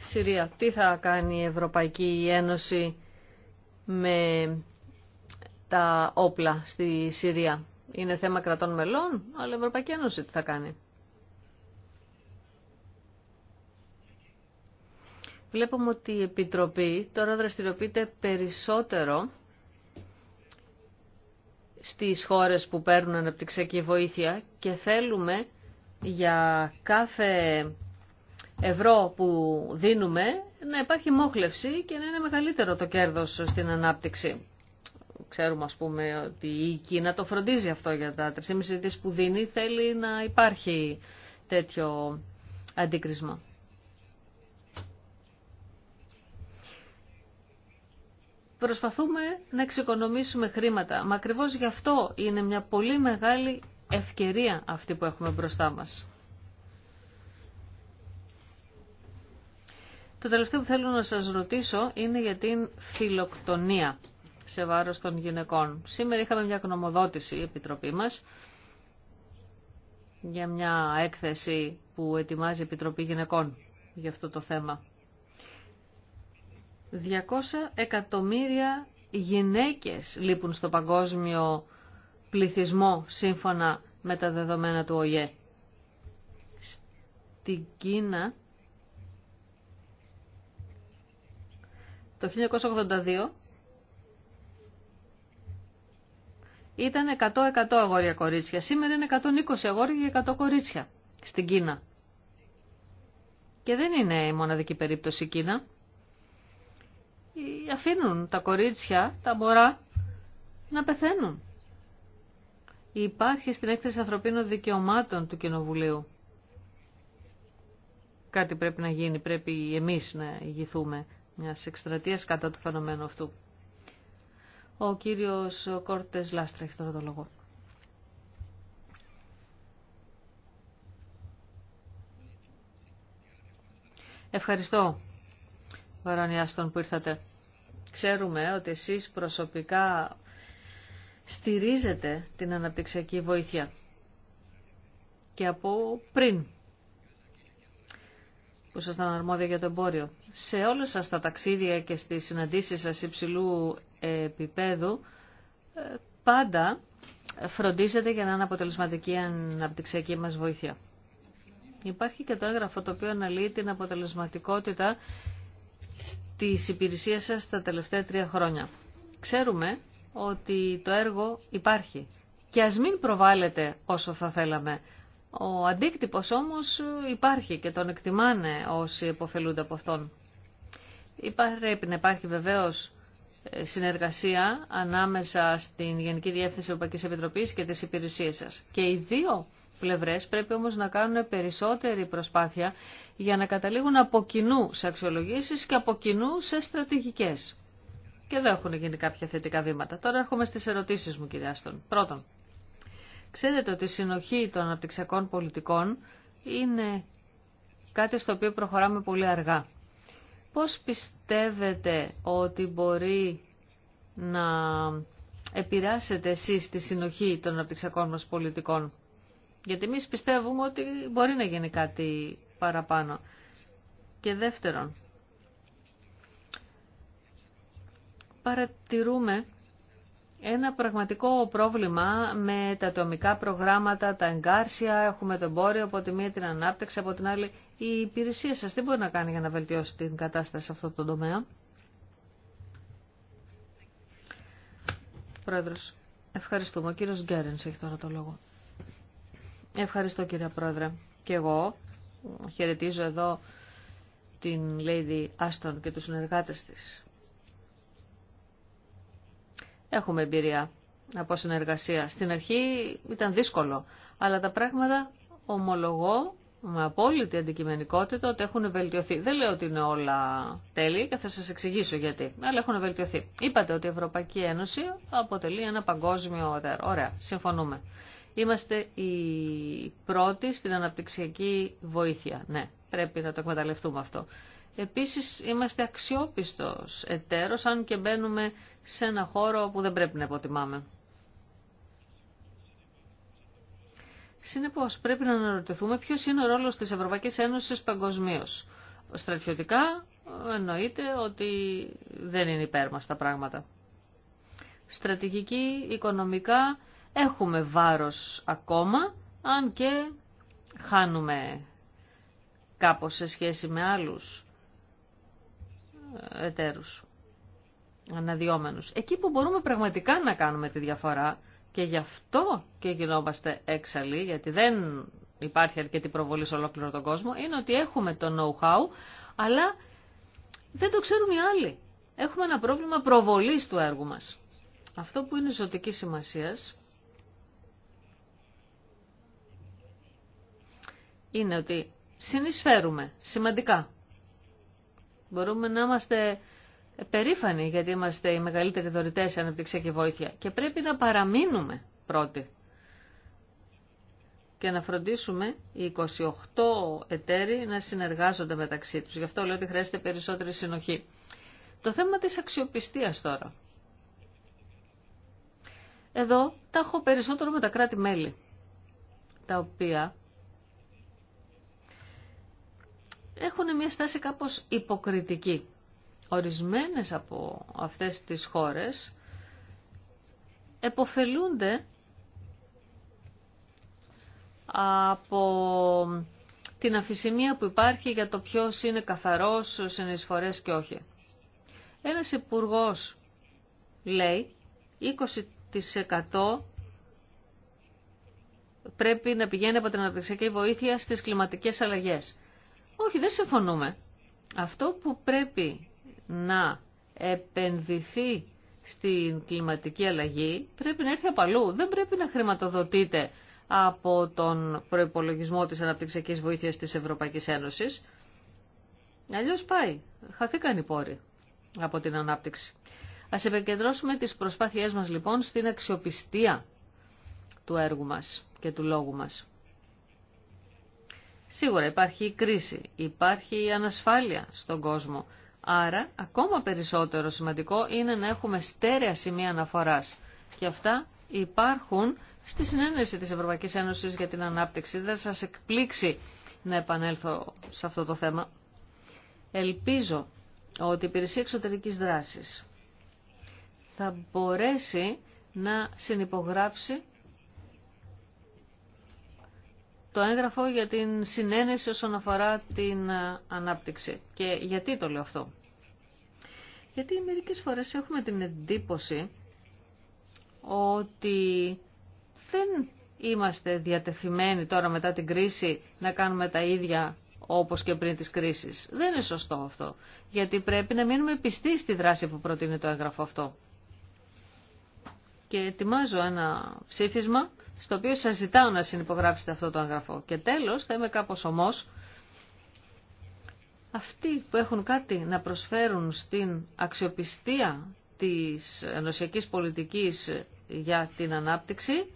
Συρία, τι θα κάνει η Ευρωπαϊκή Ένωση με τα όπλα στη Συρία. Είναι θέμα κρατών μελών, αλλά η Ευρωπαϊκή Ένωση τι θα κάνει. Βλέπουμε ότι η Επιτροπή τώρα δραστηριοποιείται περισσότερο στις χώρες που παίρνουν αναπτυξιακή βοήθεια και θέλουμε για κάθε ευρώ που δίνουμε να υπάρχει μόχλευση και να είναι μεγαλύτερο το κέρδος στην ανάπτυξη. Ξέρουμε ας πούμε ότι η Κίνα το φροντίζει αυτό για τα 3,5 δις που δίνει, θέλει να υπάρχει τέτοιο αντίκρισμα. Προσπαθούμε να εξοικονομήσουμε χρήματα, μα ακριβώς γι' αυτό είναι μια πολύ μεγάλη ευκαιρία αυτή που έχουμε μπροστά μας. Το τελευταίο που θέλω να σας ρωτήσω είναι για την φιλοκτονία σε βάρος των γυναικών. Σήμερα είχαμε μια γνωμοδότηση, η Επιτροπή μας, για μια έκθεση που ετοιμάζει η Επιτροπή Γυναικών για αυτό το θέμα. 200 εκατομμύρια γυναίκες λείπουν στο παγκόσμιο πληθυσμό σύμφωνα με τα δεδομένα του ΟΙΕ. Στην Κίνα το 1982 ήταν 100-100 αγόρια κορίτσια. Σήμερα είναι 120 αγόρια και 100 κορίτσια στην Κίνα. Και δεν είναι η μοναδική περίπτωση η Κίνα. Αφήνουν τα κορίτσια, τα μωρά, να πεθαίνουν. Υπάρχει στην έκθεση ανθρωπίνων δικαιωμάτων του Κοινοβουλίου. Κάτι πρέπει να γίνει, πρέπει εμείς να ηγηθούμε μιας εκστρατείας κατά του φαινομένου αυτού. Ο κύριος Κόρτες Λάστρα έχει τώρα το λόγο. Ευχαριστώ, Βαρονιάστον, που ήρθατε. Ξέρουμε ότι εσείς προσωπικά στηρίζετε την αναπτυξιακή βοήθεια και από πριν που ήσασταν αρμόδια για το εμπόριο. Σε όλα σας τα ταξίδια και στις συναντήσεις σας υψηλού επίπεδου, ε, πάντα φροντίζετε για να είναι αποτελεσματική αναπτυξιακή μας βοήθεια. Υπάρχει και το έγγραφο το οποίο αναλύει την αποτελεσματικότητα της υπηρεσίας σας τα τελευταία τρία χρόνια. Ξέρουμε ότι το έργο υπάρχει και ας μην προβάλλεται όσο θα θέλαμε, ο αντίκτυπος όμως υπάρχει και τον εκτιμάνε όσοι υποφελούνται από αυτόν. Πρέπει να υπάρχει βεβαίως ε, συνεργασία ανάμεσα στην Γενική Διεύθυνση Ευρωπαϊκής Επιτροπής και τις υπηρεσίες σας. Και οι δύο πλευρές πρέπει όμως να κάνουν περισσότερη προσπάθεια για να καταλήγουν από κοινού σε αξιολογήσεις και από κοινού σε στρατηγικές. Και εδώ έχουν γίνει κάποια θετικά βήματα. Τώρα έρχομαι στις ερωτήσεις μου, κυρία Άστον. Πρώτον, Ξέρετε ότι η συνοχή των αναπτυξιακών πολιτικών είναι κάτι στο οποίο προχωράμε πολύ αργά. Πώς πιστεύετε ότι μπορεί να επηρεάσετε εσείς τη συνοχή των αναπτυξιακών μας πολιτικών. Γιατί εμεί πιστεύουμε ότι μπορεί να γίνει κάτι παραπάνω. Και δεύτερον, παρατηρούμε ένα πραγματικό πρόβλημα με τα ατομικά προγράμματα, τα εγκάρσια, έχουμε το εμπόριο από τη μία την ανάπτυξη, από την άλλη η υπηρεσία σας τι μπορεί να κάνει για να βελτιώσει την κατάσταση σε αυτό το τομέα. Πρόεδρος, ευχαριστούμε. Ο κύριος Γκέρενς έχει τώρα το λόγο. Ευχαριστώ κύριε Πρόεδρε. Και εγώ χαιρετίζω εδώ την Lady Άστον και τους συνεργάτες της. Έχουμε εμπειρία από συνεργασία. Στην αρχή ήταν δύσκολο, αλλά τα πράγματα ομολογώ με απόλυτη αντικειμενικότητα ότι έχουν βελτιωθεί. Δεν λέω ότι είναι όλα τέλεια και θα σας εξηγήσω γιατί, αλλά έχουν βελτιωθεί. Είπατε ότι η Ευρωπαϊκή Ένωση αποτελεί ένα παγκόσμιο οδέρο. Ωραία, συμφωνούμε. Είμαστε οι πρώτοι στην αναπτυξιακή βοήθεια. Ναι, πρέπει να το εκμεταλλευτούμε αυτό. Επίσης είμαστε αξιόπιστος εταίρος, αν και μπαίνουμε σε ένα χώρο που δεν πρέπει να υποτιμάμε. Συνεπώς πρέπει να αναρωτηθούμε ποιος είναι ο ρόλος της Ευρωπαϊκής Ένωσης παγκοσμίω. Στρατιωτικά εννοείται ότι δεν είναι υπέρ μας τα πράγματα. Στρατηγική, οικονομικά έχουμε βάρος ακόμα, αν και χάνουμε κάπως σε σχέση με άλλους εταίρους αναδιόμενους. Εκεί που μπορούμε πραγματικά να κάνουμε τη διαφορά και γι' αυτό και γινόμαστε έξαλλοι, γιατί δεν υπάρχει αρκετή προβολή σε ολόκληρο τον κόσμο, είναι ότι έχουμε το know-how, αλλά δεν το ξέρουν οι άλλοι. Έχουμε ένα πρόβλημα προβολής του έργου μας. Αυτό που είναι ζωτική σημασίας είναι ότι συνεισφέρουμε σημαντικά Μπορούμε να είμαστε περήφανοι γιατί είμαστε οι μεγαλύτεροι δωρητές σε και βοήθεια και πρέπει να παραμείνουμε πρώτοι και να φροντίσουμε οι 28 εταίροι να συνεργάζονται μεταξύ τους. Γι' αυτό λέω ότι χρειάζεται περισσότερη συνοχή. Το θέμα της αξιοπιστίας τώρα. Εδώ τα έχω περισσότερο με τα κράτη-μέλη, τα οποία έχουν μια στάση κάπως υποκριτική. Ορισμένες από αυτές τις χώρες εποφελούνται από την αφησιμία που υπάρχει για το ποιος είναι καθαρός εισφορές και όχι. Ένας υπουργό λέει 20% πρέπει να πηγαίνει από την αναπτυξιακή βοήθεια στις κλιματικές αλλαγές. Όχι, δεν συμφωνούμε. Αυτό που πρέπει να επενδυθεί στην κλιματική αλλαγή πρέπει να έρθει από αλλού. Δεν πρέπει να χρηματοδοτείται από τον προϋπολογισμό της αναπτυξιακής βοήθειας της Ευρωπαϊκής Ένωσης. Αλλιώς πάει. Χαθήκαν οι πόροι από την ανάπτυξη. Ας επικεντρώσουμε τις προσπάθειές μας λοιπόν στην αξιοπιστία του έργου μας και του λόγου μας. Σίγουρα υπάρχει η κρίση, υπάρχει η ανασφάλεια στον κόσμο. Άρα, ακόμα περισσότερο σημαντικό είναι να έχουμε στέρεα σημεία αναφοράς. Και αυτά υπάρχουν στη συνένεση της Ευρωπαϊκής Ένωσης για την Ανάπτυξη. Δεν σας εκπλήξει να επανέλθω σε αυτό το θέμα. Ελπίζω ότι η Υπηρεσία Εξωτερικής Δράσης θα μπορέσει να συνυπογράψει το έγγραφο για την συνένεση όσον αφορά την ε, ανάπτυξη. Και γιατί το λέω αυτό. Γιατί μερικές φορές έχουμε την εντύπωση ότι δεν είμαστε διατεθειμένοι τώρα μετά την κρίση να κάνουμε τα ίδια όπως και πριν της κρίσης. Δεν είναι σωστό αυτό, γιατί πρέπει να μείνουμε πιστοί στη δράση που προτείνει το έγγραφο αυτό. Και ετοιμάζω ένα ψήφισμα στο οποίο σας ζητάω να συνυπογράψετε αυτό το αγγραφό. Και τέλος, θα είμαι κάπως ομός, αυτοί που έχουν κάτι να προσφέρουν στην αξιοπιστία της ενωσιακής πολιτικής για την ανάπτυξη,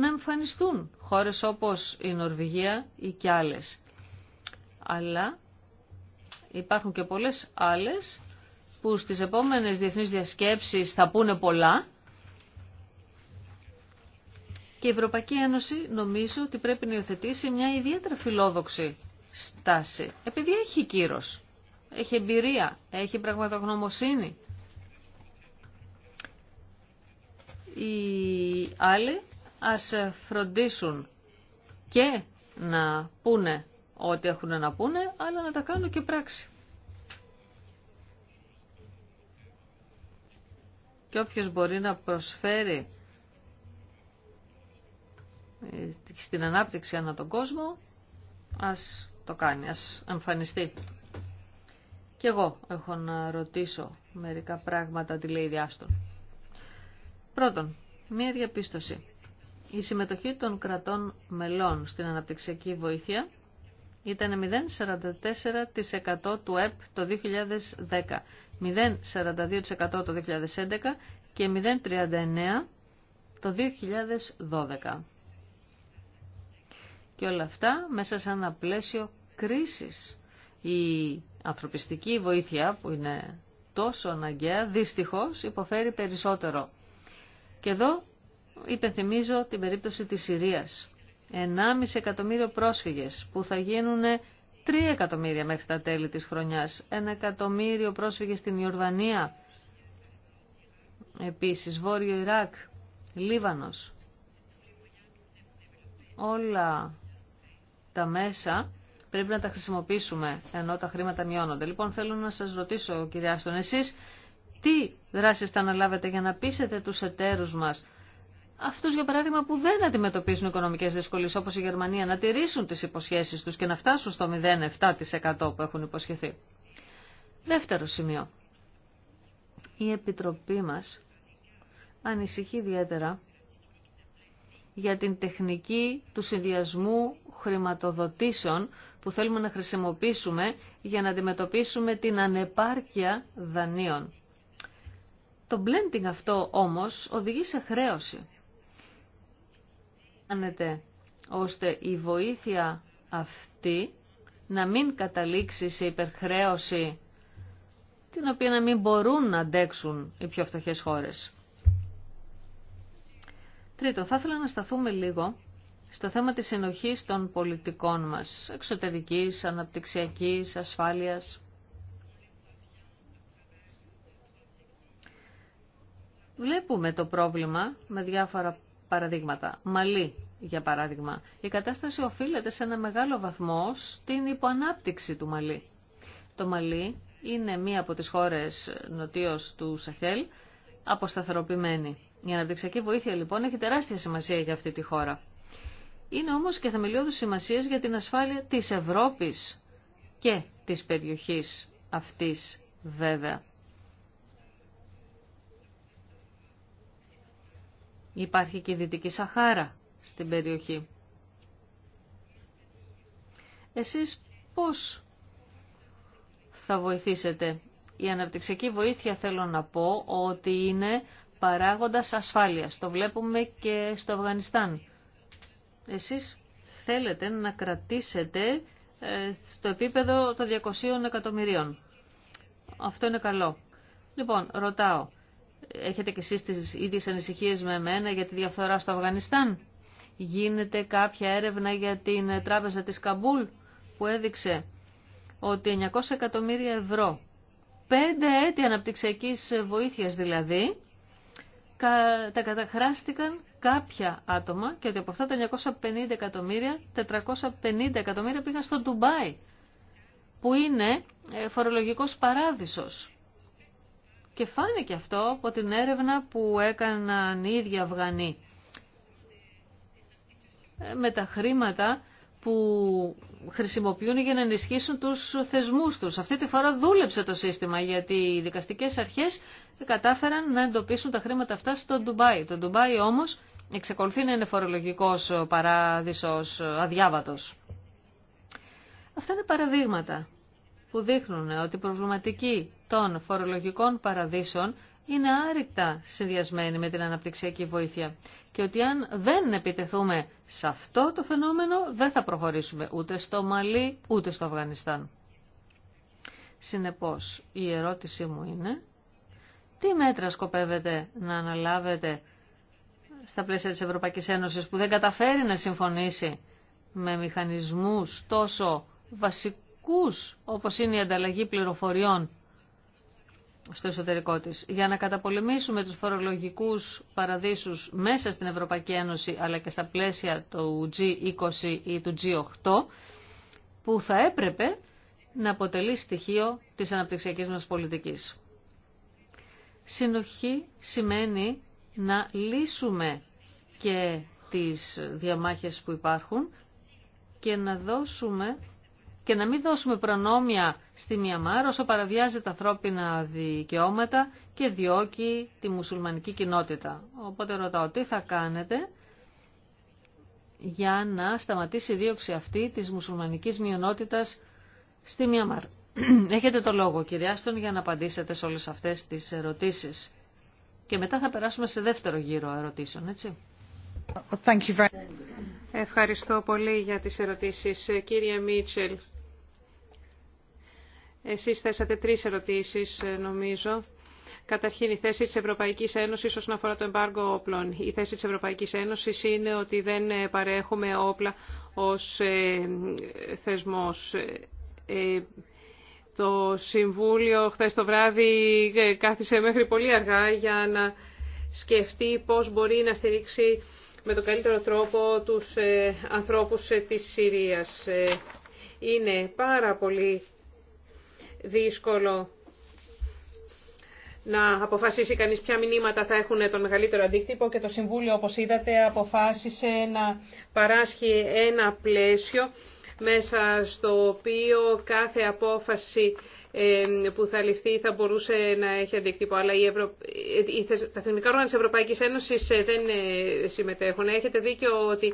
να εμφανιστούν χώρες όπως η Νορβηγία ή και άλλες. Αλλά υπάρχουν και πολλές άλλες που στις επόμενες διεθνείς διασκέψεις θα πούνε πολλά, και η Ευρωπαϊκή Ένωση νομίζω ότι πρέπει να υιοθετήσει μια ιδιαίτερα φιλόδοξη στάση. Επειδή έχει κύρος, έχει εμπειρία, έχει πραγματογνωμοσύνη. Οι άλλοι ας φροντίσουν και να πούνε ό,τι έχουν να πούνε, αλλά να τα κάνουν και πράξη. Και όποιος μπορεί να προσφέρει ε, στην ανάπτυξη ανά τον κόσμο, ας το κάνει, ας εμφανιστεί. Και εγώ έχω να ρωτήσω μερικά πράγματα τη λέει Διάστον. Πρώτον, μία διαπίστωση. Η συμμετοχή των κρατών μελών στην αναπτυξιακή βοήθεια ήταν 0,44% του ΕΠ το 2010, 0,42% το 2011 και 0,39% το 2012. Και όλα αυτά μέσα σε ένα πλαίσιο κρίσης. Η ανθρωπιστική βοήθεια που είναι τόσο αναγκαία, δυστυχώς υποφέρει περισσότερο. Και εδώ υπενθυμίζω την περίπτωση της Συρίας. 1,5 εκατομμύριο πρόσφυγες που θα γίνουν 3 εκατομμύρια μέχρι τα τέλη της χρονιάς. 1 εκατομμύριο πρόσφυγες στην Ιορδανία. Επίσης Βόρειο Ιράκ, Λίβανος. Όλα τα μέσα πρέπει να τα χρησιμοποιήσουμε ενώ τα χρήματα μειώνονται. Λοιπόν, θέλω να σας ρωτήσω, κυρία Άστον, εσείς τι δράσεις θα αναλάβετε για να πείσετε τους εταίρους μας, αυτούς για παράδειγμα που δεν αντιμετωπίζουν οικονομικές δυσκολίες όπως η Γερμανία, να τηρήσουν τις υποσχέσεις τους και να φτάσουν στο 0,7% που έχουν υποσχεθεί. Δεύτερο σημείο. Η Επιτροπή μα ανησυχεί ιδιαίτερα για την τεχνική του συνδυασμού χρηματοδοτήσεων που θέλουμε να χρησιμοποιήσουμε για να αντιμετωπίσουμε την ανεπάρκεια δανείων. Το blending αυτό όμως οδηγεί σε χρέωση. Κάνετε ώστε η βοήθεια αυτή να μην καταλήξει σε υπερχρέωση την οποία να μην μπορούν να αντέξουν οι πιο φτωχές χώρες. Τρίτο, θα ήθελα να σταθούμε λίγο στο θέμα της συνοχής των πολιτικών μας, εξωτερικής, αναπτυξιακής, ασφάλειας. Βλέπουμε το πρόβλημα με διάφορα παραδείγματα. Μαλή, για παράδειγμα. Η κατάσταση οφείλεται σε ένα μεγάλο βαθμό στην υποανάπτυξη του Μαλή. Το Μαλή είναι μία από τις χώρες νοτίως του Σαχέλ αποσταθεροποιημένη. Η αναπτυξιακή βοήθεια λοιπόν έχει τεράστια σημασία για αυτή τη χώρα. Είναι όμως και θεμελιώδου σημασία για την ασφάλεια της Ευρώπης και τη περιοχή αυτή βέβαια. Υπάρχει και η Δυτική Σαχάρα στην περιοχή. Εσείς πώς θα βοηθήσετε. Η αναπτυξιακή βοήθεια θέλω να πω ότι είναι παράγοντας ασφάλειας. Το βλέπουμε και στο Αφγανιστάν. Εσείς θέλετε να κρατήσετε ε, στο επίπεδο των 200 εκατομμυρίων. Αυτό είναι καλό. Λοιπόν, ρωτάω, έχετε και εσείς τις ίδιες ανησυχίες με εμένα για τη διαφθορά στο Αφγανιστάν. Γίνεται κάποια έρευνα για την τράπεζα της Καμπούλ που έδειξε ότι 900 εκατομμύρια ευρώ, πέντε έτη αναπτυξιακής βοήθειας δηλαδή, τα καταχράστηκαν κάποια άτομα και ότι από αυτά τα 950 εκατομμύρια, 450 εκατομμύρια πήγαν στο Ντουμπάι, που είναι ε, φορολογικός παράδεισος. Και φάνηκε αυτό από την έρευνα που έκαναν οι ίδιοι Αφγανοί. Ε, με τα χρήματα που χρησιμοποιούν για να ενισχύσουν τους θεσμούς τους. Αυτή τη φορά δούλεψε το σύστημα γιατί οι δικαστικές αρχές κατάφεραν να εντοπίσουν τα χρήματα αυτά στο Ντουμπάι. Το Ντουμπάι όμως εξακολουθεί να είναι φορολογικός παράδεισος αδιάβατος. Αυτά είναι παραδείγματα που δείχνουν ότι η προβληματική των φορολογικών παραδείσων είναι άρρηκτα συνδυασμένη με την αναπτυξιακή βοήθεια και ότι αν δεν επιτεθούμε σε αυτό το φαινόμενο δεν θα προχωρήσουμε ούτε στο Μαλί ούτε στο Αφγανιστάν. Συνεπώς η ερώτησή μου είναι τι μέτρα σκοπεύετε να αναλάβετε στα πλαίσια της Ευρωπαϊκής Ένωσης που δεν καταφέρει να συμφωνήσει με μηχανισμούς τόσο βασικούς όπως είναι η ανταλλαγή πληροφοριών στο εσωτερικό της. Για να καταπολεμήσουμε τους φορολογικούς παραδείσους μέσα στην Ευρωπαϊκή Ένωση αλλά και στα πλαίσια του G20 ή του G8 που θα έπρεπε να αποτελεί στοιχείο της αναπτυξιακής μας πολιτικής. Συνοχή σημαίνει να λύσουμε και τις διαμάχες που υπάρχουν και να δώσουμε και να μην δώσουμε προνόμια στη Μιαμάρ όσο παραβιάζει τα ανθρώπινα δικαιώματα και διώκει τη μουσουλμανική κοινότητα. Οπότε ρωτάω τι θα κάνετε για να σταματήσει η δίωξη αυτή της μουσουλμανικής μειονότητας στη Μιαμάρ. Έχετε το λόγο κυρία στον για να απαντήσετε σε όλες αυτές τις ερωτήσεις. Και μετά θα περάσουμε σε δεύτερο γύρο ερωτήσεων, έτσι. Ευχαριστώ πολύ για τις ερωτήσεις. Κύριε Μίτσελ, εσείς θέσατε τρεις ερωτήσεις, ε, νομίζω. Καταρχήν, η θέση της Ευρωπαϊκής Ένωσης όσον αφορά το εμπάργκο όπλων. Η θέση της Ευρωπαϊκής Ένωσης είναι ότι δεν ε, παρέχουμε όπλα ως ε, θεσμός. Το Συμβούλιο χθες το βράδυ κάθισε μέχρι πολύ αργά για να σκεφτεί πώς μπορεί να στηρίξει με τον καλύτερο τρόπο τους ανθρώπους της Συρίας. Είναι πάρα πολύ δύσκολο να αποφασίσει κανείς ποια μηνύματα θα έχουν τον μεγαλύτερο αντίκτυπο και το Συμβούλιο, όπως είδατε, αποφάσισε να παράσχει ένα πλαίσιο μέσα στο οποίο κάθε απόφαση ε, που θα ληφθεί θα μπορούσε να έχει αντίκτυπο. Αλλά η Ευρω... Ε, τα θεσμικά όργανα της Ευρωπαϊκής Ένωσης ε, δεν συμμετέχουν. Έχετε δίκιο ότι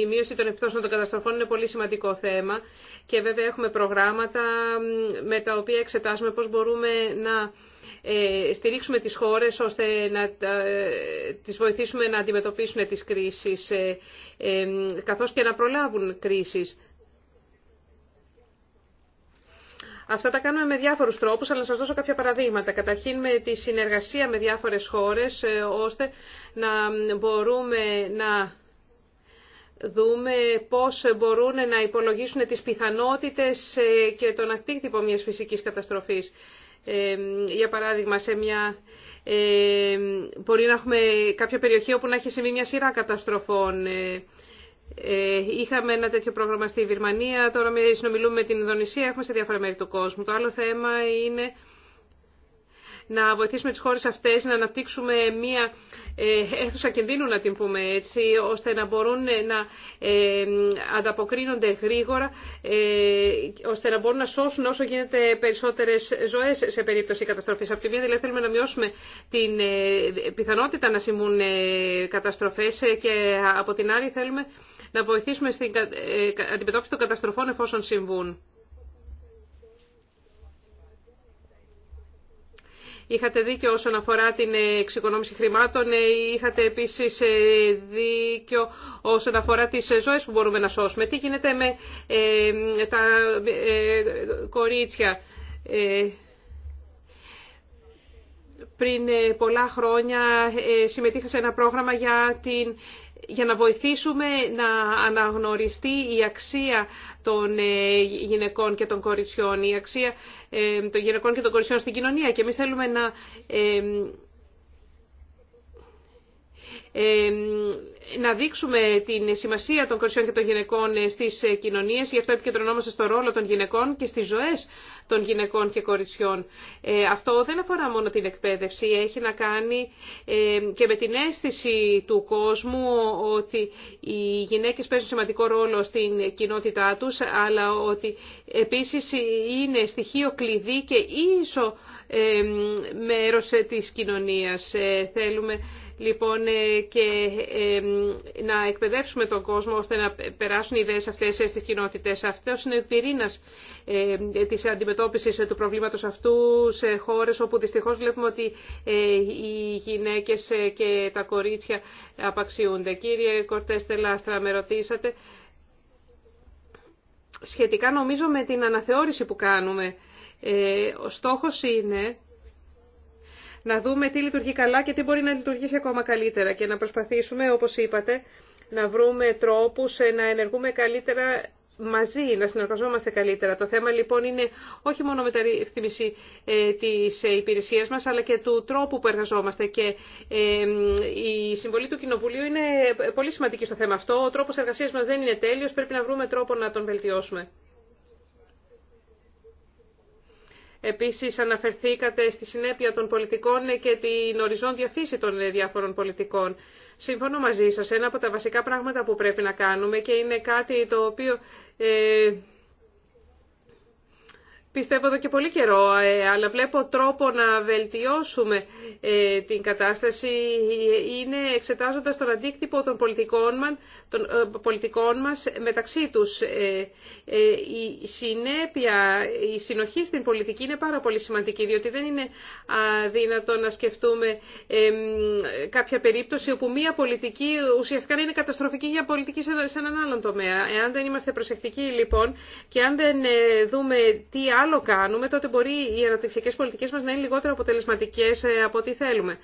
η μείωση των επιπτώσεων των καταστροφών είναι πολύ σημαντικό θέμα και βέβαια έχουμε προγράμματα με τα οποία εξετάζουμε πώς μπορούμε να στηρίξουμε τις χώρες ώστε να τις βοηθήσουμε να αντιμετωπίσουν τις κρίσεις καθώς και να προλάβουν κρίσεις. Αυτά τα κάνουμε με διάφορους τρόπους, αλλά να σας δώσω κάποια παραδείγματα. Καταρχήν με τη συνεργασία με διάφορες χώρες, ε, ώστε να μπορούμε να δούμε πώς μπορούν να υπολογίσουν τις πιθανότητες ε, και τον αντίκτυπο μιας φυσικής καταστροφής. Ε, για παράδειγμα, σε μια... μπορεί να έχουμε κάποια περιοχή όπου να έχει συμβεί μια σειρά καταστροφών ε, είχαμε ένα τέτοιο πρόγραμμα στη Βυρμανία, τώρα συνομιλούμε με την Ινδονησία, έχουμε σε διάφορα μέρη του κόσμου. Το άλλο θέμα είναι να βοηθήσουμε τις χώρες αυτές να αναπτύξουμε μία ε, αίθουσα κινδύνου, να την πούμε έτσι, ώστε να μπορούν ε, να ανταποκρίνονται γρήγορα, ώστε να μπορούν να σώσουν όσο γίνεται περισσότερες ζωές σε περίπτωση καταστροφής. Από τη μία δηλαδή θέλουμε να μειώσουμε την πιθανότητα να συμβούν καταστροφές και από την άλλη θέλουμε να βοηθήσουμε στην ε, αντιμετώπιση των καταστροφών εφόσον συμβούν. Είχατε δίκιο όσον αφορά την ε, εξοικονόμηση χρημάτων, ε, είχατε επίσης δίκιο όσον αφορά τις ζωές που μπορούμε να σώσουμε. Τι γίνεται με τα κορίτσια. Ε, πριν πολλά χρόνια συμμετείχα σε ένα πρόγραμμα για την για να βοηθήσουμε να αναγνωριστεί η αξία των ε, γυναικών και των κοριτσιών, η αξία ε, των γυναικών και των κοριτσιών στην κοινωνία. Και εμείς θέλουμε να ε, να δείξουμε την σημασία των κορισιών και των γυναικών στις κοινωνίες. Γι' αυτό επικεντρωνόμαστε στο ρόλο των γυναικών και στις ζωές των γυναικών και κοριτσιών. Ε, αυτό δεν αφορά μόνο την εκπαίδευση, έχει να κάνει ε, και με την αίσθηση του κόσμου ότι οι γυναίκες παίζουν σημαντικό ρόλο στην κοινότητά τους, αλλά ότι επίσης είναι στοιχείο κλειδί και ίσο ε, μέρος της κοινωνίας. Θέλουμε λοιπόν, ε, και ε, να εκπαιδεύσουμε τον κόσμο ώστε να περάσουν οι ιδέες αυτές ε, στις κοινότητες. Αυτός είναι ο πυρήνας της αντιμετώπισης του προβλήματος αυτού σε χώρες όπου δυστυχώς βλέπουμε ότι οι γυναίκες και τα κορίτσια απαξιούνται. Κύριε Κορτέστε Λάστρα, με ρωτήσατε σχετικά νομίζω με την αναθεώρηση που κάνουμε. Ο στόχος είναι να δούμε τι λειτουργεί καλά και τι μπορεί να λειτουργήσει ακόμα καλύτερα και να προσπαθήσουμε, όπως είπατε, να βρούμε τρόπους ε, να ενεργούμε καλύτερα μαζί, να συνεργαζόμαστε καλύτερα. Το θέμα λοιπόν είναι όχι μόνο μεταρρύθμιση ε, της ε, υπηρεσίας μας, αλλά και του τρόπου που εργαζόμαστε. Και ε, η συμβολή του Κοινοβουλίου είναι πολύ σημαντική στο θέμα αυτό. Ο τρόπος εργασίας μας δεν είναι τέλειος, πρέπει να βρούμε τρόπο να τον βελτιώσουμε. Επίσης αναφερθήκατε στη συνέπεια των πολιτικών και την οριζόντια φύση των διάφορων πολιτικών. Σύμφωνο μαζί σας. Ένα από τα βασικά πράγματα που πρέπει να κάνουμε και είναι κάτι το οποίο ε, πιστεύω εδώ και πολύ καιρό, ε, αλλά βλέπω τρόπο να βελτιώσουμε ε, την κατάσταση είναι εξετάζοντας τον αντίκτυπο των πολιτικών, μα ε, μας μεταξύ τους. η συνέπεια, η συνοχή στην πολιτική είναι πάρα πολύ σημαντική, διότι δεν είναι αδύνατο να σκεφτούμε κάποια περίπτωση όπου μία πολιτική ουσιαστικά είναι καταστροφική για πολιτική σε έναν άλλον τομέα. Εάν δεν είμαστε προσεκτικοί λοιπόν και αν δεν δούμε τι άλλο κάνουμε, τότε μπορεί οι αναπτυξιακές πολιτικέ μας να είναι λιγότερο αποτελεσματικέ ε, από ό,τι θέλουμε.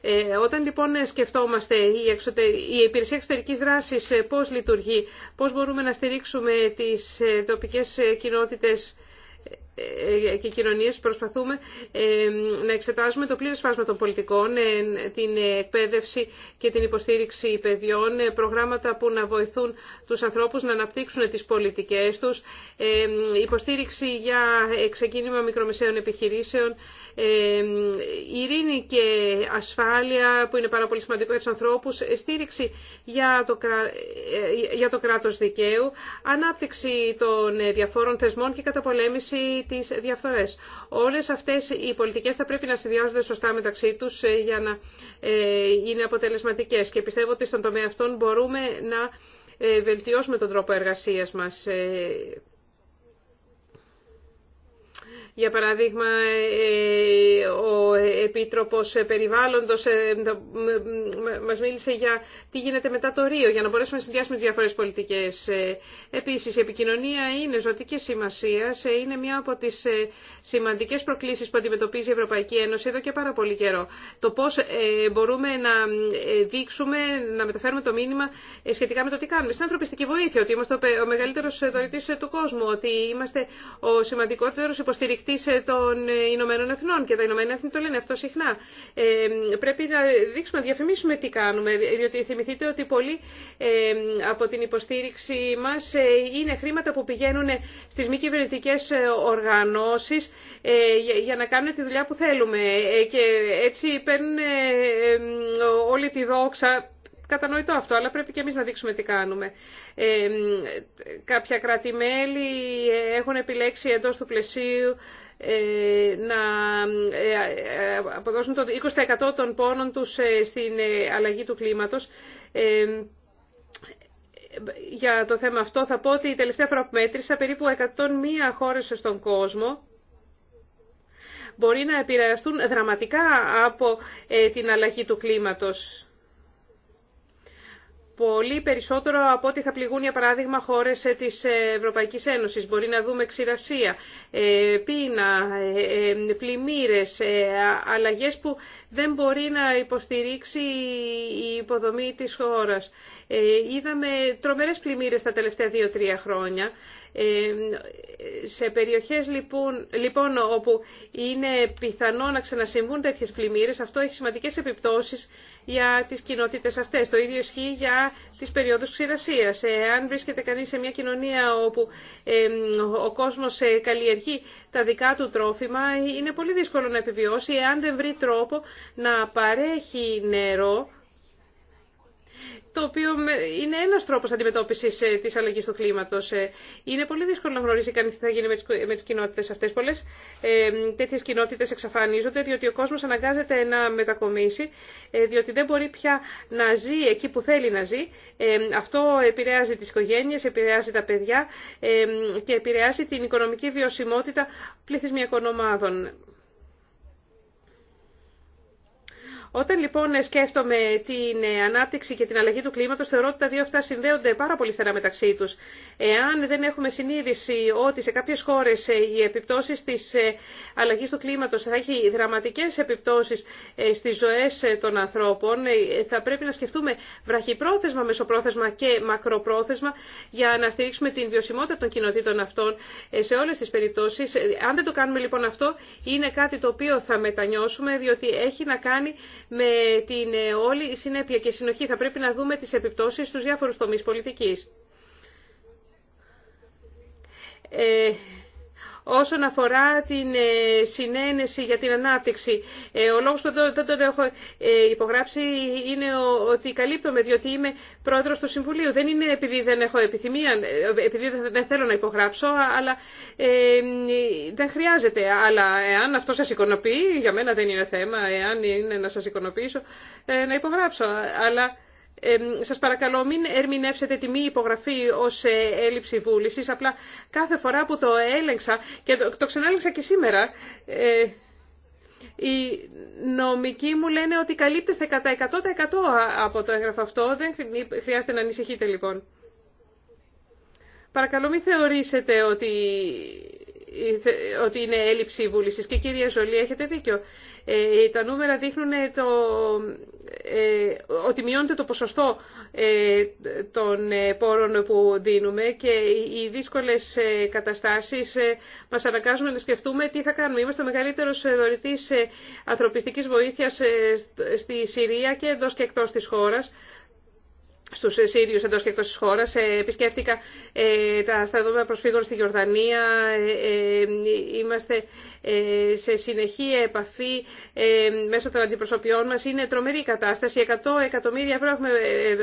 Ε, όταν λοιπόν σκεφτόμαστε η, εξωτε... η υπηρεσία εξωτερική δράση ε, πώς λειτουργεί, πώ μπορούμε να στηρίξουμε τις ε, τοπικές κοινότητες ε, και κοινωνίες προσπαθούμε ε, να εξετάζουμε το πλήρες φάσμα των πολιτικών, ε, την εκπαίδευση και την υποστήριξη παιδιών, προγράμματα που να βοηθούν τους ανθρώπους να αναπτύξουν τις πολιτικές τους, υποστήριξη για ξεκίνημα μικρομεσαίων επιχειρήσεων, ειρήνη και ασφάλεια που είναι πάρα πολύ σημαντικό για τους ανθρώπους, στήριξη για το, για το κράτος δικαίου, ανάπτυξη των διαφόρων θεσμών και καταπολέμηση τις διαφθορές. Όλες αυτές οι πολιτικές θα πρέπει να συνδυάζονται σωστά μεταξύ τους ε, για να ε, είναι αποτελεσματικές και πιστεύω ότι στον τομέα αυτών μπορούμε να ε, βελτιώσουμε τον τρόπο εργασίας μας. Για παράδειγμα, ε, ο Επίτροπος Περιβάλλοντος ε, μας μίλησε για τι γίνεται μετά το Ρίο, για να μπορέσουμε να συνδυάσουμε τις διάφορες πολιτικές. Ε, επίσης, η επικοινωνία είναι ζωτική σημασία, είναι μία από τις σημαντικές προκλήσεις που αντιμετωπίζει η Ευρωπαϊκή Ένωση εδώ και πάρα πολύ καιρό. Το πώς μπορούμε να δείξουμε, να μεταφέρουμε το μήνυμα σχετικά με το τι κάνουμε. Στην ανθρωπιστική βοήθεια, ότι είμαστε ο μεγαλύτερος δωρητής του κόσμου, ότι είμαστε ο σημαντικότερος υποστηρικτής ε, των ε, Ηνωμένων Εθνών και τα Ηνωμένα Εθνή το λένε αυτό συχνά. Ε, πρέπει να δείξουμε, να διαφημίσουμε τι κάνουμε, διότι θυμηθείτε ότι πολλοί από την υποστήριξη μας είναι χρήματα που πηγαίνουν στις μη κυβερνητικέ οργανώσεις για να κάνουν τη δουλειά που θέλουμε και έτσι παίρνουν όλη τη δόξα κατανοητό αυτό, αλλά πρέπει και εμείς να δείξουμε τι κάνουμε. Ε, κάποια κράτη-μέλη έχουν επιλέξει εντός του πλαισίου ε, να ε, ε, αποδώσουν το 20% των πόνων τους στην αλλαγή του κλίματος. Για το θέμα αυτό θα πω ότι η τελευταία φορά που μέτρησα περίπου 101 χώρες στον κόσμο μπορεί να επηρεαστούν δραματικά από την αλλαγή του κλίματος πολύ περισσότερο από ό,τι θα πληγούν, για παράδειγμα, χώρες ε, της ευρωπαϊκή Ένωσης. Μπορεί να δούμε ξηρασία, ε, πείνα, ε, πλημμύρες, αλλαγές που δεν μπορεί να υποστηρίξει η υποδομή της χώρας. Είδαμε τρομερές πλημμύρες τα τελευταία δύο-τρία χρόνια σε περιοχές λοιπόν, λοιπόν όπου είναι πιθανό να ξανασυμβούν τέτοιες πλημμύρες, αυτό έχει σημαντικές επιπτώσεις για τις κοινότητες αυτές. Το ίδιο ισχύει για τις περιόδους ξηρασίας. Εάν βρίσκεται κανείς σε μια κοινωνία όπου ο κόσμος ε, καλλιεργεί τα δικά του τρόφιμα, είναι πολύ δύσκολο να επιβιώσει εάν δεν βρει τρόπο να παρέχει νερό το οποίο είναι ένας τρόπος αντιμετώπισης ε, της αλλαγής του κλίματος. Ε, είναι πολύ δύσκολο να γνωρίζει κανείς τι θα γίνει με τις κοινότητες αυτές. Πολλές ε, τέτοιες κοινότητες εξαφανίζονται διότι ο κόσμος αναγκάζεται να μετακομίσει, διότι δεν μπορεί πια να ζει εκεί που θέλει να ζει. Αυτό επηρεάζει τις οικογένειες, επηρεάζει τα παιδιά και επηρεάζει την οικονομική βιωσιμότητα πληθυσμιακών ομάδων. Όταν λοιπόν σκέφτομαι την ε, ανάπτυξη και την αλλαγή του κλίματο, θεωρώ ότι τα δύο αυτά συνδέονται πάρα πολύ στενά μεταξύ του. Εάν δεν έχουμε συνείδηση ότι σε κάποιε χώρε ε, οι επιπτώσει τη ε, αλλαγή του κλίματο θα έχει δραματικέ επιπτώσει στι ζωέ των ανθρώπων, θα πρέπει να σκεφτούμε βραχυπρόθεσμα, μεσοπρόθεσμα και μακροπρόθεσμα για να στηρίξουμε την βιωσιμότητα των κοινοτήτων αυτών σε όλε τι περιπτώσει. Αν δεν το κάνουμε λοιπόν αυτό, είναι κάτι το οποίο θα μετανιώσουμε, διότι έχει να κάνει με την ε, όλη συνέπεια και συνοχή. Θα πρέπει να δούμε τις επιπτώσεις στους διάφορους τομείς πολιτικής. Ε, Όσον αφορά την ε, συνένεση για την ανάπτυξη, ε, ο λόγος που δεν τον έχω ε, υπογράψει είναι ότι καλύπτομαι, διότι είμαι πρόεδρος του Συμβουλίου. Δεν είναι επειδή δεν έχω επιθυμία, επειδή δεν θέλω να υπογράψω, αλλά δεν χρειάζεται. Αλλά εάν αυτό σας οικονοποιεί, για μένα δεν είναι θέμα, εάν είναι να σας ικονοποιήσω να υπογράψω. Αλλά ε, σας παρακαλώ μην ερμηνεύσετε τη μη υπογραφή ως ε, έλλειψη βούλησης. Απλά κάθε φορά που το έλεγξα και το, το ξανάλεξα και σήμερα, ε, οι νομικοί μου λένε ότι καλύπτεστε κατά 100% από το έγγραφο αυτό. Δεν χρειάζεται να ανησυχείτε λοιπόν. Παρακαλώ μην θεωρήσετε ότι ότι είναι έλλειψη βούλησης. Και κυρία Ζολή, έχετε δίκιο. Ε, τα νούμερα δείχνουν ε, το, ε, ότι μειώνεται το ποσοστό ε, των ε, πόρων που δίνουμε και οι δύσκολες καταστάσεις μας αναγκάζουν να σκεφτούμε τι θα κάνουμε. Είμαστε ο μεγαλύτερος δωρητής ανθρωπιστικής βοήθειας στη Συρία και εντός και εκτός της χώρας στους ε, Σύριους εντός και εκτός της χώρας. Ε, επισκέφτηκα ε, τα στρατόπεδα προσφύγων στη Γιορδανία. Είμαστε σε συνεχή επαφή μέσω των αντιπροσωπιών μας. Είναι τρομερή κατάσταση. 100 εκατομμύρια ευρώ έχουμε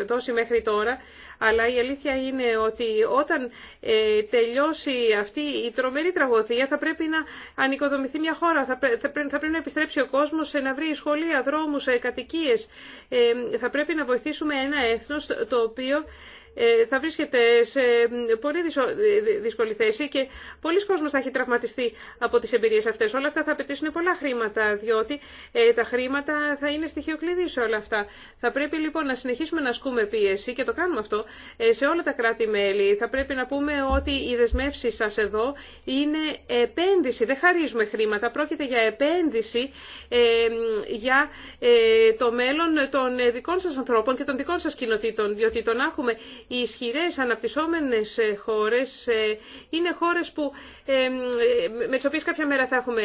δώσει μέχρι τώρα αλλά η αλήθεια είναι ότι όταν ε, τελειώσει αυτή η τρομερή τραγωδία θα πρέπει να ανοικοδομηθεί μια χώρα, θα, θα, θα πρέπει να επιστρέψει ο κόσμος να βρει σχολεία, δρόμους, ε, κατοικίες. Ε, θα πρέπει να βοηθήσουμε ένα έθνος το οποίο ε, θα βρίσκεται σε πολύ δύσκολη θέση και πολλοί κόσμος θα έχει τραυματιστεί από τις εμπειρίες αυτές. Όλα αυτά θα απαιτήσουν πολλά χρήματα, διότι ε, τα χρήματα θα είναι στοιχείο κλειδί σε όλα αυτά. Θα πρέπει λοιπόν να συνεχίσουμε να ασκούμε πίεση και το κάνουμε αυτό ε, σε όλα τα κράτη-μέλη. Θα πρέπει να πούμε ότι η δεσμεύσει σας εδώ είναι επένδυση, δεν χαρίζουμε χρήματα, πρόκειται για επένδυση για το μέλλον των δικών σας ανθρώπων και των δικών σας κοινοτήτων, διότι τον έχουμε οι ισχυρές αναπτυσσόμενες ε, χώρες ε, είναι χώρες που, ε, με τις οποίες κάποια μέρα θα έχουμε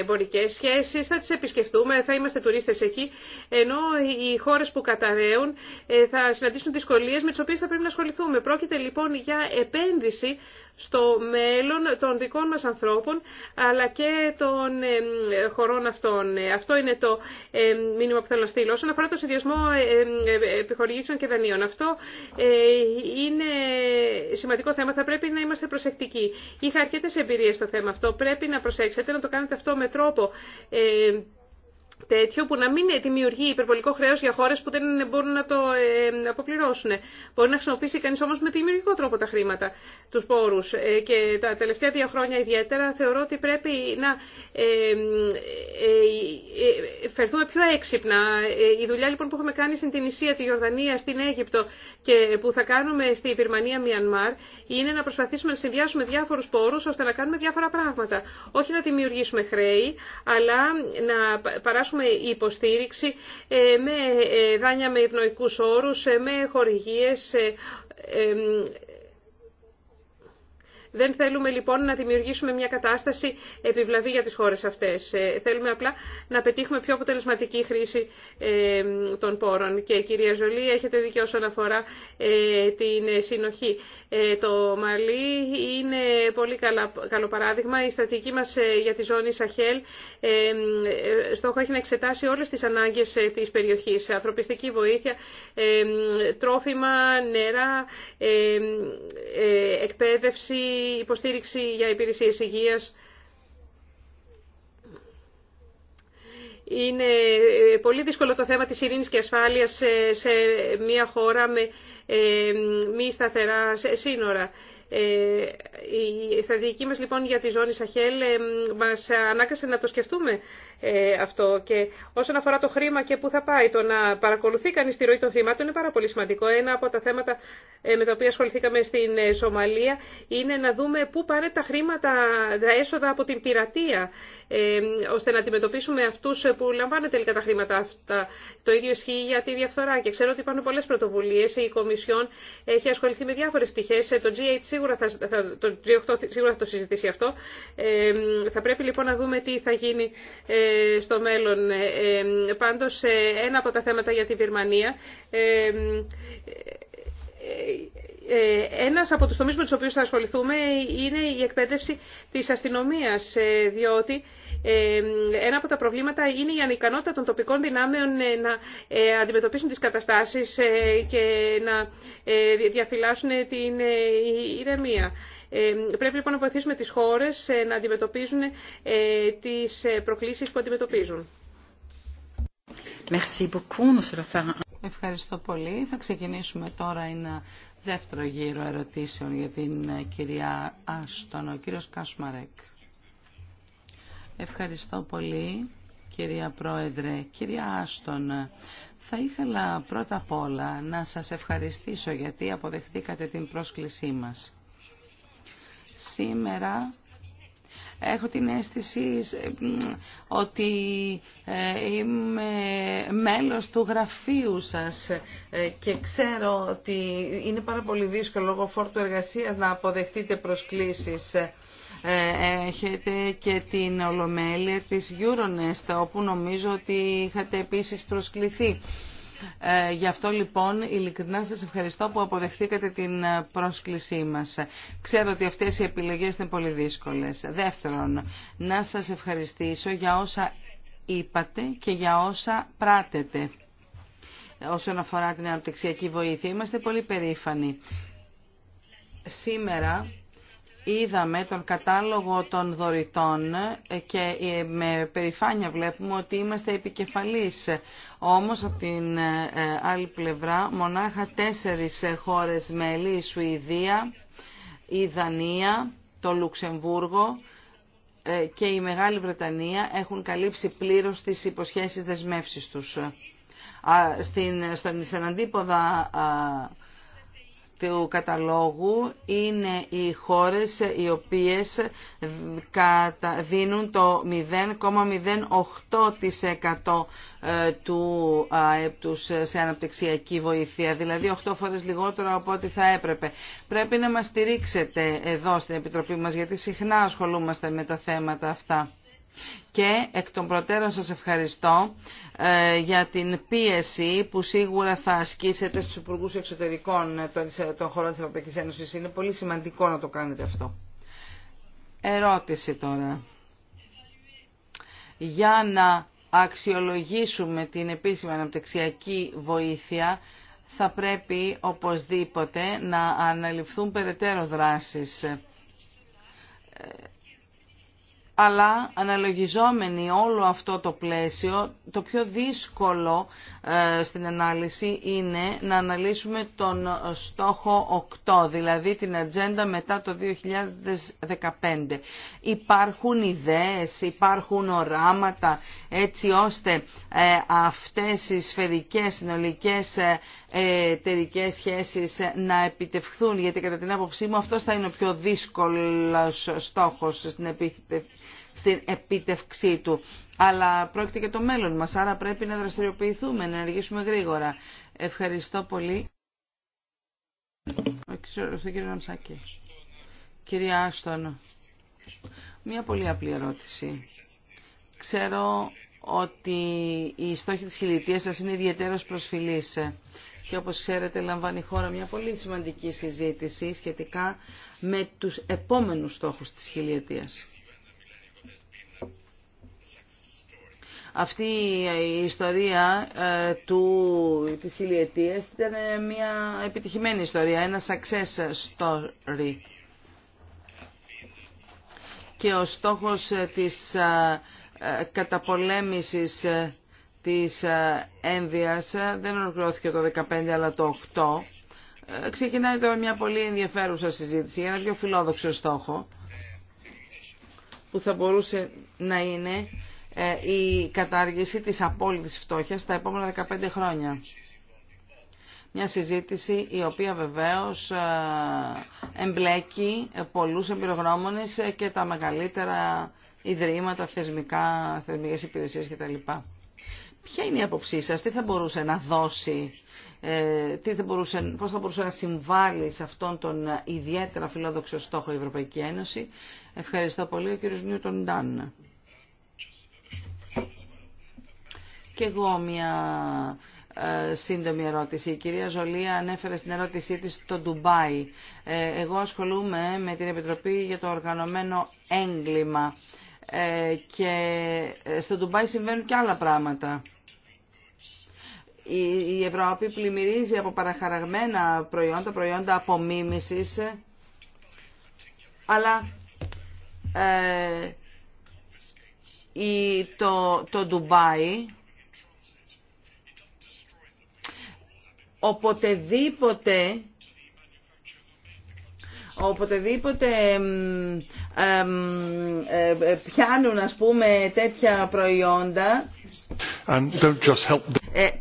εμπορικέ σχέσεις, θα τις επισκεφτούμε, θα είμαστε τουρίστες εκεί, ενώ οι χώρες που καταραίουν θα συναντήσουν δυσκολίες με τις οποίες θα πρέπει να ασχοληθούμε. Πρόκειται λοιπόν για επένδυση στο μέλλον των δικών μας ανθρώπων αλλά και των ε, χωρών αυτών. Ε, αυτό είναι το ε, μήνυμα που θέλω να στείλω. Όσον αφορά το συνδυασμό επιχορηγήσεων και δανείων, αυτό είναι σημαντικό θέμα. Θα πρέπει να είμαστε προσεκτικοί. Είχα αρκετές εμπειρίες στο θέμα αυτό. Πρέπει να προσέξετε να το κάνετε αυτό με τρόπο τέτοιο που να μην δημιουργεί υπερβολικό χρέο για χώρε που δεν μπορούν να το ε, αποπληρώσουν. Μπορεί να χρησιμοποιήσει κανεί όμω με δημιουργικό τρόπο τα χρήματα, του πόρου. Ε, και τα τελευταία δύο χρόνια ιδιαίτερα θεωρώ ότι πρέπει να ε, φερθούμε πιο έξυπνα. η δουλειά λοιπόν που έχουμε κάνει στην Τινησία, τη Ιορδανία, στην Αίγυπτο και που θα κάνουμε στη Βυρμανία, Μιανμάρ, είναι να προσπαθήσουμε να συνδυάσουμε διάφορου πόρου ώστε να κάνουμε διάφορα πράγματα. Όχι να δημιουργήσουμε χρέη, αλλά να παράσουμε ε, με υποστήριξη με δάνεια με ευνοϊκούς όρους, ε, με χορηγίες ε, δεν θέλουμε λοιπόν να δημιουργήσουμε μια κατάσταση επιβλαβή για τις χώρες αυτές. Ε, θέλουμε απλά να πετύχουμε πιο αποτελεσματική χρήση ε, των πόρων. Και κυρία Ζολή, έχετε δίκιο όσον αφορά ε, την συνοχή. Το Μαλί είναι πολύ καλό παράδειγμα. Η στρατηγική μας για τη ζώνη Σαχέλ στόχο έχει να εξετάσει όλες τις ανάγκες της περιοχής. Ανθρωπιστική βοήθεια, τρόφιμα, νερά, εκπαίδευση, υποστήριξη για υπηρεσίες υγείας. Είναι ε, πολύ δύσκολο το θέμα της ειρήνης και ασφάλειας σε μια χώρα με ε, μη σταθερά σύνορα. Ε, η στρατηγική μας λοιπόν για τη ζώνη Σαχέλ μας ανάκασε να το σκεφτούμε ε, αυτό. Και όσον αφορά το χρήμα και πού θα πάει, το να παρακολουθεί κανεί τη ροή των χρημάτων είναι πάρα πολύ σημαντικό. Ένα από τα θέματα ε, με τα οποία ασχοληθήκαμε στην ε, Σομαλία είναι να δούμε πού πάνε τα χρήματα, τα έσοδα από την πειρατεία, ώστε να αντιμετωπίσουμε αυτού που λαμβάνουν τελικά τα χρήματα αυτά. Το ίδιο ισχύει για τη διαφθορά. Και ξέρω ότι υπάρχουν πολλέ πρωτοβουλίε. Η Κομισιόν έχει ασχοληθεί με διάφορε πτυχέ. Το G8 σίγουρα θα, το G8 σίγουρα θα το συζητήσει αυτό. θα πρέπει λοιπόν να δούμε τι θα γίνει στο μέλλον. Ε, ε, πάντως, ε, ένα από τα θέματα για τη Βυρμανία ένας από τους τομείς με τους οποίους θα ασχοληθούμε είναι η εκπαίδευση της αστυνομίας, διότι ένα από τα προβλήματα είναι η ανικανότητα των τοπικών δυνάμεων να αντιμετωπίσουν τις καταστάσεις και να διαφυλάσσουν την ηρεμία. Ε, πρέπει λοιπόν να βοηθήσουμε τις χώρες ε, να αντιμετωπίζουν ε, τις προκλήσεις που αντιμετωπίζουν. Ευχαριστώ πολύ. Θα ξεκινήσουμε τώρα ένα δεύτερο γύρο ερωτήσεων για την κυρία Άστον, ο κύριος Κασμαρέκ. Ευχαριστώ πολύ, κυρία Πρόεδρε. Κυρία Άστον, θα ήθελα πρώτα απ' όλα να σας ευχαριστήσω γιατί αποδεχτήκατε την πρόσκλησή μας. Σήμερα έχω την αίσθηση ε, ότι ε, είμαι μέλος του γραφείου σας ε, και ξέρω ότι είναι πάρα πολύ δύσκολο λόγω φόρτου εργασίας να αποδεχτείτε προσκλήσεις. Έχετε και την Ολομέλεια της Euronest, όπου νομίζω ότι είχατε επίσης προσκληθεί. Ε, γι' αυτό λοιπόν ειλικρινά σας ευχαριστώ που αποδεχτήκατε την ε, πρόσκλησή μας. Ξέρω ότι αυτές οι επιλογές είναι πολύ δύσκολες. Δεύτερον, να σας ευχαριστήσω για όσα είπατε και για όσα πράτετε. Όσον αφορά την αναπτυξιακή βοήθεια, είμαστε πολύ περήφανοι. Σήμερα είδαμε τον κατάλογο των δωρητών και ε, με περηφάνεια βλέπουμε ότι είμαστε επικεφαλής. Όμως από την ε, άλλη πλευρά μονάχα τέσσερις χώρες μέλη, η Σουηδία, η Δανία, το Λουξεμβούργο ε, και η Μεγάλη Βρετανία έχουν καλύψει πλήρως τις υποσχέσεις δεσμεύσεις τους. Στην, στον, του καταλόγου είναι οι χώρες οι οποίες δίνουν το 0,08% ε, του ΑΕΠ σε αναπτυξιακή βοήθεια, δηλαδή 8 φορές λιγότερο από ό,τι θα έπρεπε. Πρέπει να μας στηρίξετε εδώ στην Επιτροπή μας, γιατί συχνά ασχολούμαστε με τα θέματα αυτά και εκ των προτέρων σας ευχαριστώ ε, για την πίεση που σίγουρα θα ασκήσετε στους υπουργούς εξωτερικών των χωρών της Ευρωπαϊκής Ένωσης. Είναι πολύ σημαντικό να το κάνετε αυτό. Ερώτηση τώρα. Για να αξιολογήσουμε την επίσημη αναπτυξιακή βοήθεια θα πρέπει οπωσδήποτε να αναλυφθούν περαιτέρω δράσεις ε, αλλά αναλογιζόμενοι όλο αυτό το πλαίσιο, το πιο δύσκολο ε, στην ανάλυση είναι να αναλύσουμε τον στόχο 8, δηλαδή την ατζέντα μετά το 2015. Υπάρχουν ιδέες, υπάρχουν οράματα, έτσι ώστε ε, αυτές οι σφαιρικές συνολικές ε, εταιρικέ σχέσεις να επιτευχθούν, γιατί κατά την άποψή μου αυτός θα είναι ο πιο δύσκολος στόχος στην επιτευχή στην επίτευξή του. Αλλά πρόκειται και το μέλλον μας, άρα πρέπει να δραστηριοποιηθούμε, να ενεργήσουμε γρήγορα. Ευχαριστώ πολύ. Κύριε της χιλιτίας σας είναι ιδιαίτερος προσφυλής και όπως ξέρετε λαμβάνει η χώρα μια πολύ σημαντική συζήτηση σχετικά με τους επόμενους στόχους της χιλιετίας. Αυτή η ιστορία ε, του, της χιλιετίας ήταν ε, μια επιτυχημένη ιστορία, ένα success story. Και ο στόχος ε, της καταπολέμησης της ένδυας δεν ολοκληρώθηκε το 2015 αλλά το 8. Ξεκινάει τώρα μια πολύ ενδιαφέρουσα συζήτηση για ένα πιο φιλόδοξο στόχο που θα μπορούσε να είναι ε, η κατάργηση της απόλυτης φτώχειας στα επόμενα 15 χρόνια. Μια συζήτηση η οποία βεβαίως ε, εμπλέκει πολλούς εμπειρογνώμονες και τα μεγαλύτερα ιδρύματα, θεσμικά, θεσμικές υπηρεσίες κτλ. Ποια είναι η άποψή σας, τι θα μπορούσε να δώσει, ε, τι θα μπορούσε, πώς θα μπορούσε να συμβάλλει σε αυτόν τον ιδιαίτερα φιλόδοξο στόχο η Ευρωπαϊκή Ένωση. Ευχαριστώ πολύ, ο κύριος Νιούτον Ντάν. Και εγώ μια ε, σύντομη ερώτηση. Η κυρία Ζολία ανέφερε στην ερώτησή της το Ντουμπάι. Ε, εγώ ασχολούμαι με την Επιτροπή για το Οργανωμένο Έγκλημα ε, και στο Ντουμπάι συμβαίνουν και άλλα πράγματα. Η, Ευρώπη πλημμυρίζει από παραχαραγμένα προϊόντα, προϊόντα απομίμησης, αλλά η, το, το Ντουμπάι οποτεδήποτε οποτεδήποτε ε, ε, πιάνουν ας πούμε τέτοια προϊόντα ε,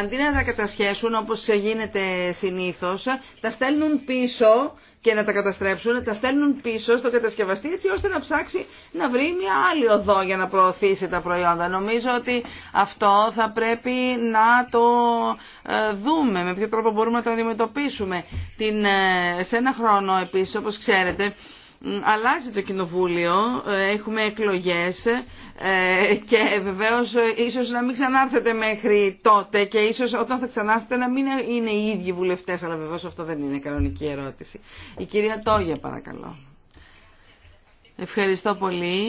αντί να τα κατασχέσουν όπως γίνεται συνήθως τα στέλνουν πίσω και να τα καταστρέψουν, τα στέλνουν πίσω στο κατασκευαστή έτσι ώστε να ψάξει να βρει μια άλλη οδό για να προωθήσει τα προϊόντα. Νομίζω ότι αυτό θα πρέπει να το ε, δούμε, με ποιο τρόπο μπορούμε να το αντιμετωπίσουμε. Την, ε, σε ένα χρόνο επίσης, όπως ξέρετε, αλλάζει το κοινοβούλιο, ε, έχουμε εκλογές ε, και βεβαίως ε, ίσως να μην ξανάρθετε μέχρι τότε και ίσως όταν θα ξανάρθετε να μην είναι οι ίδιοι βουλευτές, αλλά βεβαίως αυτό δεν είναι κανονική ερώτηση. Η κυρία Τόγια παρακαλώ. Ευχαριστώ πολύ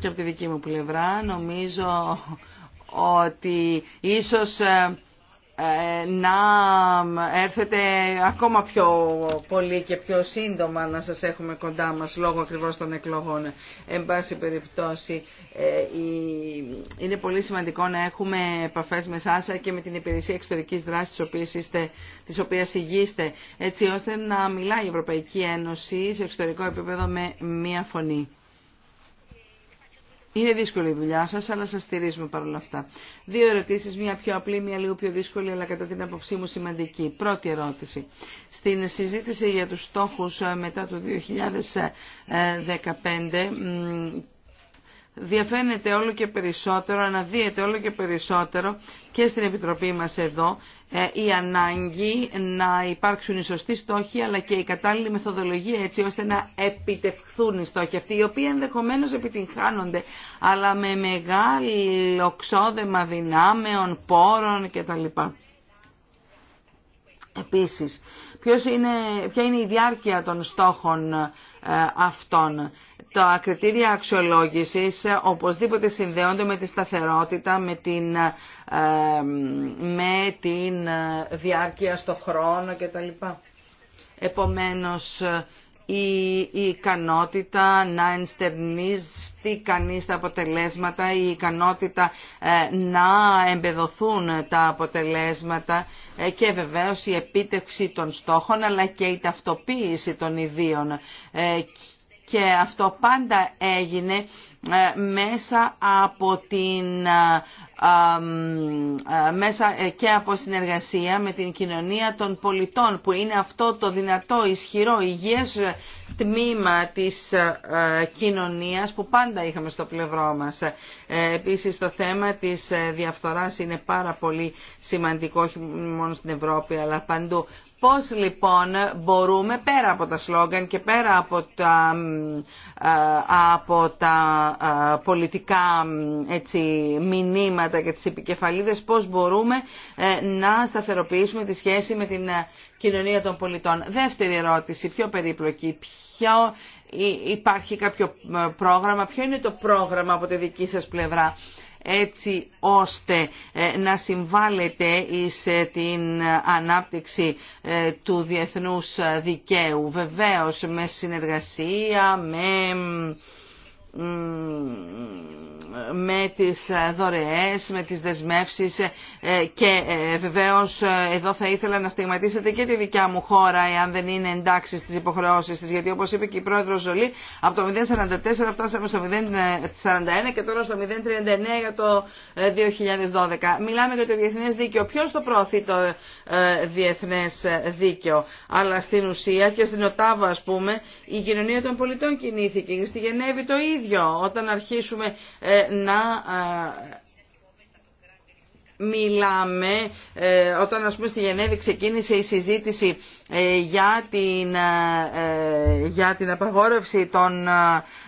και από τη δική μου πλευρά. Νομίζω ότι ίσως ε, να έρθετε ακόμα πιο πολύ και πιο σύντομα να σας έχουμε κοντά μας λόγω ακριβώς των εκλογών. Εν πάση περιπτώσει, ε, είναι πολύ σημαντικό να έχουμε επαφές με σας και με την υπηρεσία εξωτερικής δράσης της οποίας, είστε, της υγείστε, έτσι ώστε να μιλάει η Ευρωπαϊκή Ένωση σε εξωτερικό επίπεδο με μία φωνή. Είναι δύσκολη η δουλειά σα, αλλά σα στηρίζουμε παρόλα αυτά. Δύο ερωτήσει, μία πιο απλή, μία λίγο πιο δύσκολη, αλλά κατά την άποψή μου σημαντική. Πρώτη ερώτηση. Στην συζήτηση για του στόχου ε, μετά το 2015 διαφαίνεται όλο και περισσότερο, αναδύεται όλο και περισσότερο και στην Επιτροπή μας εδώ ε, η ανάγκη να υπάρξουν οι σωστοί στόχοι αλλά και η κατάλληλη μεθοδολογία έτσι ώστε να επιτευχθούν οι στόχοι αυτοί οι οποίοι ενδεχομένως επιτυγχάνονται αλλά με μεγάλο ξόδεμα δυνάμεων, πόρων κτλ. Επίσης, ποιος είναι, ποια είναι η διάρκεια των στόχων ε, αυτών τα κριτήρια αξιολόγησης οπωσδήποτε συνδέονται με τη σταθερότητα, με την, ε, με την ε, διάρκεια στο χρόνο κτλ. Επομένως, η, η ικανότητα να ενστερνίζει κανείς τα αποτελέσματα, η ικανότητα ε, να εμπεδοθούν τα αποτελέσματα και βεβαίως η επίτευξη των στόχων αλλά και η ταυτοποίηση των ιδίων και αυτό πάντα έγινε ε, μέσα από την ε, ε, μέσα και από συνεργασία με την κοινωνία των πολιτών που είναι αυτό το δυνατό, ισχυρό, υγιές τμήμα της κοινωνίας που πάντα είχαμε στο πλευρό μας. Επίσης το θέμα της διαφθοράς είναι πάρα πολύ σημαντικό όχι μόνο στην Ευρώπη αλλά παντού. Πώς λοιπόν μπορούμε πέρα από τα σλόγγαν και πέρα από τα, ε, από τα ε, πολιτικά έτσι, μηνύματα και τις επικεφαλίδες, πώς μπορούμε ε, να σταθεροποιήσουμε τη σχέση με την κοινωνία των πολιτών. Δεύτερη ερώτηση, πιο περίπλοκη, ποιο, υπάρχει κάποιο πρόγραμμα, ποιο είναι το πρόγραμμα από τη δική σας πλευρά έτσι ώστε ε, να συμβάλλεται εις ε, την ανάπτυξη ε, του διεθνούς δικαίου. Βεβαίως με συνεργασία, με με τις δωρεές, με τις δεσμεύσεις ε, και ε, βεβαίως ε, εδώ θα ήθελα να στιγματίσετε και τη δικιά μου χώρα εάν δεν είναι εντάξει στις υποχρεώσεις της γιατί όπως είπε και η πρόεδρος Ζολή από το 0,44 φτάσαμε στο 0,41 και τώρα στο 0,39 για το 2012. Μιλάμε για το διεθνές δίκαιο. Ποιος το προωθεί το διεθνές δίκαιο. Αλλά στην ουσία και στην Οτάβα ας πούμε η κοινωνία των πολιτών κινήθηκε στη Γενέβη το ίδιο όταν αρχίσουμε ε, να ε, μιλάμε, ε, όταν ας πούμε στη Γενέβη ξεκίνησε η συζήτηση ε, για την, ε, για την απαγόρευση των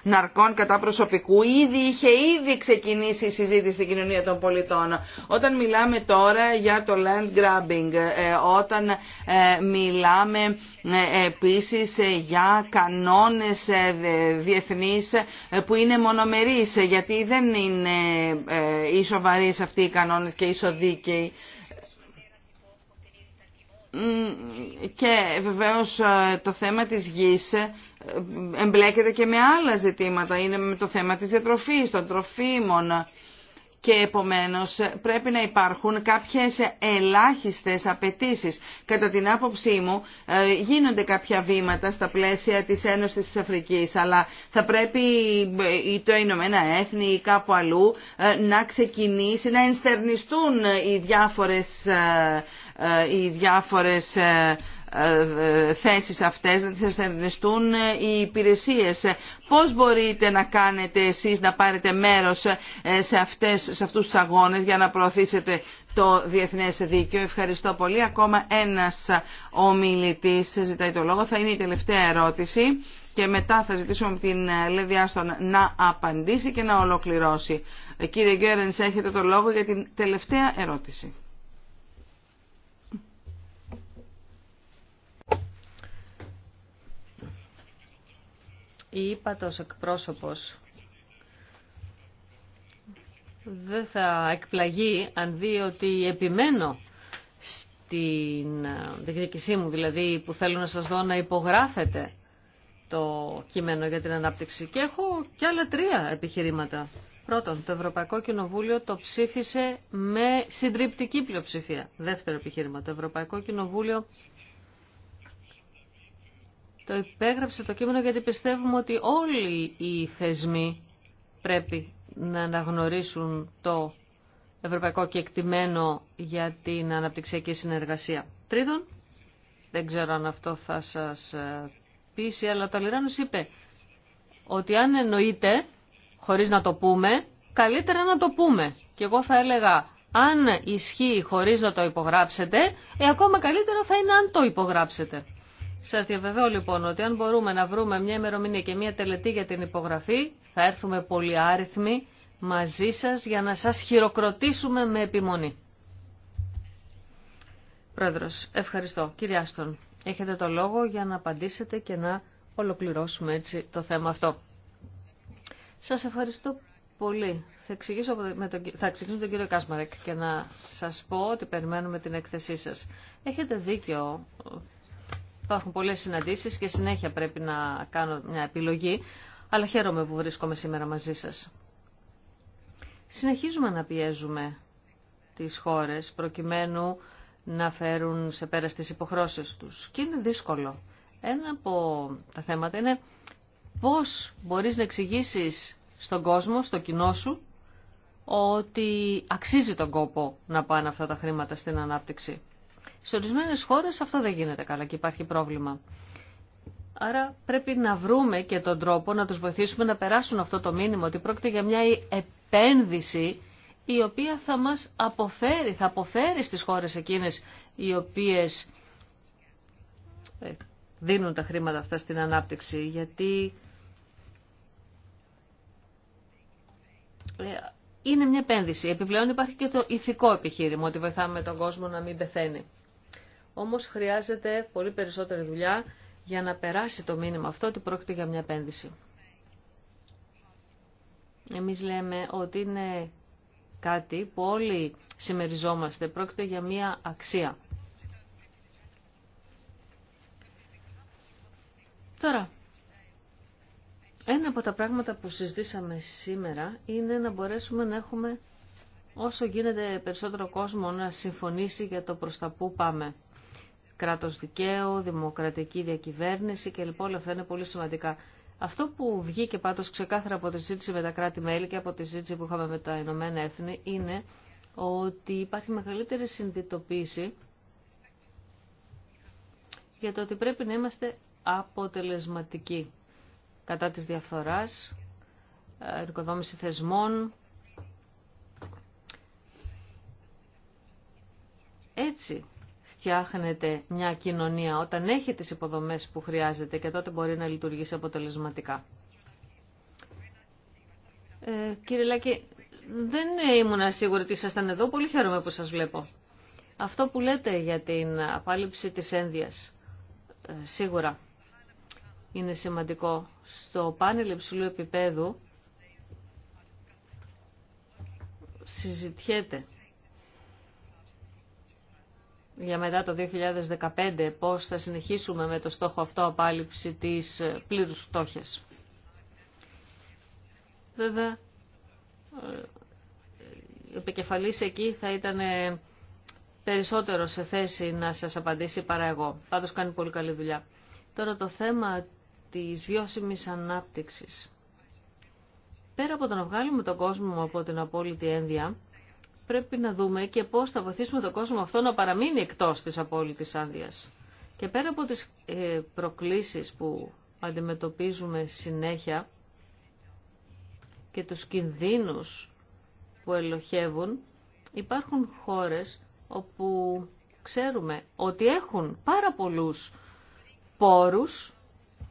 ναρκών κατά προσωπικού, ήδη είχε ήδη ξεκινήσει η συζήτηση στην κοινωνία των πολιτών. Όταν μιλάμε τώρα για το land grabbing, όταν μιλάμε επίσης για κανόνες διεθνείς που είναι μονομερείς, γιατί δεν είναι οι σοβαροί αυτοί οι κανόνες και οι και βεβαίως ε, το θέμα της γης ε, εμπλέκεται και με άλλα ζητήματα. Είναι με το θέμα της διατροφής, των τροφίμων και επομένως πρέπει να υπάρχουν κάποιες ελάχιστες απαιτήσεις. Κατά την άποψή μου ε, γίνονται κάποια βήματα στα πλαίσια της Ένωσης της Αφρικής, αλλά θα πρέπει ε, ή το Ηνωμένα Έθνη ή κάπου αλλού ε, να ξεκινήσει, να ενστερνιστούν οι διάφορες, οι διάφορες ε, θέσεις αυτές, να τις ασθενιστούν ε, οι υπηρεσίες. Πώς μπορείτε να κάνετε εσείς να πάρετε μέρος ε, σε, αυτές, σε αυτούς τους αγώνες για να προωθήσετε το Διεθνές Δίκαιο. Ευχαριστώ πολύ. Ακόμα ένας ομιλητής ζητάει το λόγο. Θα είναι η τελευταία ερώτηση και μετά θα ζητήσουμε την Λέδη Άστον να απαντήσει και να ολοκληρώσει. Κύριε Γκέρενς, έχετε το λόγο για την τελευταία ερώτηση. η ύπατος εκπρόσωπος δεν θα εκπλαγεί αν δει ότι επιμένω στην διεκδικησή ε, μου, δηλαδή που θέλω να σας δω να υπογράφετε το κείμενο για την ανάπτυξη. Και έχω και άλλα τρία επιχειρήματα. Πρώτον, το Ευρωπαϊκό Κοινοβούλιο το ψήφισε με συντριπτική πλειοψηφία. Δεύτερο επιχείρημα, το Ευρωπαϊκό Κοινοβούλιο το υπέγραψε το κείμενο γιατί πιστεύουμε ότι όλοι οι θεσμοί πρέπει να αναγνωρίσουν το ευρωπαϊκό κεκτημένο για την αναπτυξιακή συνεργασία. Τρίτον, δεν ξέρω αν αυτό θα σας ε, πείσει, αλλά το Λιράνος είπε ότι αν εννοείται, χωρίς να το πούμε, καλύτερα να το πούμε. Και εγώ θα έλεγα, αν ισχύει χωρίς να το υπογράψετε, ε, ακόμα καλύτερα θα είναι αν το υπογράψετε. Σας διαβεβαιώ λοιπόν ότι αν μπορούμε να βρούμε μια ημερομηνία και μια τελετή για την υπογραφή, θα έρθουμε πολύ άριθμοι μαζί σας για να σας χειροκροτήσουμε με επιμονή. Πρόεδρος, ευχαριστώ. Κύριε Άστον, έχετε το λόγο για να απαντήσετε και να ολοκληρώσουμε έτσι το θέμα αυτό. Σας ευχαριστώ πολύ. Θα εξηγήσω, με τον, θα εξηγήσω τον κύριο Κάσμαρεκ και να σας πω ότι περιμένουμε την έκθεσή σας. Έχετε δίκιο Υπάρχουν πολλές συναντήσεις και συνέχεια πρέπει να κάνω μια επιλογή, αλλά χαίρομαι που βρίσκομαι σήμερα μαζί σας. Συνεχίζουμε να πιέζουμε τις χώρες προκειμένου να φέρουν σε πέρα στις υποχρώσεις τους. Και είναι δύσκολο. Ένα από τα θέματα είναι πώς μπορείς να εξηγήσει στον κόσμο, στο κοινό σου, ότι αξίζει τον κόπο να πάνε αυτά τα χρήματα στην ανάπτυξη. Σε ορισμένε χώρε αυτό δεν γίνεται καλά και υπάρχει πρόβλημα. Άρα πρέπει να βρούμε και τον τρόπο να τους βοηθήσουμε να περάσουν αυτό το μήνυμα ότι πρόκειται για μια επένδυση η οποία θα μας αποφέρει, θα αποφέρει στις χώρες εκείνες οι οποίες ε, δίνουν τα χρήματα αυτά στην ανάπτυξη γιατί ε, είναι μια επένδυση. Επιπλέον υπάρχει και το ηθικό επιχείρημα ότι βοηθάμε τον κόσμο να μην πεθαίνει. Όμως χρειάζεται πολύ περισσότερη δουλειά για να περάσει το μήνυμα αυτό ότι πρόκειται για μια επένδυση. Εμείς λέμε ότι είναι κάτι που όλοι συμμεριζόμαστε. Πρόκειται για μια αξία. Τώρα, ένα από τα πράγματα που συζητήσαμε σήμερα είναι να μπορέσουμε να έχουμε όσο γίνεται περισσότερο κόσμο να συμφωνήσει για το προς τα που πάμε κράτος δικαίου, δημοκρατική διακυβέρνηση και λοιπόν όλα αυτά είναι πολύ σημαντικά. Αυτό που βγήκε πάντως ξεκάθαρα από τη ζήτηση με τα κράτη-μέλη και από τη συζήτηση που είχαμε με τα Ηνωμένα Έθνη είναι ότι υπάρχει μεγαλύτερη συνδυτοποίηση για το ότι πρέπει να είμαστε αποτελεσματικοί κατά της διαφθοράς, ερικοδόμηση θεσμών. Έτσι φτιάχνετε μια κοινωνία όταν έχει τις υποδομές που χρειάζεται και τότε μπορεί να λειτουργήσει αποτελεσματικά. Ε, κύριε Λάκη, δεν ήμουν σίγουρη ότι ήσασταν εδώ. Πολύ χαίρομαι που σας βλέπω. Αυτό που λέτε για την απάλληψη της ένδυας, ε, σίγουρα είναι σημαντικό. Στο πάνελ υψηλού επίπεδου συζητιέται για μετά το 2015 πώς θα συνεχίσουμε με το στόχο αυτό απάλληψη της ε, πλήρους φτώχειας. Βέβαια, η ε, επικεφαλής εκεί θα ήταν ε, περισσότερο σε θέση να σας απαντήσει παρά εγώ. Πάντως κάνει πολύ καλή δουλειά. Τώρα το θέμα της βιώσιμης ανάπτυξης. Πέρα από το να βγάλουμε τον κόσμο από την απόλυτη ένδια, πρέπει να δούμε και πώς θα βοηθήσουμε τον κόσμο αυτό να παραμείνει εκτός της απόλυτης άδεια. Και πέρα από τις ε, προκλήσεις που αντιμετωπίζουμε συνέχεια και τους κινδύνους που ελοχεύουν, υπάρχουν χώρες όπου ξέρουμε ότι έχουν πάρα πολλούς πόρους,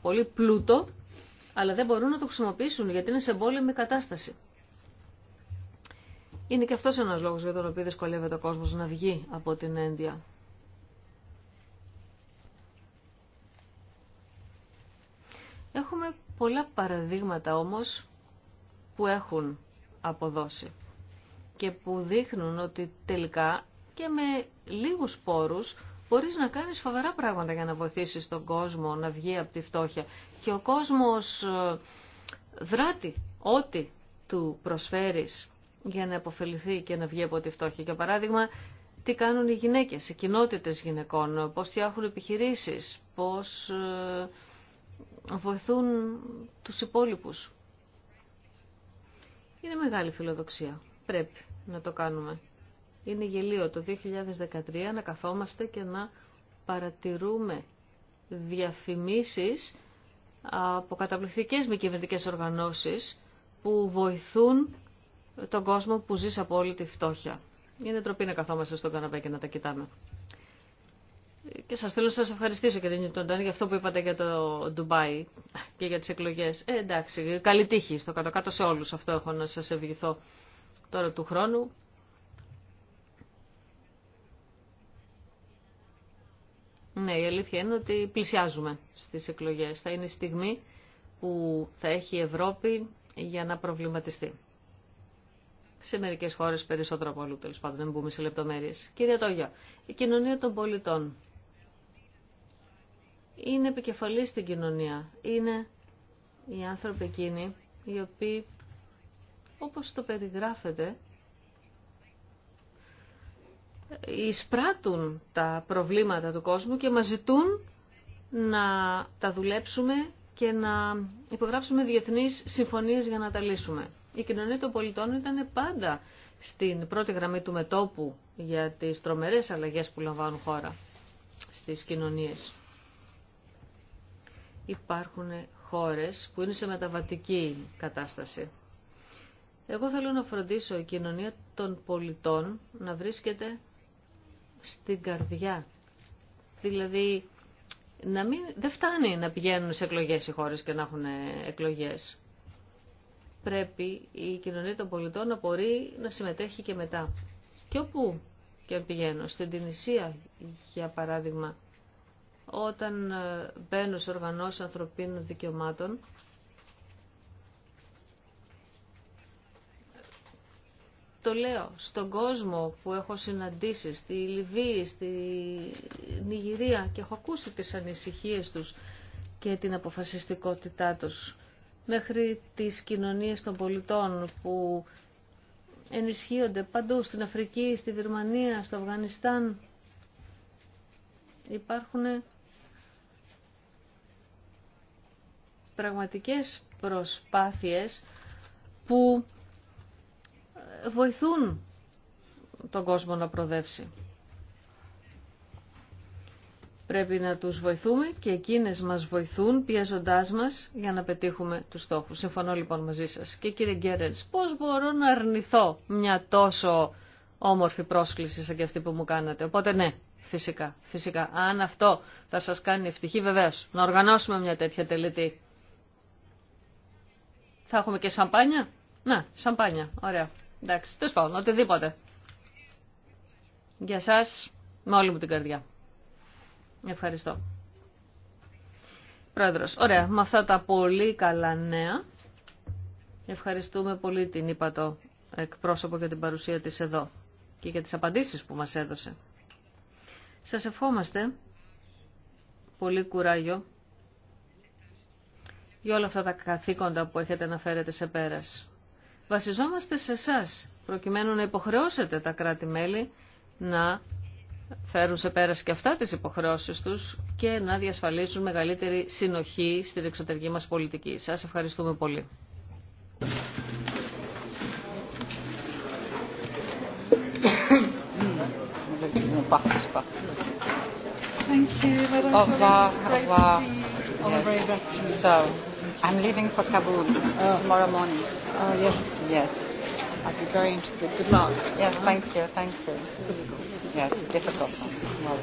πολύ πλούτο, αλλά δεν μπορούν να το χρησιμοποιήσουν γιατί είναι σε πόλεμη κατάσταση. Είναι και αυτό ένα λόγο για τον οποίο δυσκολεύεται ο κόσμο να βγει από την ένδια. Έχουμε πολλά παραδείγματα όμως που έχουν αποδώσει και που δείχνουν ότι τελικά και με λίγους πόρους μπορείς να κάνεις φοβερά πράγματα για να βοηθήσεις τον κόσμο να βγει από τη φτώχεια. Και ο κόσμος ε, δράτη ό,τι του προσφέρεις για να αποφεληθεί και να βγει από τη φτώχεια. Για παράδειγμα, τι κάνουν οι γυναίκες, οι κοινότητες γυναικών, πώς φτιάχνουν επιχειρήσεις, πώς ε, βοηθούν τους υπόλοιπους. Είναι μεγάλη φιλοδοξία. Πρέπει να το κάνουμε. Είναι γελίο το 2013 να καθόμαστε και να παρατηρούμε διαφημίσεις από καταπληκτικές μη κυβερνητικές οργανώσεις που βοηθούν τον κόσμο που ζει όλη τη φτώχεια. Είναι τροπή να καθόμαστε στον καναπέ και να τα κοιτάμε. Και σας θέλω να σας ευχαριστήσω και την Ιντοντάν για αυτό που είπατε για το Ντουμπάι και για τις εκλογές. Ε, εντάξει, καλή τύχη στο κάτω-κάτω σε όλους. Αυτό έχω να σας ευγηθώ τώρα του χρόνου. Ναι, η αλήθεια είναι ότι πλησιάζουμε στις εκλογές. Θα είναι η στιγμή που θα έχει η Ευρώπη για να προβληματιστεί σε μερικές χώρες περισσότερο από αλλού, τέλος πάντων, δεν μπούμε σε λεπτομέρειες. Κυρία Τόγια, η κοινωνία των πολιτών είναι επικεφαλή στην κοινωνία. Είναι οι άνθρωποι εκείνοι οι οποίοι, όπως το περιγράφεται, εισπράττουν τα προβλήματα του κόσμου και μας ζητούν να τα δουλέψουμε και να υπογράψουμε διεθνείς συμφωνίες για να τα λύσουμε. Η κοινωνία των πολιτών ήταν πάντα στην πρώτη γραμμή του μετόπου για τις τρομερές αλλαγές που λαμβάνουν χώρα στις κοινωνίες. Υπάρχουν χώρες που είναι σε μεταβατική κατάσταση. Εγώ θέλω να φροντίσω η κοινωνία των πολιτών να βρίσκεται στην καρδιά. Δηλαδή, να μην, δεν φτάνει να πηγαίνουν σε εκλογές οι χώρες και να έχουν εκλογές πρέπει η κοινωνία των πολιτών να μπορεί να συμμετέχει και μετά. Και όπου και πηγαίνω, στην Τινησία για παράδειγμα, όταν ε, μπαίνω σε οργανώσεις ανθρωπίνων δικαιωμάτων, το λέω στον κόσμο που έχω συναντήσει, στη Λιβύη, στη Νιγηρία και έχω ακούσει τις ανησυχίες τους και την αποφασιστικότητά τους μέχρι τις κοινωνίες των πολιτών που ενισχύονται παντού στην Αφρική, στη Βερμανία, στο Αφγανιστάν. Υπάρχουν πραγματικές προσπάθειες που βοηθούν τον κόσμο να προδεύσει. Πρέπει να τους βοηθούμε και εκείνες μας βοηθούν πιέζοντάς μας για να πετύχουμε τους στόχους. Συμφωνώ λοιπόν μαζί σας. Και κύριε Γκέρελς, πώς μπορώ να αρνηθώ μια τόσο όμορφη πρόσκληση σαν και αυτή που μου κάνατε. Οπότε ναι, φυσικά, φυσικά. Αν αυτό θα σας κάνει ευτυχή βεβαίω. να οργανώσουμε μια τέτοια τελετή. Θα έχουμε και σαμπάνια. Να, σαμπάνια. Ωραία. Εντάξει, τέλο πάντων, οτιδήποτε. Για σας, με όλη μου την καρδιά. Ευχαριστώ. Πρόεδρος, ωραία, με αυτά τα πολύ καλά νέα, ευχαριστούμε πολύ την Ήπατο εκπρόσωπο για την παρουσία της εδώ και για τις απαντήσεις που μας έδωσε. Σας ευχόμαστε πολύ κουράγιο για όλα αυτά τα καθήκοντα που έχετε να φέρετε σε πέρας. Βασιζόμαστε σε εσά προκειμένου να υποχρεώσετε τα κράτη-μέλη να φέρουν σε πέρα και αυτά τις υποχρεώσεις τους και να διασφαλίσουν μεγαλύτερη συνοχή στην εξωτερική μας πολιτική. Σας ευχαριστούμε πολύ. Thank you. I'm leaving for Kabul oh. tomorrow morning. Oh, yes. I'd be very interested. Good luck. Yes, thank you, thank you. Yeah, difficult. Well,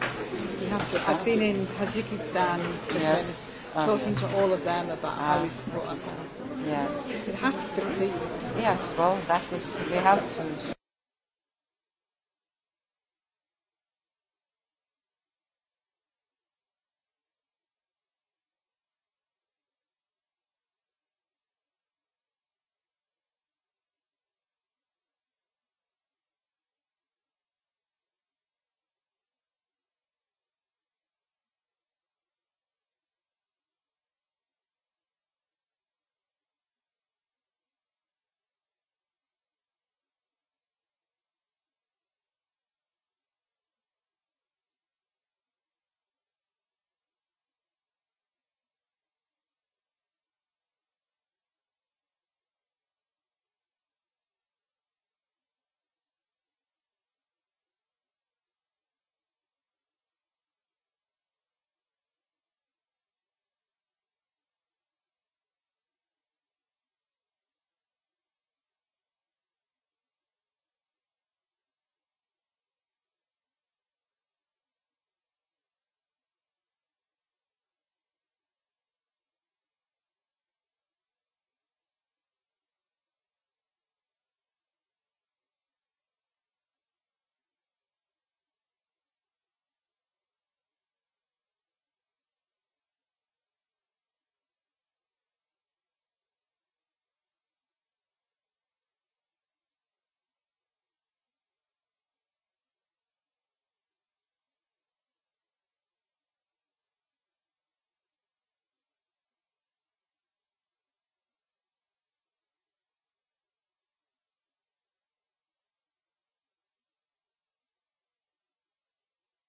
you have to. I've been in Tajikistan. Yes. Talking to all of them about how we support Afghanistan. Yes. It has to succeed. Yes, well, that is, we have to